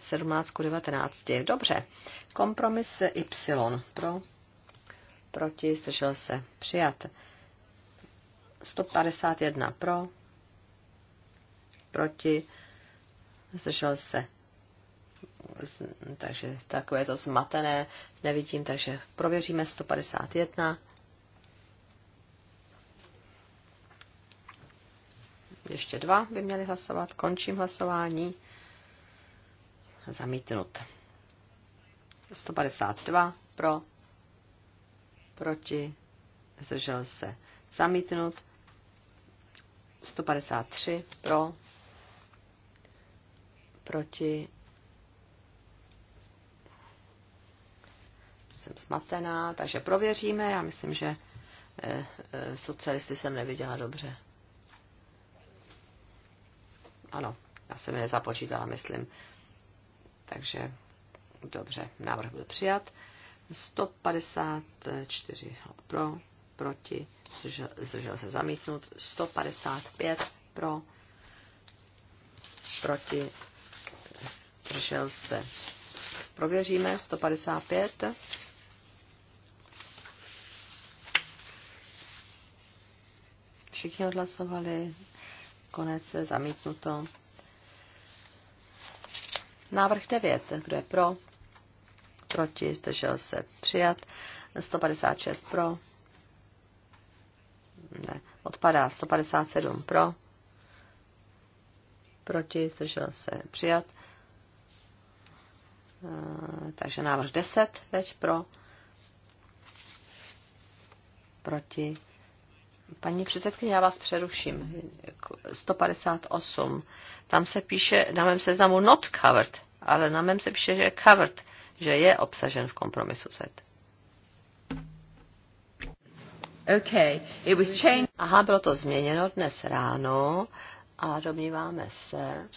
17 k 19. Dobře. Kompromis Y pro, proti, zdržel se, přijat. 151 pro, proti, zdržel se. Takže takové to zmatené nevidím, takže prověříme 151. Ještě dva by měli hlasovat. Končím hlasování. Zamítnut. 152 pro, proti, zdržel se. Zamítnut. 153 pro, proti. Jsem smatená, takže prověříme. Já myslím, že eh, eh, socialisty jsem neviděla dobře. Ano, já jsem je nezapočítala, myslím. Takže dobře, návrh byl přijat. 154 pro, proti, zdržel, zdržel se zamítnut, 155 pro, proti, držel se. Prověříme 155. Všichni odhlasovali, konec se zamítnuto. Návrh 9. Kdo je pro? Proti, zdržel se přijat. 156 pro. Ne, odpadá 157 pro. Proti, zdržel se přijat. Eh, takže návrh 10 teď pro, proti. Paní předsedkyně, já vás přeruším. 158. Tam se píše na mém seznamu not covered, ale na mém se píše, že je covered, že je obsažen v kompromisu set. Okay. It was changed. Aha, bylo to změněno dnes ráno a domníváme se,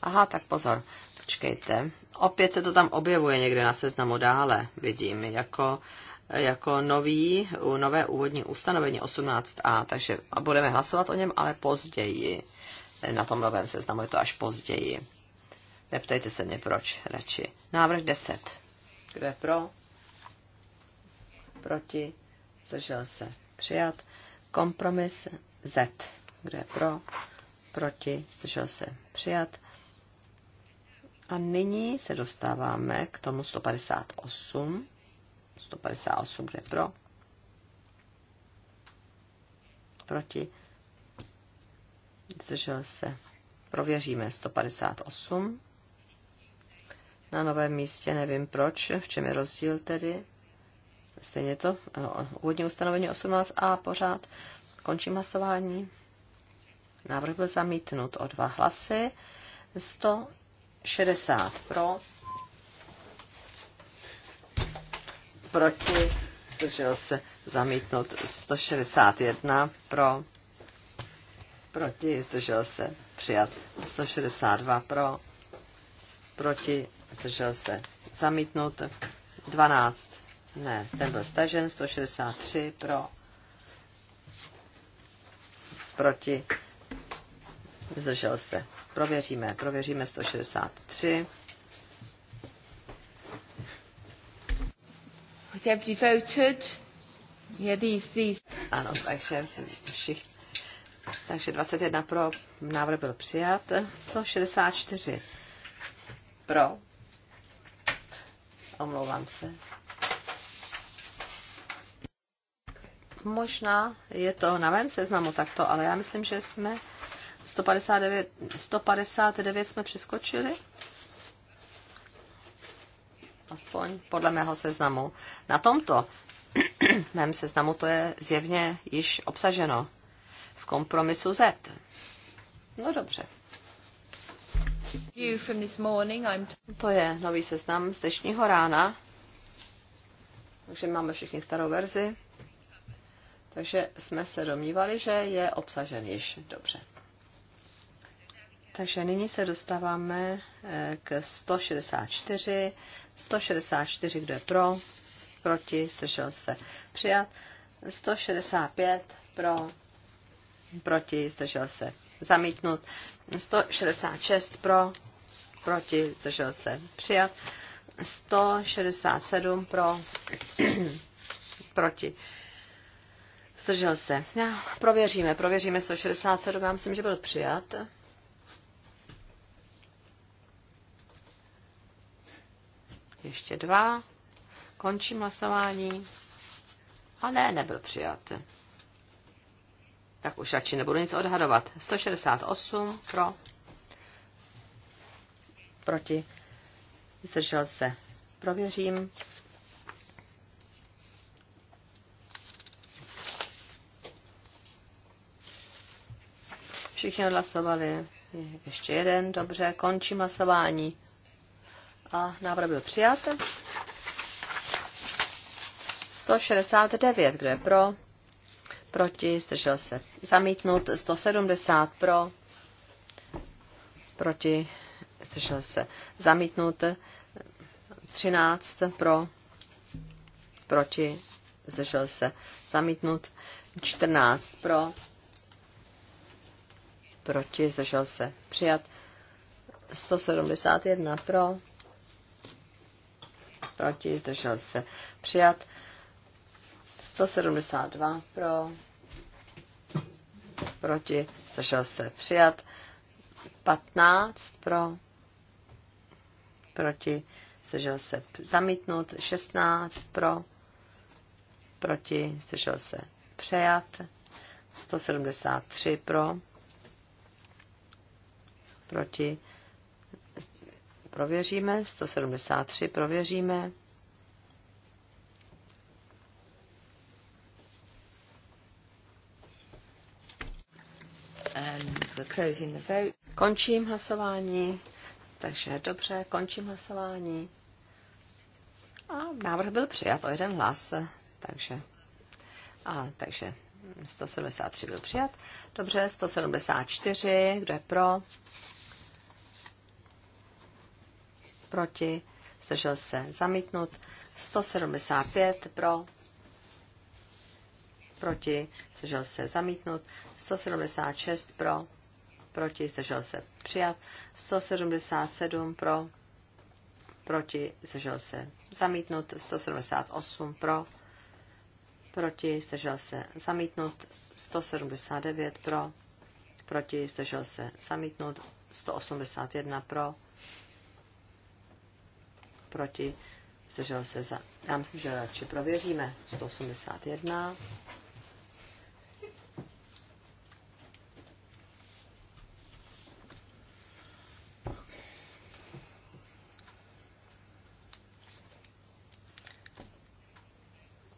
Aha, tak pozor, počkejte. Opět se to tam objevuje někde na seznamu dále, vidím, jako, jako nový, nové úvodní ustanovení 18a, takže budeme hlasovat o něm, ale později. Na tom novém seznamu je to až později. Neptejte se mě proč, radši. Návrh 10. Kdo je pro? Proti? Zdržel se. Přijat. Kompromis Z. Kdo je pro? Proti? Zdržel se. Přijat. A nyní se dostáváme k tomu 158. 158, kde pro? Proti? Zdržel se. Prověříme 158. Na novém místě nevím proč, v čem je rozdíl tedy. Stejně to, úvodní ustanovení 18a pořád. Končím hlasování. Návrh byl zamítnut o dva hlasy. 100 60 pro, proti, zdržel se zamítnout 161 pro, proti, zdržel se přijat 162 pro, proti, zdržel se zamítnout 12, ne, ten byl stažen, 163 pro, proti, zdržel se prověříme. Prověříme 163. Has everybody voted? Je Ano, takže všichni. Takže 21 pro, návrh byl přijat. 164 pro. Omlouvám se. Možná je to na mém seznamu takto, ale já myslím, že jsme 159, 159 jsme přeskočili? Aspoň podle mého seznamu. Na tomto mém seznamu to je zjevně již obsaženo v kompromisu Z. No dobře. To je nový seznam z dnešního rána. Takže máme všichni starou verzi. Takže jsme se domnívali, že je obsažen již dobře. Takže nyní se dostáváme eh, k 164. 164, kdo je pro, proti, zdržel se přijat. 165 pro, proti, zdržel se zamítnut. 166 pro, proti, zdržel se přijat. 167 pro, proti, zdržel se. Já, prověříme, prověříme 167, já myslím, že byl přijat. ještě dva. Končím hlasování. A ne, nebyl přijat. Tak už radši nebudu nic odhadovat. 168 pro, proti, zdržel se. Prověřím. Všichni odhlasovali. Ještě jeden, dobře, končím hlasování a návrh byl přijat. 169, kdo je pro? Proti, zdržel se. Zamítnut 170 pro, proti, zdržel se. Zamítnut 13 pro, proti, zdržel se. Zamítnut 14 pro, proti, zdržel se. Přijat 171 pro, proti, zdržel se přijat. 172 pro, proti, zdržel se přijat. 15 pro, proti, zdržel se zamítnut. 16 pro, proti, zdržel se přijat. 173 pro, proti, prověříme, 173 prověříme. Končím hlasování. Takže dobře, končím hlasování. A návrh byl přijat o jeden hlas, takže, a, takže 173 byl přijat. Dobře, 174, kdo je pro? proti, zdržel se zamítnut, 175 pro, proti, zdržel se zamítnut, 176 pro, proti, zdržel se přijat, 177 pro, proti, zdržel se zamítnut, 178 pro, proti, zdržel se zamítnut, 179 pro, proti, zdržel se zamítnut, 181 pro, proti, zdržel se za. Já myslím, že radši prověříme. 181.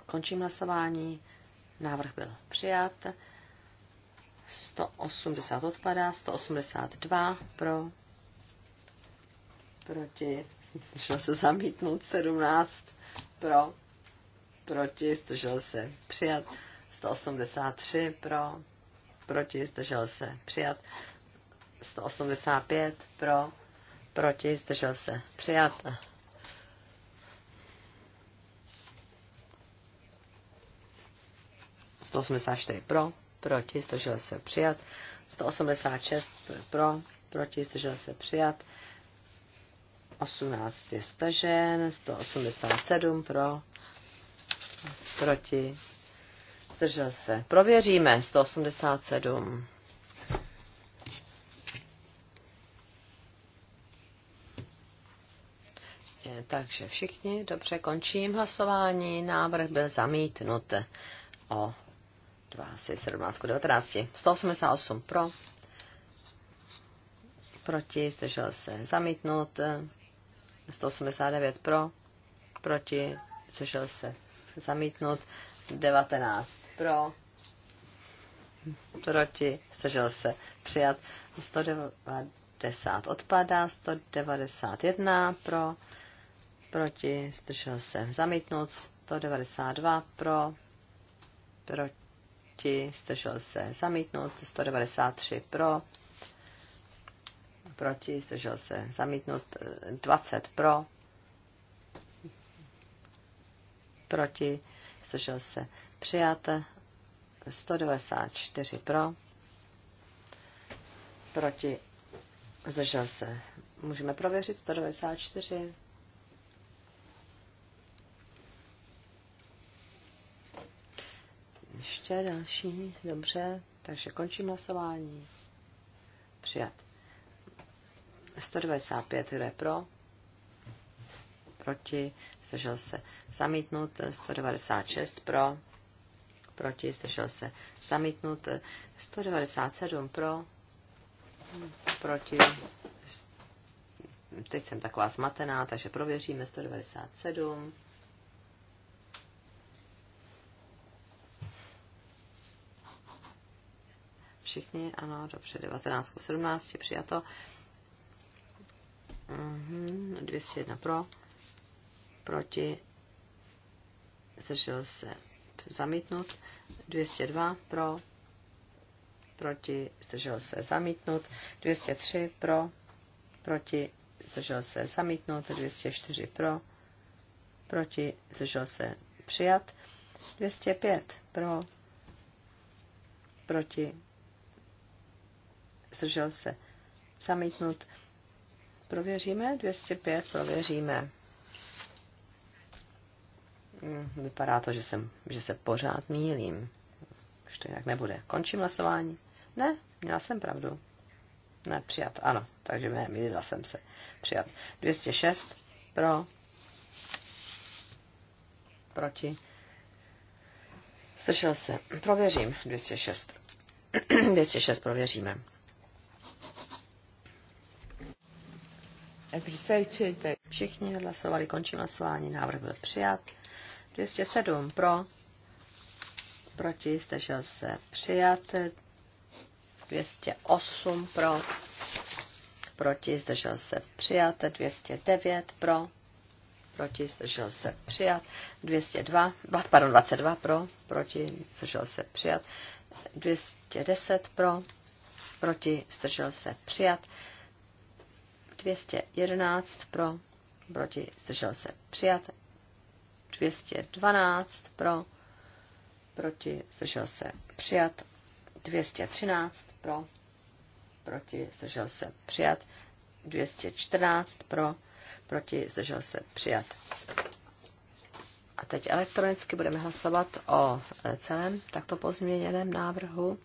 Končím hlasování. Návrh byl přijat. 180 odpadá, 182 pro, proti Šlo se zamítnout 17 pro, proti, zdržel se přijat. 183 pro, proti, zdržel se přijat. 185 pro, proti, zdržel se přijat. 184 pro, proti, zdržel se přijat. 186 pro, proti, zdržel se přijat. 18 je stažen, 187 pro, proti, zdržel se. Prověříme 187. Takže všichni, dobře, končím hlasování. Návrh byl zamítnut o 12, 17, 19. 188 pro, proti, zdržel se zamítnut, 189 pro, proti, což se zamítnut, 19 pro, proti, zdržel se přijat, 190 odpadá, 191 pro, proti, zdržel se zamítnut, 192 pro, proti, zdržel se zamítnut, 193 pro, proti, zdržel se zamítnut 20 eh, pro, proti, zdržel se přijat 194 pro, proti, zdržel se. Můžeme prověřit 194. Ještě další, dobře, takže končím hlasování. Přijat. 195, kdo je pro? Proti, zdržel se zamítnut. 196 pro, proti, zdržel se zamítnut. 197 pro, proti. Teď jsem taková zmatená, takže prověříme 197. Všichni, ano, dobře, 19 17 přijato. 201 mhm, pro, proti, zdržel se zamítnut, 202 pro, proti, zdržel se zamítnut, 203 pro, proti, zdržel se zamítnut, 204 pro, proti, zdržel se přijat, 205 pro, proti, zdržel se zamítnut, Prověříme, 205 prověříme. Hm, vypadá to, že, jsem, že se pořád mílím. Už to jinak nebude. Končím hlasování. Ne, měla jsem pravdu. Ne, přijat, ano. Takže ne, mýlila jsem se. Přijat. 206 pro. Proti. Slyšel se. Prověřím. 206. 206 prověříme. Všichni hlasovali, končím hlasování, návrh byl přijat. 207 pro, proti, zdržel se přijat. 208 pro, proti, zdržel se přijat. 209 pro, proti, zdržel se přijat. 202, pardon, 22 pro, proti, zdržel se přijat. 210 pro, proti, zdržel se přijat. 211 pro, proti, zdržel se, přijat. 212 pro, proti, zdržel se, přijat. 213 pro, proti, zdržel se, přijat. 214 pro, proti, zdržel se, přijat. A teď elektronicky budeme hlasovat o celém takto pozměněném návrhu.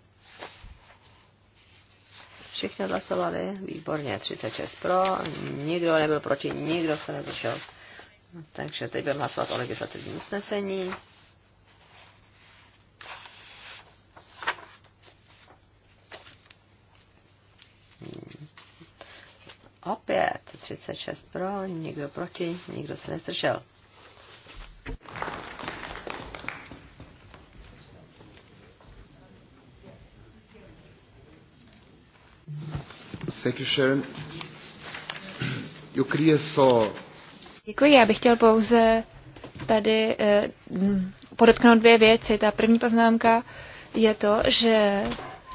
Všichni hlasovali, výborně, 36 pro, nikdo nebyl proti, nikdo se nedržel. No, takže teď budeme hlasovat o legislativním usnesení. Opět 36 pro, nikdo proti, nikdo se nezdržel. Thank you, Sharon. Děkuji, já bych chtěl pouze tady eh, podotknout dvě věci. Ta první poznámka je to, že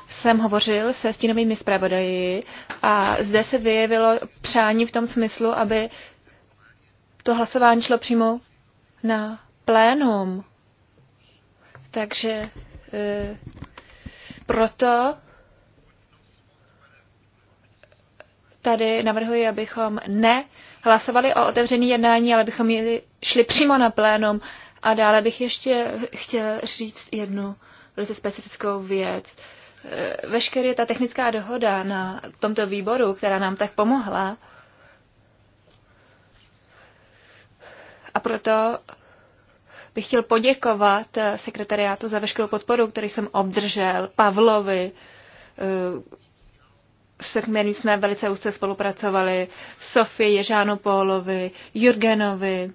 jsem hovořil se stínovými zpravodaji a zde se vyjevilo přání v tom smyslu, aby to hlasování šlo přímo na plénum. Takže e, proto tady navrhuji, abychom ne hlasovali o otevřený jednání, ale bychom jeli, šli přímo na plénum. A dále bych ještě chtěl říct jednu velice specifickou věc. Eh, Veškerý ta technická dohoda na tomto výboru, která nám tak pomohla, a proto bych chtěl poděkovat eh, sekretariátu za veškerou podporu, který jsem obdržel, Pavlovi, eh, se kterými jsme velice úzce spolupracovali, Sofii, Ježánu Pólovi, Jurgenovi,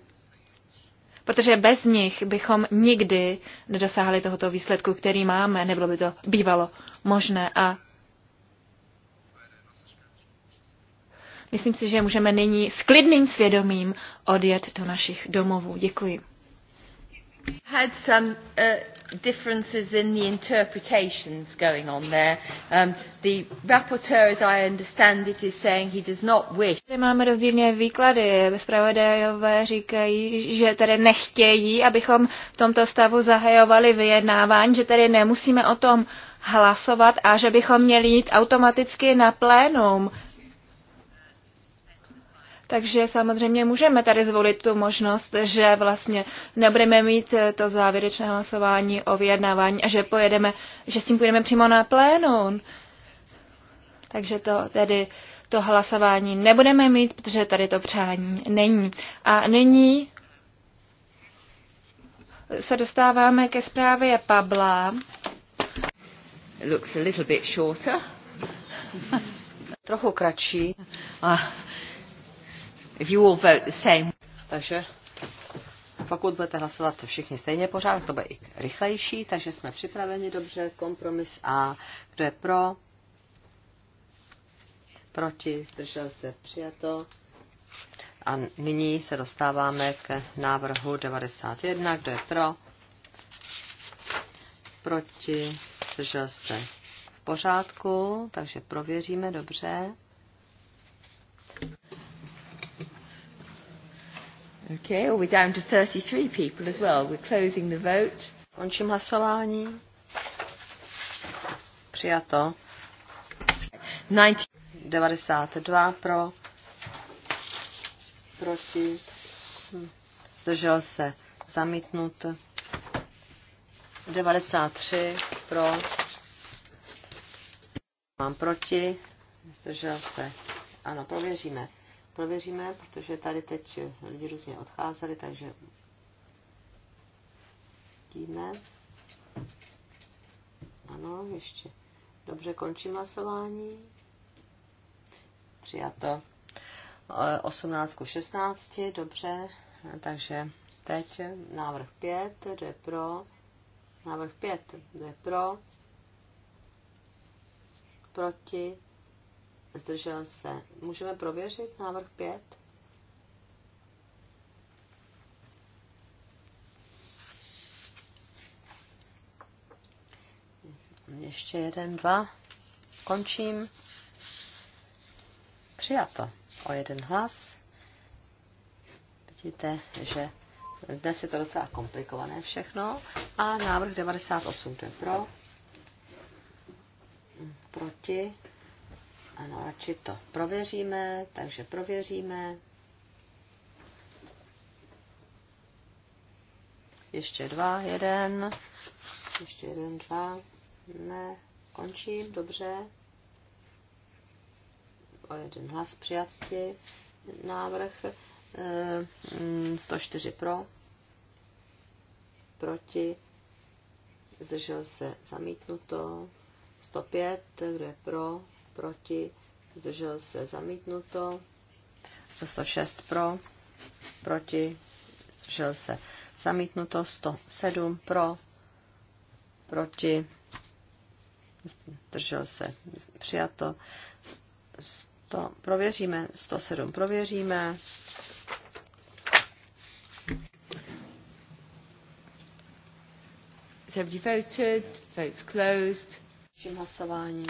protože bez nich bychom nikdy nedosáhli tohoto výsledku, který máme, nebylo by to bývalo možné a Myslím si, že můžeme nyní s klidným svědomím odjet do našich domovů. Děkuji. Had some uh, differences in the interpretations going on there. Um, the rapporteur, as I understand it, is saying he does not wish. Tady máme rozdílné výklady. Zpravodajové říkají, že tady nechtějí, abychom v tomto stavu zahajovali vyjednávání, že tady nemusíme o tom hlasovat a že bychom měli jít automaticky na plénum. Takže samozřejmě můžeme tady zvolit tu možnost, že vlastně nebudeme mít eh, to závěrečné hlasování o vyjednávání a že pojedeme, že s tím půjdeme přímo na plénum. Takže to tedy to hlasování nebudeme mít, protože tady to přání není. A nyní se dostáváme ke zprávě Pabla. It looks a little bit shorter. Trochu kratší. Ah. If you all vote the same. Takže pokud budete hlasovat všichni stejně pořád, to bude i rychlejší, takže jsme připraveni dobře, kompromis A, kdo je pro, proti, zdržel se, přijato. A nyní se dostáváme k návrhu 91, kdo je pro, proti, zdržel se, v pořádku, takže prověříme dobře. Okay, well we're down to 33 people as well. We're closing the vote. Končím hlasování. Přijato. 92 pro. Proti. Zdržel se. Zamítnut. 93 pro. Mám proti. Zdržel se. Ano, pověříme prověříme, protože tady teď lidi různě odcházeli, takže vidíme. Ano, ještě. Dobře, končím hlasování. Přijato 18 k 16, dobře. Takže teď návrh 5, jde pro. Návrh 5, jde pro. Proti zdržel se. Můžeme prověřit návrh 5? Ještě jeden, dva. Končím. Přijato o jeden hlas. Vidíte, že dnes je to docela komplikované všechno. A návrh 98, to je pro. Proti ano, radši to prověříme, takže prověříme. Ještě dva, jeden, ještě jeden, dva, ne, končím, dobře. O jeden hlas přijatí návrh, e, eh, 104 mm, pro, proti, zdržel se zamítnuto, 105, kdo je pro, proti, zdržel se zamítnuto, 106 pro, proti, zdržel se zamítnuto, 107 pro, proti, zdržel se přijato, 100, prověříme, 107 prověříme, Has voted? Votes closed. Hlasování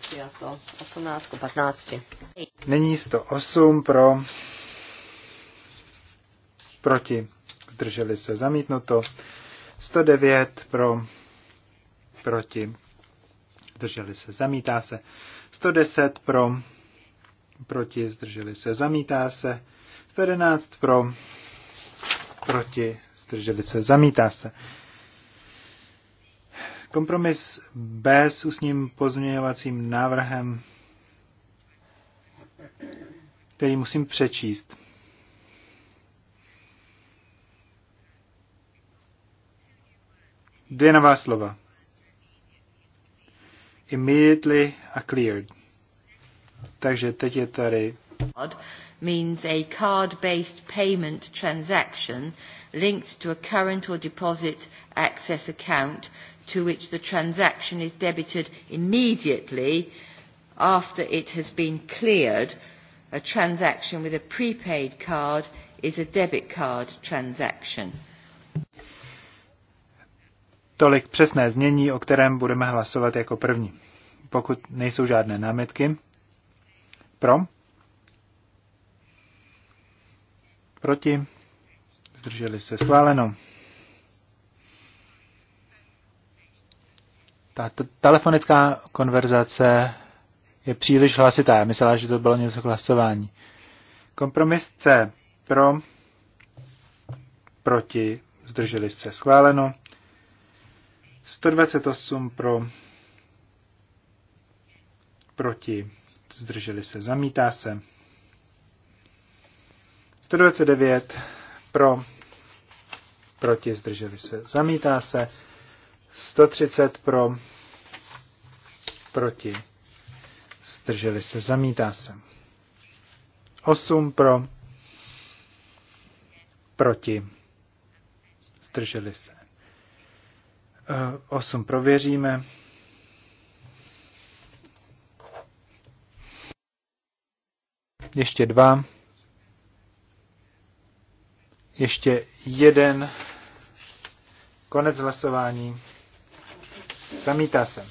přijato 18 k 15. 108 pro, proti, zdrželi se zamítnuto, 109 pro, proti, zdrželi se zamítá se, 110 pro, proti, zdrželi se zamítá se, 111 pro, proti, zdrželi se zamítá se. Kompromis B s ústním pozměňovacím návrhem, který musím přečíst. Dvě nová slova. Immediately a cleared. Takže teď je tady. Means a card-based payment transaction linked to a current or deposit access account to which the transaction is debited immediately after it has been cleared. A transaction with a prepaid card is a debit card transaction. Tolik přesné znění, o kterém budeme hlasovat jako první. Pokud nejsou žádné námitky. Pro? Proti? Zdrželi se schváleno. ta telefonická konverzace je příliš hlasitá. Já myslela, že to bylo něco k hlasování. Kompromis C. Pro, proti, zdrželi se. Schváleno. 128 pro, proti, zdrželi se. Zamítá se. 129 pro, proti, zdrželi se. Zamítá se. 130 pro, proti, zdrželi se, zamítá se. 8 pro, proti, zdrželi se. 8 e, prověříme. Ještě dva. Ještě jeden. Konec hlasování. Zamítá se.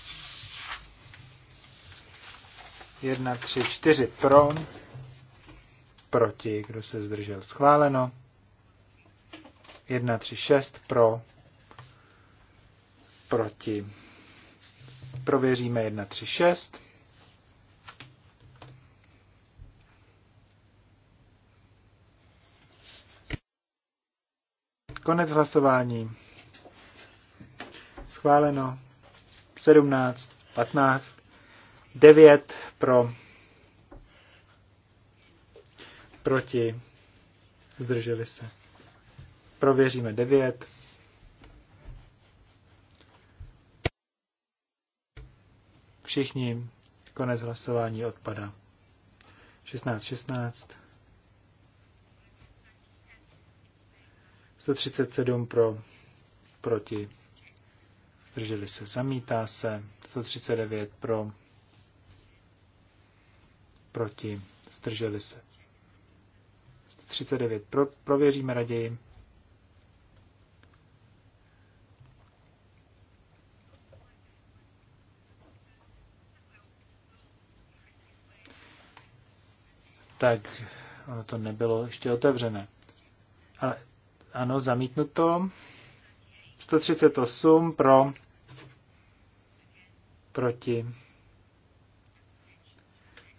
Jedna, tři, čtyři. Pro. Proti, kdo se zdržel. Schváleno. Jedna, tři, šest. Pro. Proti. Prověříme. Jedna, tři, šest. Konec hlasování. Schváleno. 17, 15, 9 pro, proti, zdrželi se. Prověříme 9. Všichni, konec hlasování odpada. 16, 16. 137 pro, proti zdrželi se, zamítá se, 139 pro, proti, zdrželi se. 139 pro, prověříme raději. Tak, ono to nebylo ještě otevřené. Ale ano, zamítnuto. to. 138 pro, proti,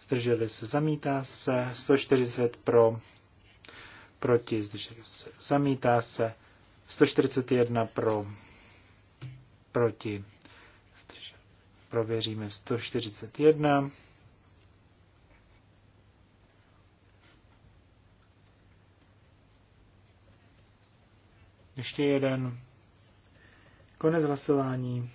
zdrželi se, zamítá se, 140 pro, proti, zdrželi se, zamítá se, 141 pro, proti, zdrželi. prověříme 141, ještě jeden, Konec hlasování.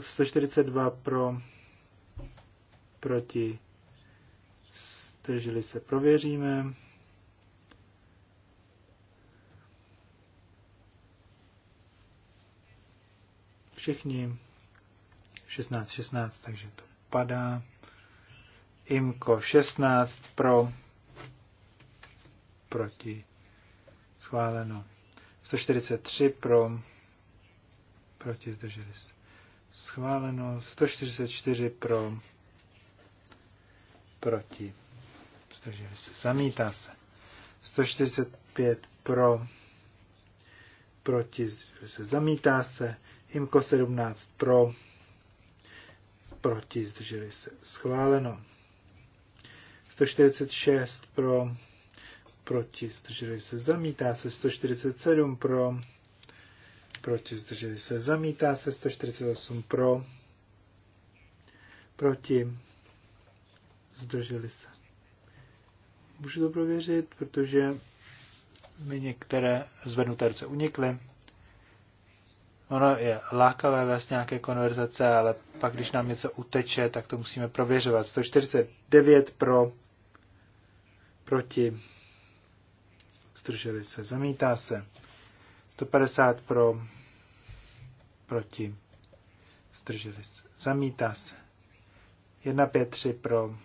Sto čtyřicet dva pro, proti, stržili se, prověříme. Všichni 16, 16, takže to padá. Imko 16 pro, proti, schváleno. 143 pro, proti, zdrželi se. Schváleno. 144 pro, proti, zdrželi se. Zamítá se. 145 pro, proti, se zamítá se, IMKO 17 pro, proti, zdrželi se, schváleno. 146 pro, proti, zdrželi se, zamítá se 147 pro, proti, zdrželi se, zamítá se 148 pro, proti, zdrželi se. Můžu to prověřit, protože mi některé zvednuté ruce unikly. Ono je lákavé vést nějaké konverzace, ale pak, když nám něco uteče, tak to musíme prověřovat. 149 pro, proti, zdrželi se, zamítá se. 150 pro, proti, zdrželi se, zamítá se. 3 pro,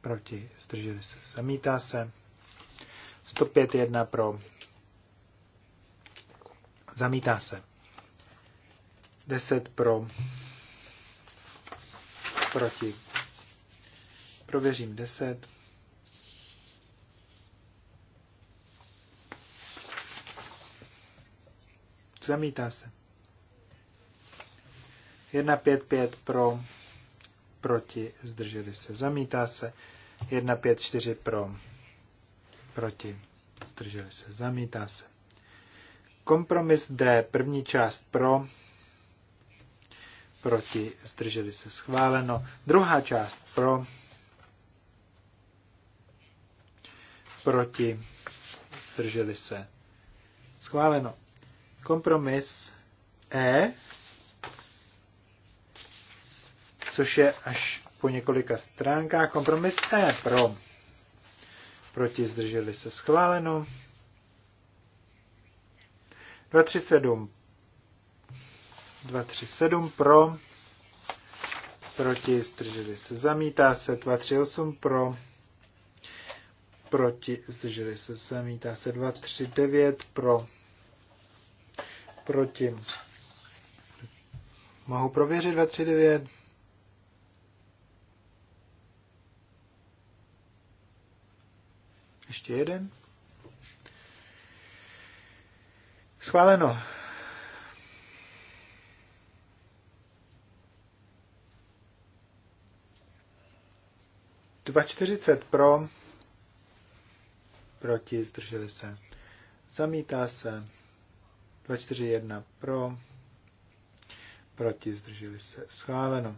proti, zdrželi se, zamítá se. 105.1 pro, zamítá se. 10 pro, proti. Prověřím 10. Zamítá se. 1,55 pro, proti, zdrželi se. Zamítá se. 1,54 pro, proti, zdrželi se. Zamítá se. Kompromis D, první část pro, proti, zdrželi se. Schváleno. Druhá část pro, proti, zdrželi se. Schváleno. Kompromis E, což je až po několika stránkách. Kompromis E pro. Proti zdrželi se schváleno. 237. 237 pro. Proti zdrželi se zamítá se. 238 pro. Proti zdrželi se zamítá se. 239 pro Proti. Mohu prověřit 239? Ještě jeden. Schváleno. Dva čtyřicet pro, proti, zdrželi se. Zamítá se. 241 pro, proti, zdrželi se, schváleno.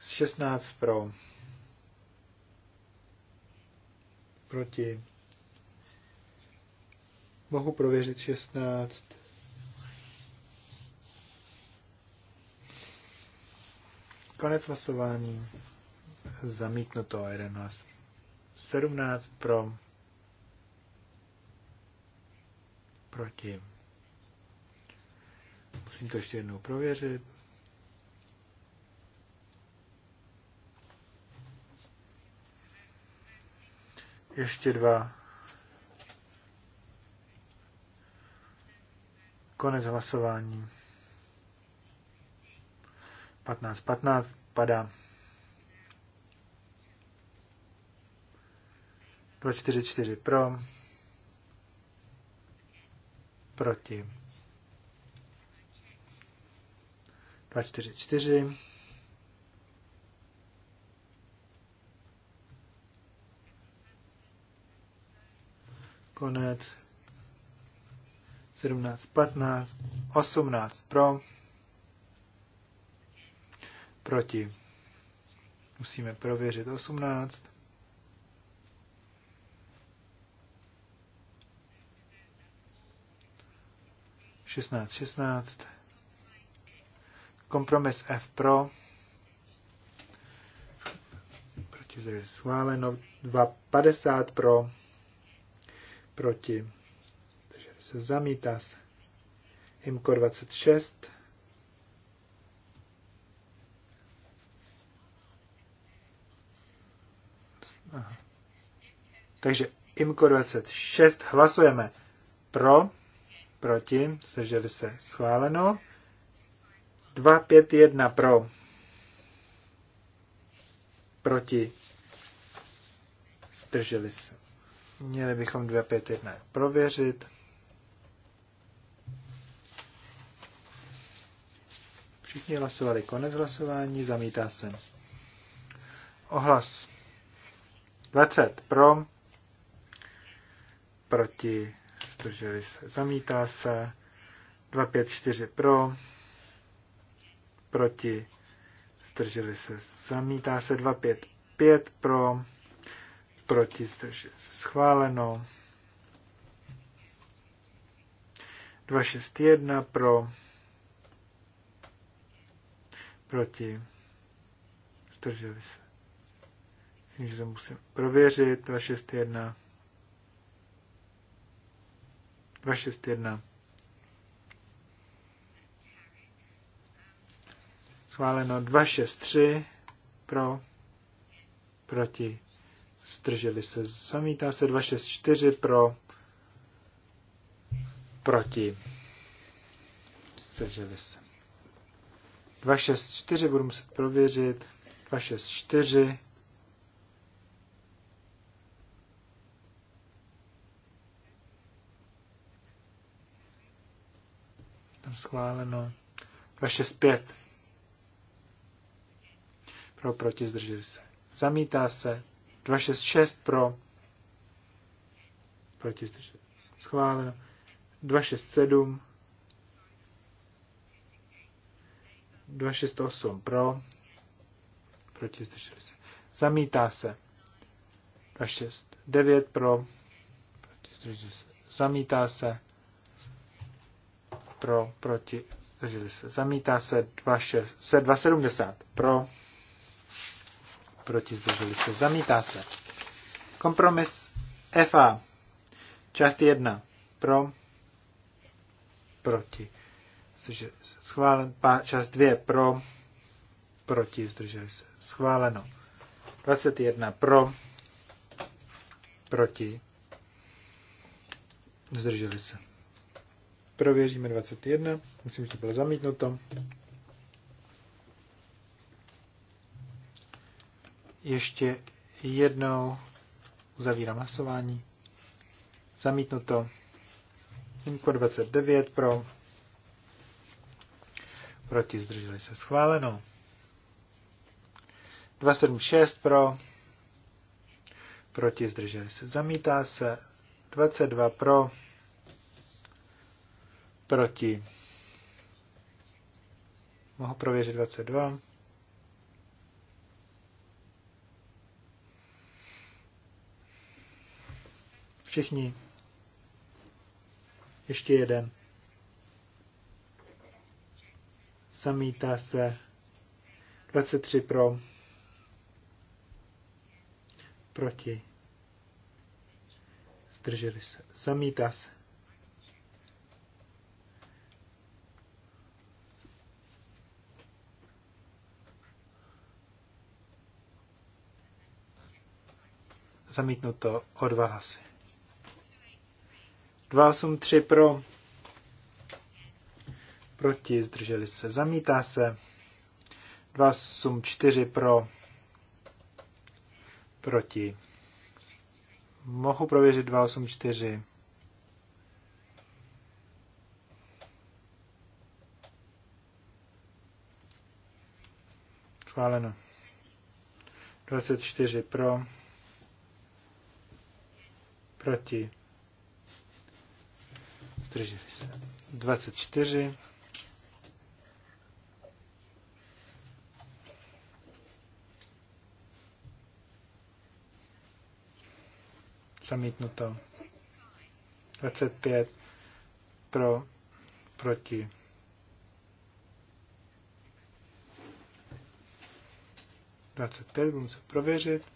16 pro, proti. Mohu prověřit 16. Konec hlasování. Zamítnuto 11. 17 pro. Proti. Musím to ještě jednou prověřit. Ještě dva. Konec hlasování. 15, 15 padá. 244 pro. Proti 244. Konec. 17, 15, 18 pro. Proti. Musíme prověřit 18. Šestnáct, šestnáct. Kompromis F pro. Proti zdrželi schváleno. 250 pro. Proti. takže se zamítá. Imko 26. Aha. Takže IMKO 26 hlasujeme pro, proti, zdrželi se schváleno. 251 pro. Proti. Zdrželi se. Měli bychom 251 prověřit. Všichni hlasovali konec hlasování, zamítá se. Ohlas. 20 pro, proti, zdrželi se, zamítá se. 254 pro, proti, zdrželi se, zamítá se 255 pro, proti, zdrželi se, schváleno. 261 pro, proti, zdrželi se. Myslím, že to musím prověřit, 261. 261. Schváleno 263 pro, proti, zdrželi se, zamítá se 264 pro, proti, zdrželi se. 264 budu muset prověřit, 264 tam schváleno, 265 pro, proti, zdrželi se. Zamítá se. 266 pro, proti, zdrželi se. Schváleno. 267 268 pro, proti, zdrželi se. Zamítá se. 269 pro, proti, zdrželi se. Zamítá se. Pro, proti, zdrželi se. Zamítá se 270 pro, proti, zdrželi se, zamítá se. Kompromis FA, část 1, pro, proti, zdrželi se, schválen, pa, část 2, pro, proti, zdrželi se, schváleno. 21 pro, proti, zdrželi se. Prověříme 21, myslím, že to bylo zamítnuto. ještě jednou uzavírám hlasování. Zamítnuto. Info 29 pro. Proti zdrželi se schváleno. 276 pro. Proti zdrželi se. Zamítá se. 22 pro. Proti. Mohu prověřit 22. Všichni. Ještě jeden. Zamítá se. 23 pro. Proti. Zdrželi se. Samítá se. zamítnuto o dva hlasy. 283 pro, proti, zdrželi se, zamítá se. 284 pro, proti. Mohu prověřit 284. Schváleno. 24 pro, proti zdrželi se. 24. Zamítnuto. 25 pro, proti. Dvacet pět, budu se prověřit.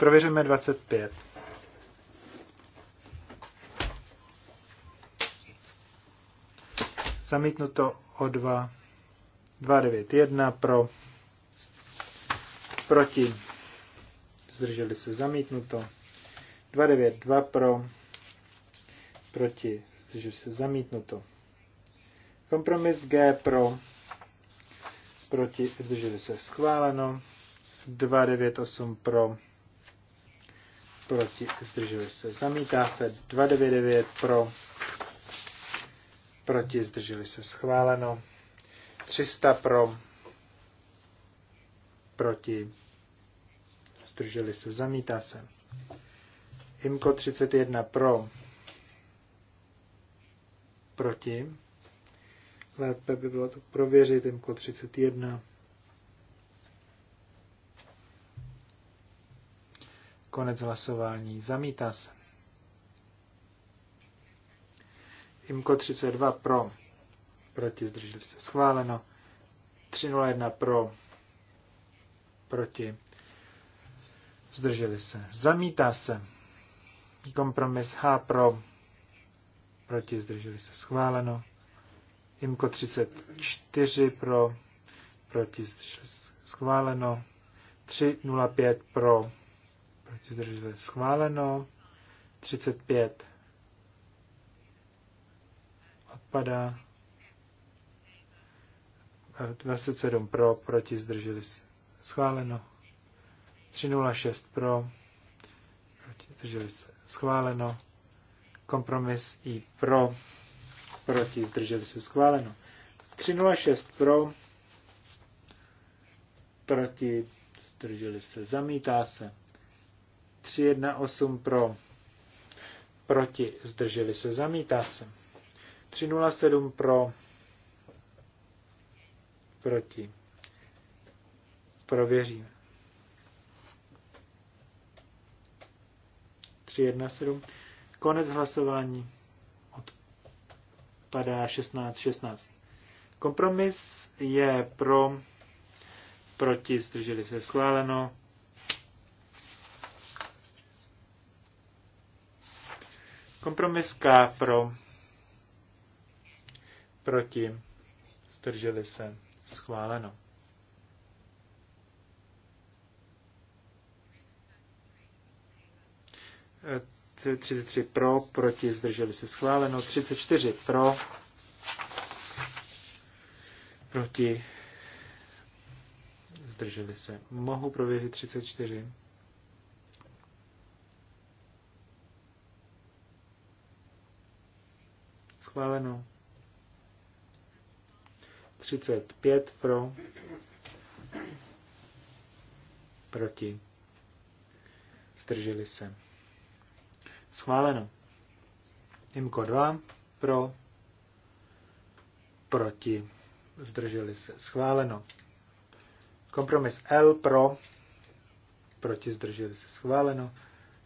Prověříme 25. Zamítnuto o 2. 291 pro. Proti. Zdrželi se zamítnuto. 292 pro. Proti. Zdrželi se zamítnuto. Kompromis G pro. Proti. Zdrželi se schváleno. 298 pro proti, zdrželi se, zamítá se 299 pro, proti, zdrželi se, schváleno 300 pro, proti, zdrželi se, zamítá se. Imko 31 pro, proti, lépe by bylo to prověřit, Imko 31 Konec hlasování. Zamítá se. IMKO 32 pro. Proti zdrželi se. Schváleno. 301 pro. Proti. Zdrželi se. Zamítá se. Kompromis H pro. Proti zdrželi se. Schváleno. IMKO 34 pro. Proti zdrželi se. Schváleno. 305 pro proti zdrželi se schváleno, 35 odpadá, 27 pro, proti zdrželi se schváleno, 306 pro, proti zdrželi se schváleno, kompromis i pro, proti zdrželi se schváleno, 306 pro, proti zdrželi se, zamítá se. 318 pro, proti, zdrželi se, zamítá se. 307 pro, proti, prověříme. 317. Konec hlasování odpadá 16, 16. Kompromis je pro, proti, zdrželi se schváleno, Kompromis K pro, proti, zdrželi se, schváleno. E, 33 pro, proti, zdrželi se schváleno, 34 pro, proti, zdrželi se. Mohu prověřit 34. Schváleno. 35 pro. Proti. Zdrželi se. Schváleno. Imko 2 pro. Proti. Zdrželi se. Schváleno. Kompromis L pro. Proti zdrželi se. Schváleno.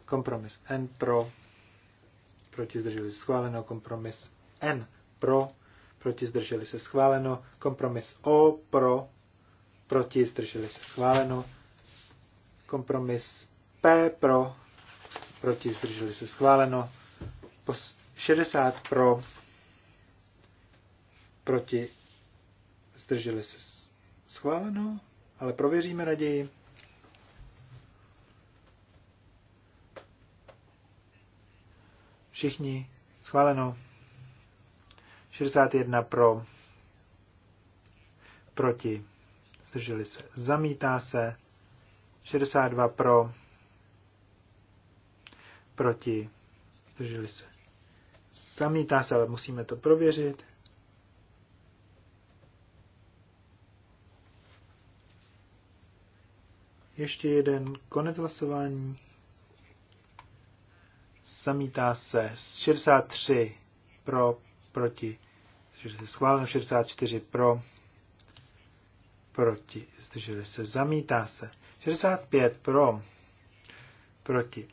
Kompromis N pro. Proti zdrželi se. Schváleno. Kompromis N pro, proti zdrželi se schváleno, kompromis O pro, proti zdrželi se schváleno, kompromis P pro, proti zdrželi se schváleno, 60 pro, proti zdrželi se schváleno, ale prověříme raději. Všichni schváleno. 61 pro, proti, zdrželi se, zamítá se, 62 pro, proti, zdrželi se, zamítá se, ale musíme to prověřit. Ještě jeden konec hlasování. Zamítá se 63 pro proti, zdrželi se schváleno, 64 pro, proti, zdrželi se, zamítá se, 65 pro, proti,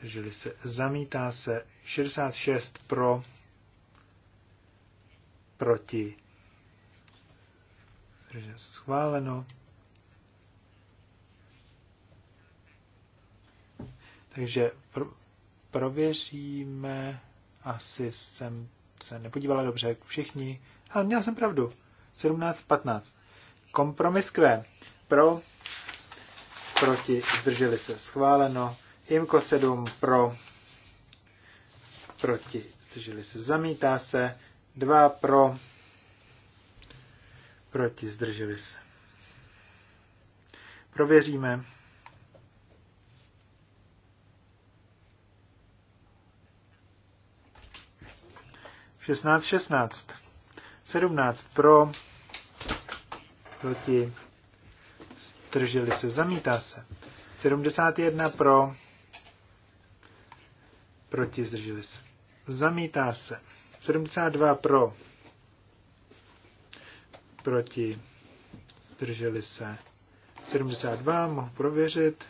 zdrželi se, zamítá se, 66 pro, proti, zdrželi se, schváleno, Takže pro, prověříme, asi jsem se nepodívala dobře, všichni, ale měl jsem pravdu. 17-15. Kompromis kvé. Pro, proti, zdrželi se, schváleno. Imko 7 pro, proti, zdrželi se, zamítá se. 2 pro, proti, zdrželi se. Prověříme. 16, 16. 17 pro, proti, zdrželi se, zamítá se. 71 pro, proti, zdrželi se, zamítá se. 72 pro, proti, zdrželi se. 72, mohu prověřit.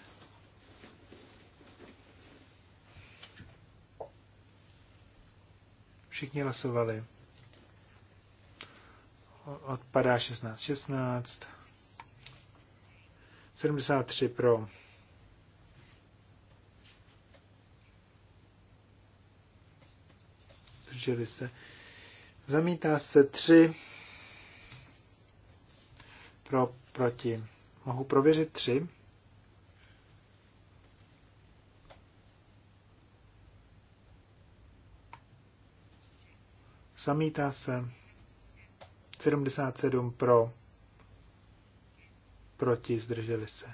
Všichni hlasovali. Odpadá 16, 16. 73 pro. Drželi se. Zamítá se 3 pro proti. Mohu prověřit 3. zamítá se, 77 pro, proti, zdrželi se.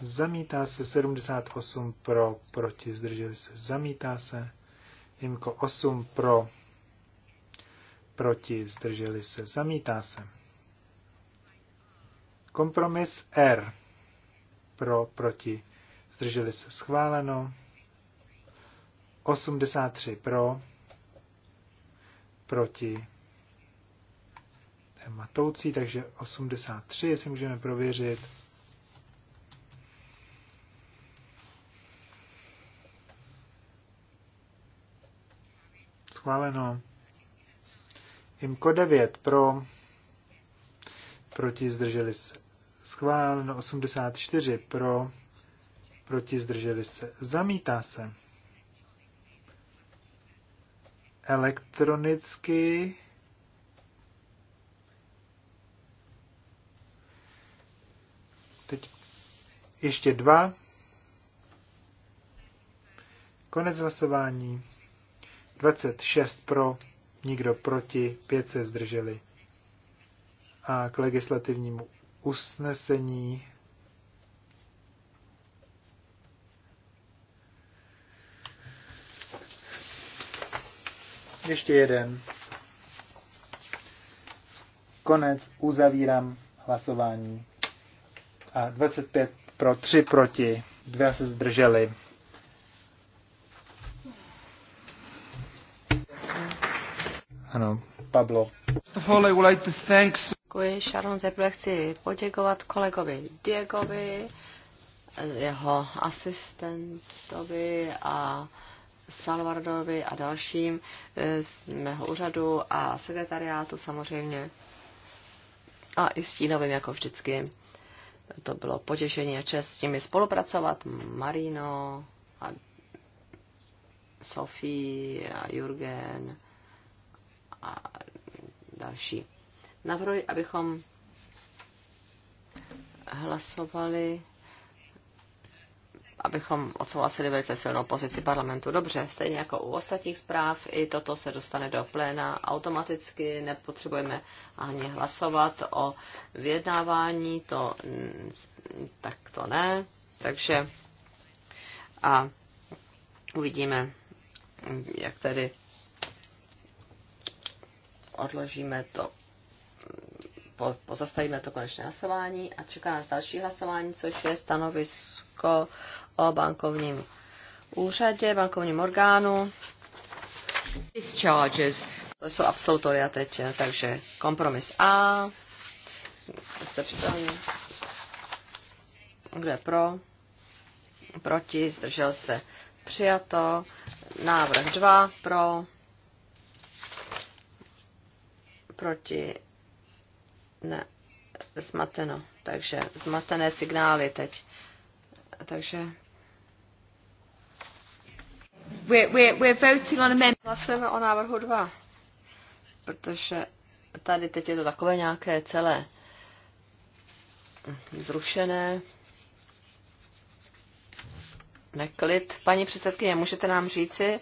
Zamítá se 78 pro, proti, zdrželi se. Zamítá se. Jimko 8 pro, proti, zdrželi se. Zamítá se. Kompromis R. Pro, proti, zdrželi se. Schváleno. 83 pro, proti matoucí, takže 83, jestli můžeme prověřit. Schváleno. IMKO 9 pro, proti zdrželi se. Schváleno 84 pro, proti zdrželi se. Zamítá se elektronicky. Teď ještě dva. Konec hlasování. 26 pro, nikdo proti, 5 se zdrželi. A k legislativnímu usnesení Ještě jeden. Konec. Uzavírám hlasování. A 25 pro, 3 proti. Dva se zdrželi. Ano, Pablo. Děkuji, Sharon. Zeprve chci poděkovat kolegovi Diegovi, jeho asistentovi a Salvardovi a dalším eh, z mého úřadu a sekretariátu samozřejmě a i stínovým jako vždycky. To bylo potěšení a čest s nimi spolupracovat. Marino a Sofie a Jurgen a další. Navrhuji, abychom hlasovali abychom odsouhlasili velice silnou pozici parlamentu. Dobře, stejně jako u ostatních zpráv, i toto se dostane do pléna automaticky, nepotřebujeme ani hlasovat o vyjednávání, to tak to ne. Takže a uvidíme, jak tedy odložíme to pozastavíme to konečné hlasování a čeká nás další hlasování, což je stanovisko o bankovním úřadě, bankovním orgánu. Discharges. To jsou absolutoria teď, takže kompromis A. Jste připraveni? Kdo je pro? Proti? Zdržel se? Přijato. Návrh 2 pro. Proti? Ne, zmateno. Takže zmatené signály teď. Takže We're, we're, we're voting on Hlasujeme o návrhu 2, protože tady teď je to takové nějaké celé zrušené, neklid. Paní předsedkyně, můžete nám říci,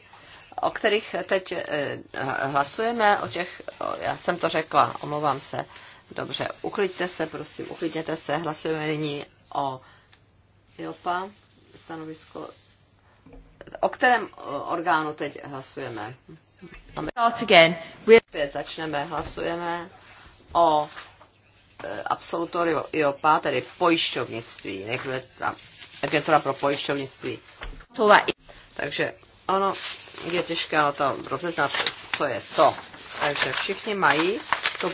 o kterých teď eh, hlasujeme, o těch, já jsem to řekla, omlouvám se, Dobře, uklidte se, prosím, uklidněte se. Hlasujeme nyní o Jopa stanovisko. O kterém orgánu teď hlasujeme? Again. Opět začneme, hlasujeme o e, absolutoriu IOPA, tedy pojišťovnictví, nejprve agentura pro pojišťovnictví. Takže ono je těžké na to rozeznat, co je co. Takže všichni mají to,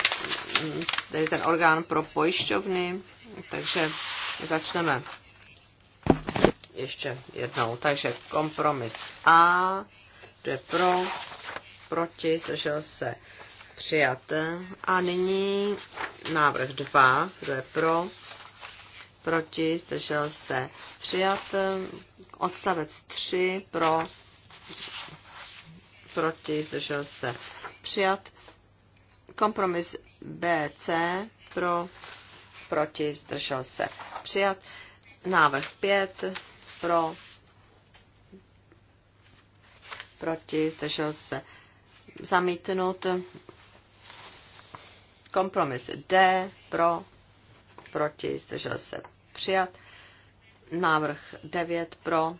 tady ten orgán pro pojišťovny, takže začneme ještě jednou. Takže kompromis A, to je pro, proti, zdržel se přijat. A nyní návrh 2, kdo je pro, proti, zdržel se přijat. Odstavec 3, pro, proti, zdržel se přijat. Kompromis BC pro, proti, zdržel se přijat. Návrh 5 pro, proti, zdržel se zamítnut. Kompromis D pro, proti, zdržel se přijat. Návrh 9 pro,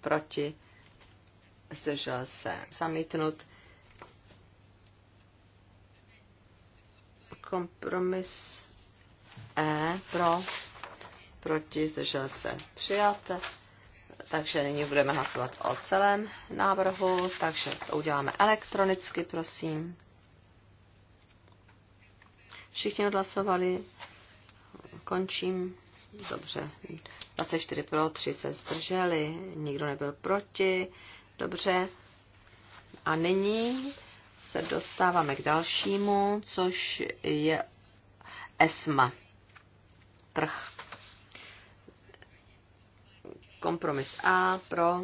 proti, zdržel se zamítnut. Kompromis E pro, proti, zdržel se, přijat. Takže nyní budeme hlasovat o celém návrhu, takže to uděláme elektronicky, prosím. Všichni odhlasovali. Končím. Dobře. 24 pro, 3 se zdrželi, nikdo nebyl proti. Dobře. A nyní se dostáváme k dalšímu, což je ESMA, trh. Kompromis A pro,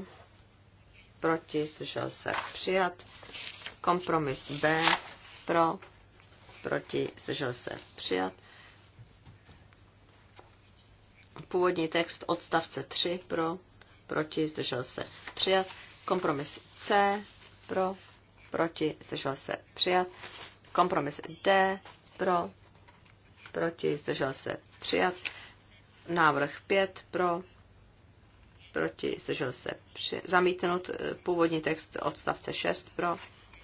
proti, zdržel se přijat. Kompromis B pro, proti, zdržel se přijat. Původní text odstavce 3 pro, proti, zdržel se přijat. Kompromis C pro, proti, zdržel se přijat. Kompromis D, pro, proti, zdržel se přijat. Návrh 5, pro, proti, zdržel se při, zamítnut. Eh, původní text odstavce 6, pro,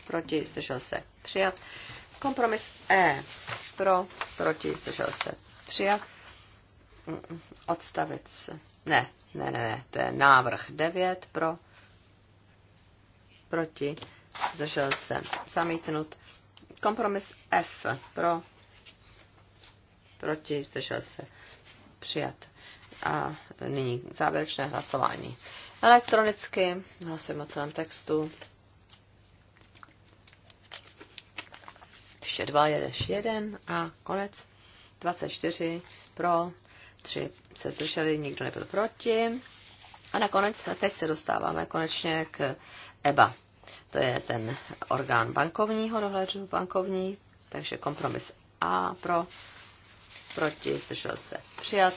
proti, zdržel se přijat. Kompromis E, pro, proti, zdržel se přijat. Odstavec, ne, ne, ne, ne, to je návrh 9, pro, proti, zdržel se, zamítnut. Kompromis F pro, proti, zdržel se, přijat. A nyní závěrečné hlasování. Elektronicky hlasujeme o celém textu. Ještě dva, jedeš jeden a konec. 24 pro, 3 se zdrželi, nikdo nebyl proti. A nakonec, teď se dostáváme konečně k EBA to je ten orgán bankovního dohledu, bankovní, takže kompromis A pro, proti, zdržel se přijat,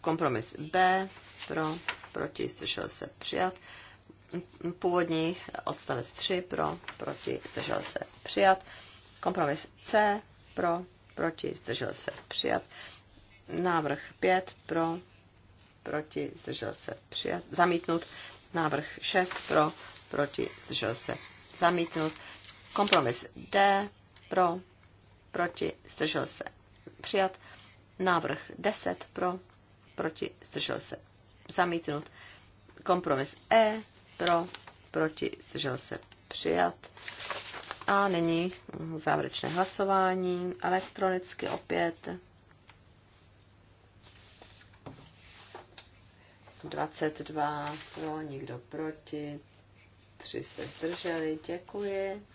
kompromis B pro, proti, zdržel se přijat, původní odstavec 3 pro, proti, zdržel se přijat, kompromis C pro, proti, zdržel se přijat, návrh 5 pro, proti, zdržel se přijat, zamítnut, návrh 6 pro, proti, zdržel se, zamítnut. Kompromis D, pro, proti, zdržel se, přijat. Návrh 10, pro, proti, zdržel se, zamítnut. Kompromis E, pro, proti, zdržel se, přijat. A nyní závěrečné hlasování, elektronicky opět. 22 pro, nikdo proti, tři se zdrželi, děkuji.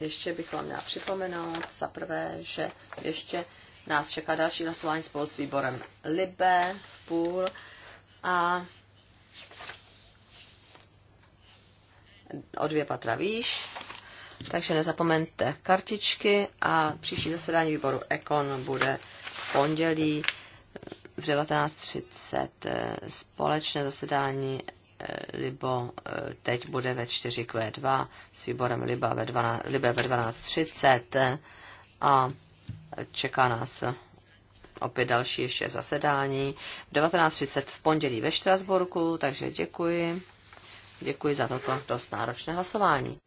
Ještě bych vám měla připomenout za prvé, že ještě nás čeká další hlasování spolu s výborem Libe v půl a o dvě patra výš. Takže nezapomeňte kartičky a příští zasedání výboru Ekon bude v pondělí v 19.30 eh, společné zasedání Eh, Libo eh, teď bude ve 4Q2 s výborem Liba ve 12, Libe ve 12.30 eh, a čeká nás opět další ještě zasedání v 19.30 v pondělí ve Štrasburku, takže děkuji. Děkuji za toto dost náročné hlasování.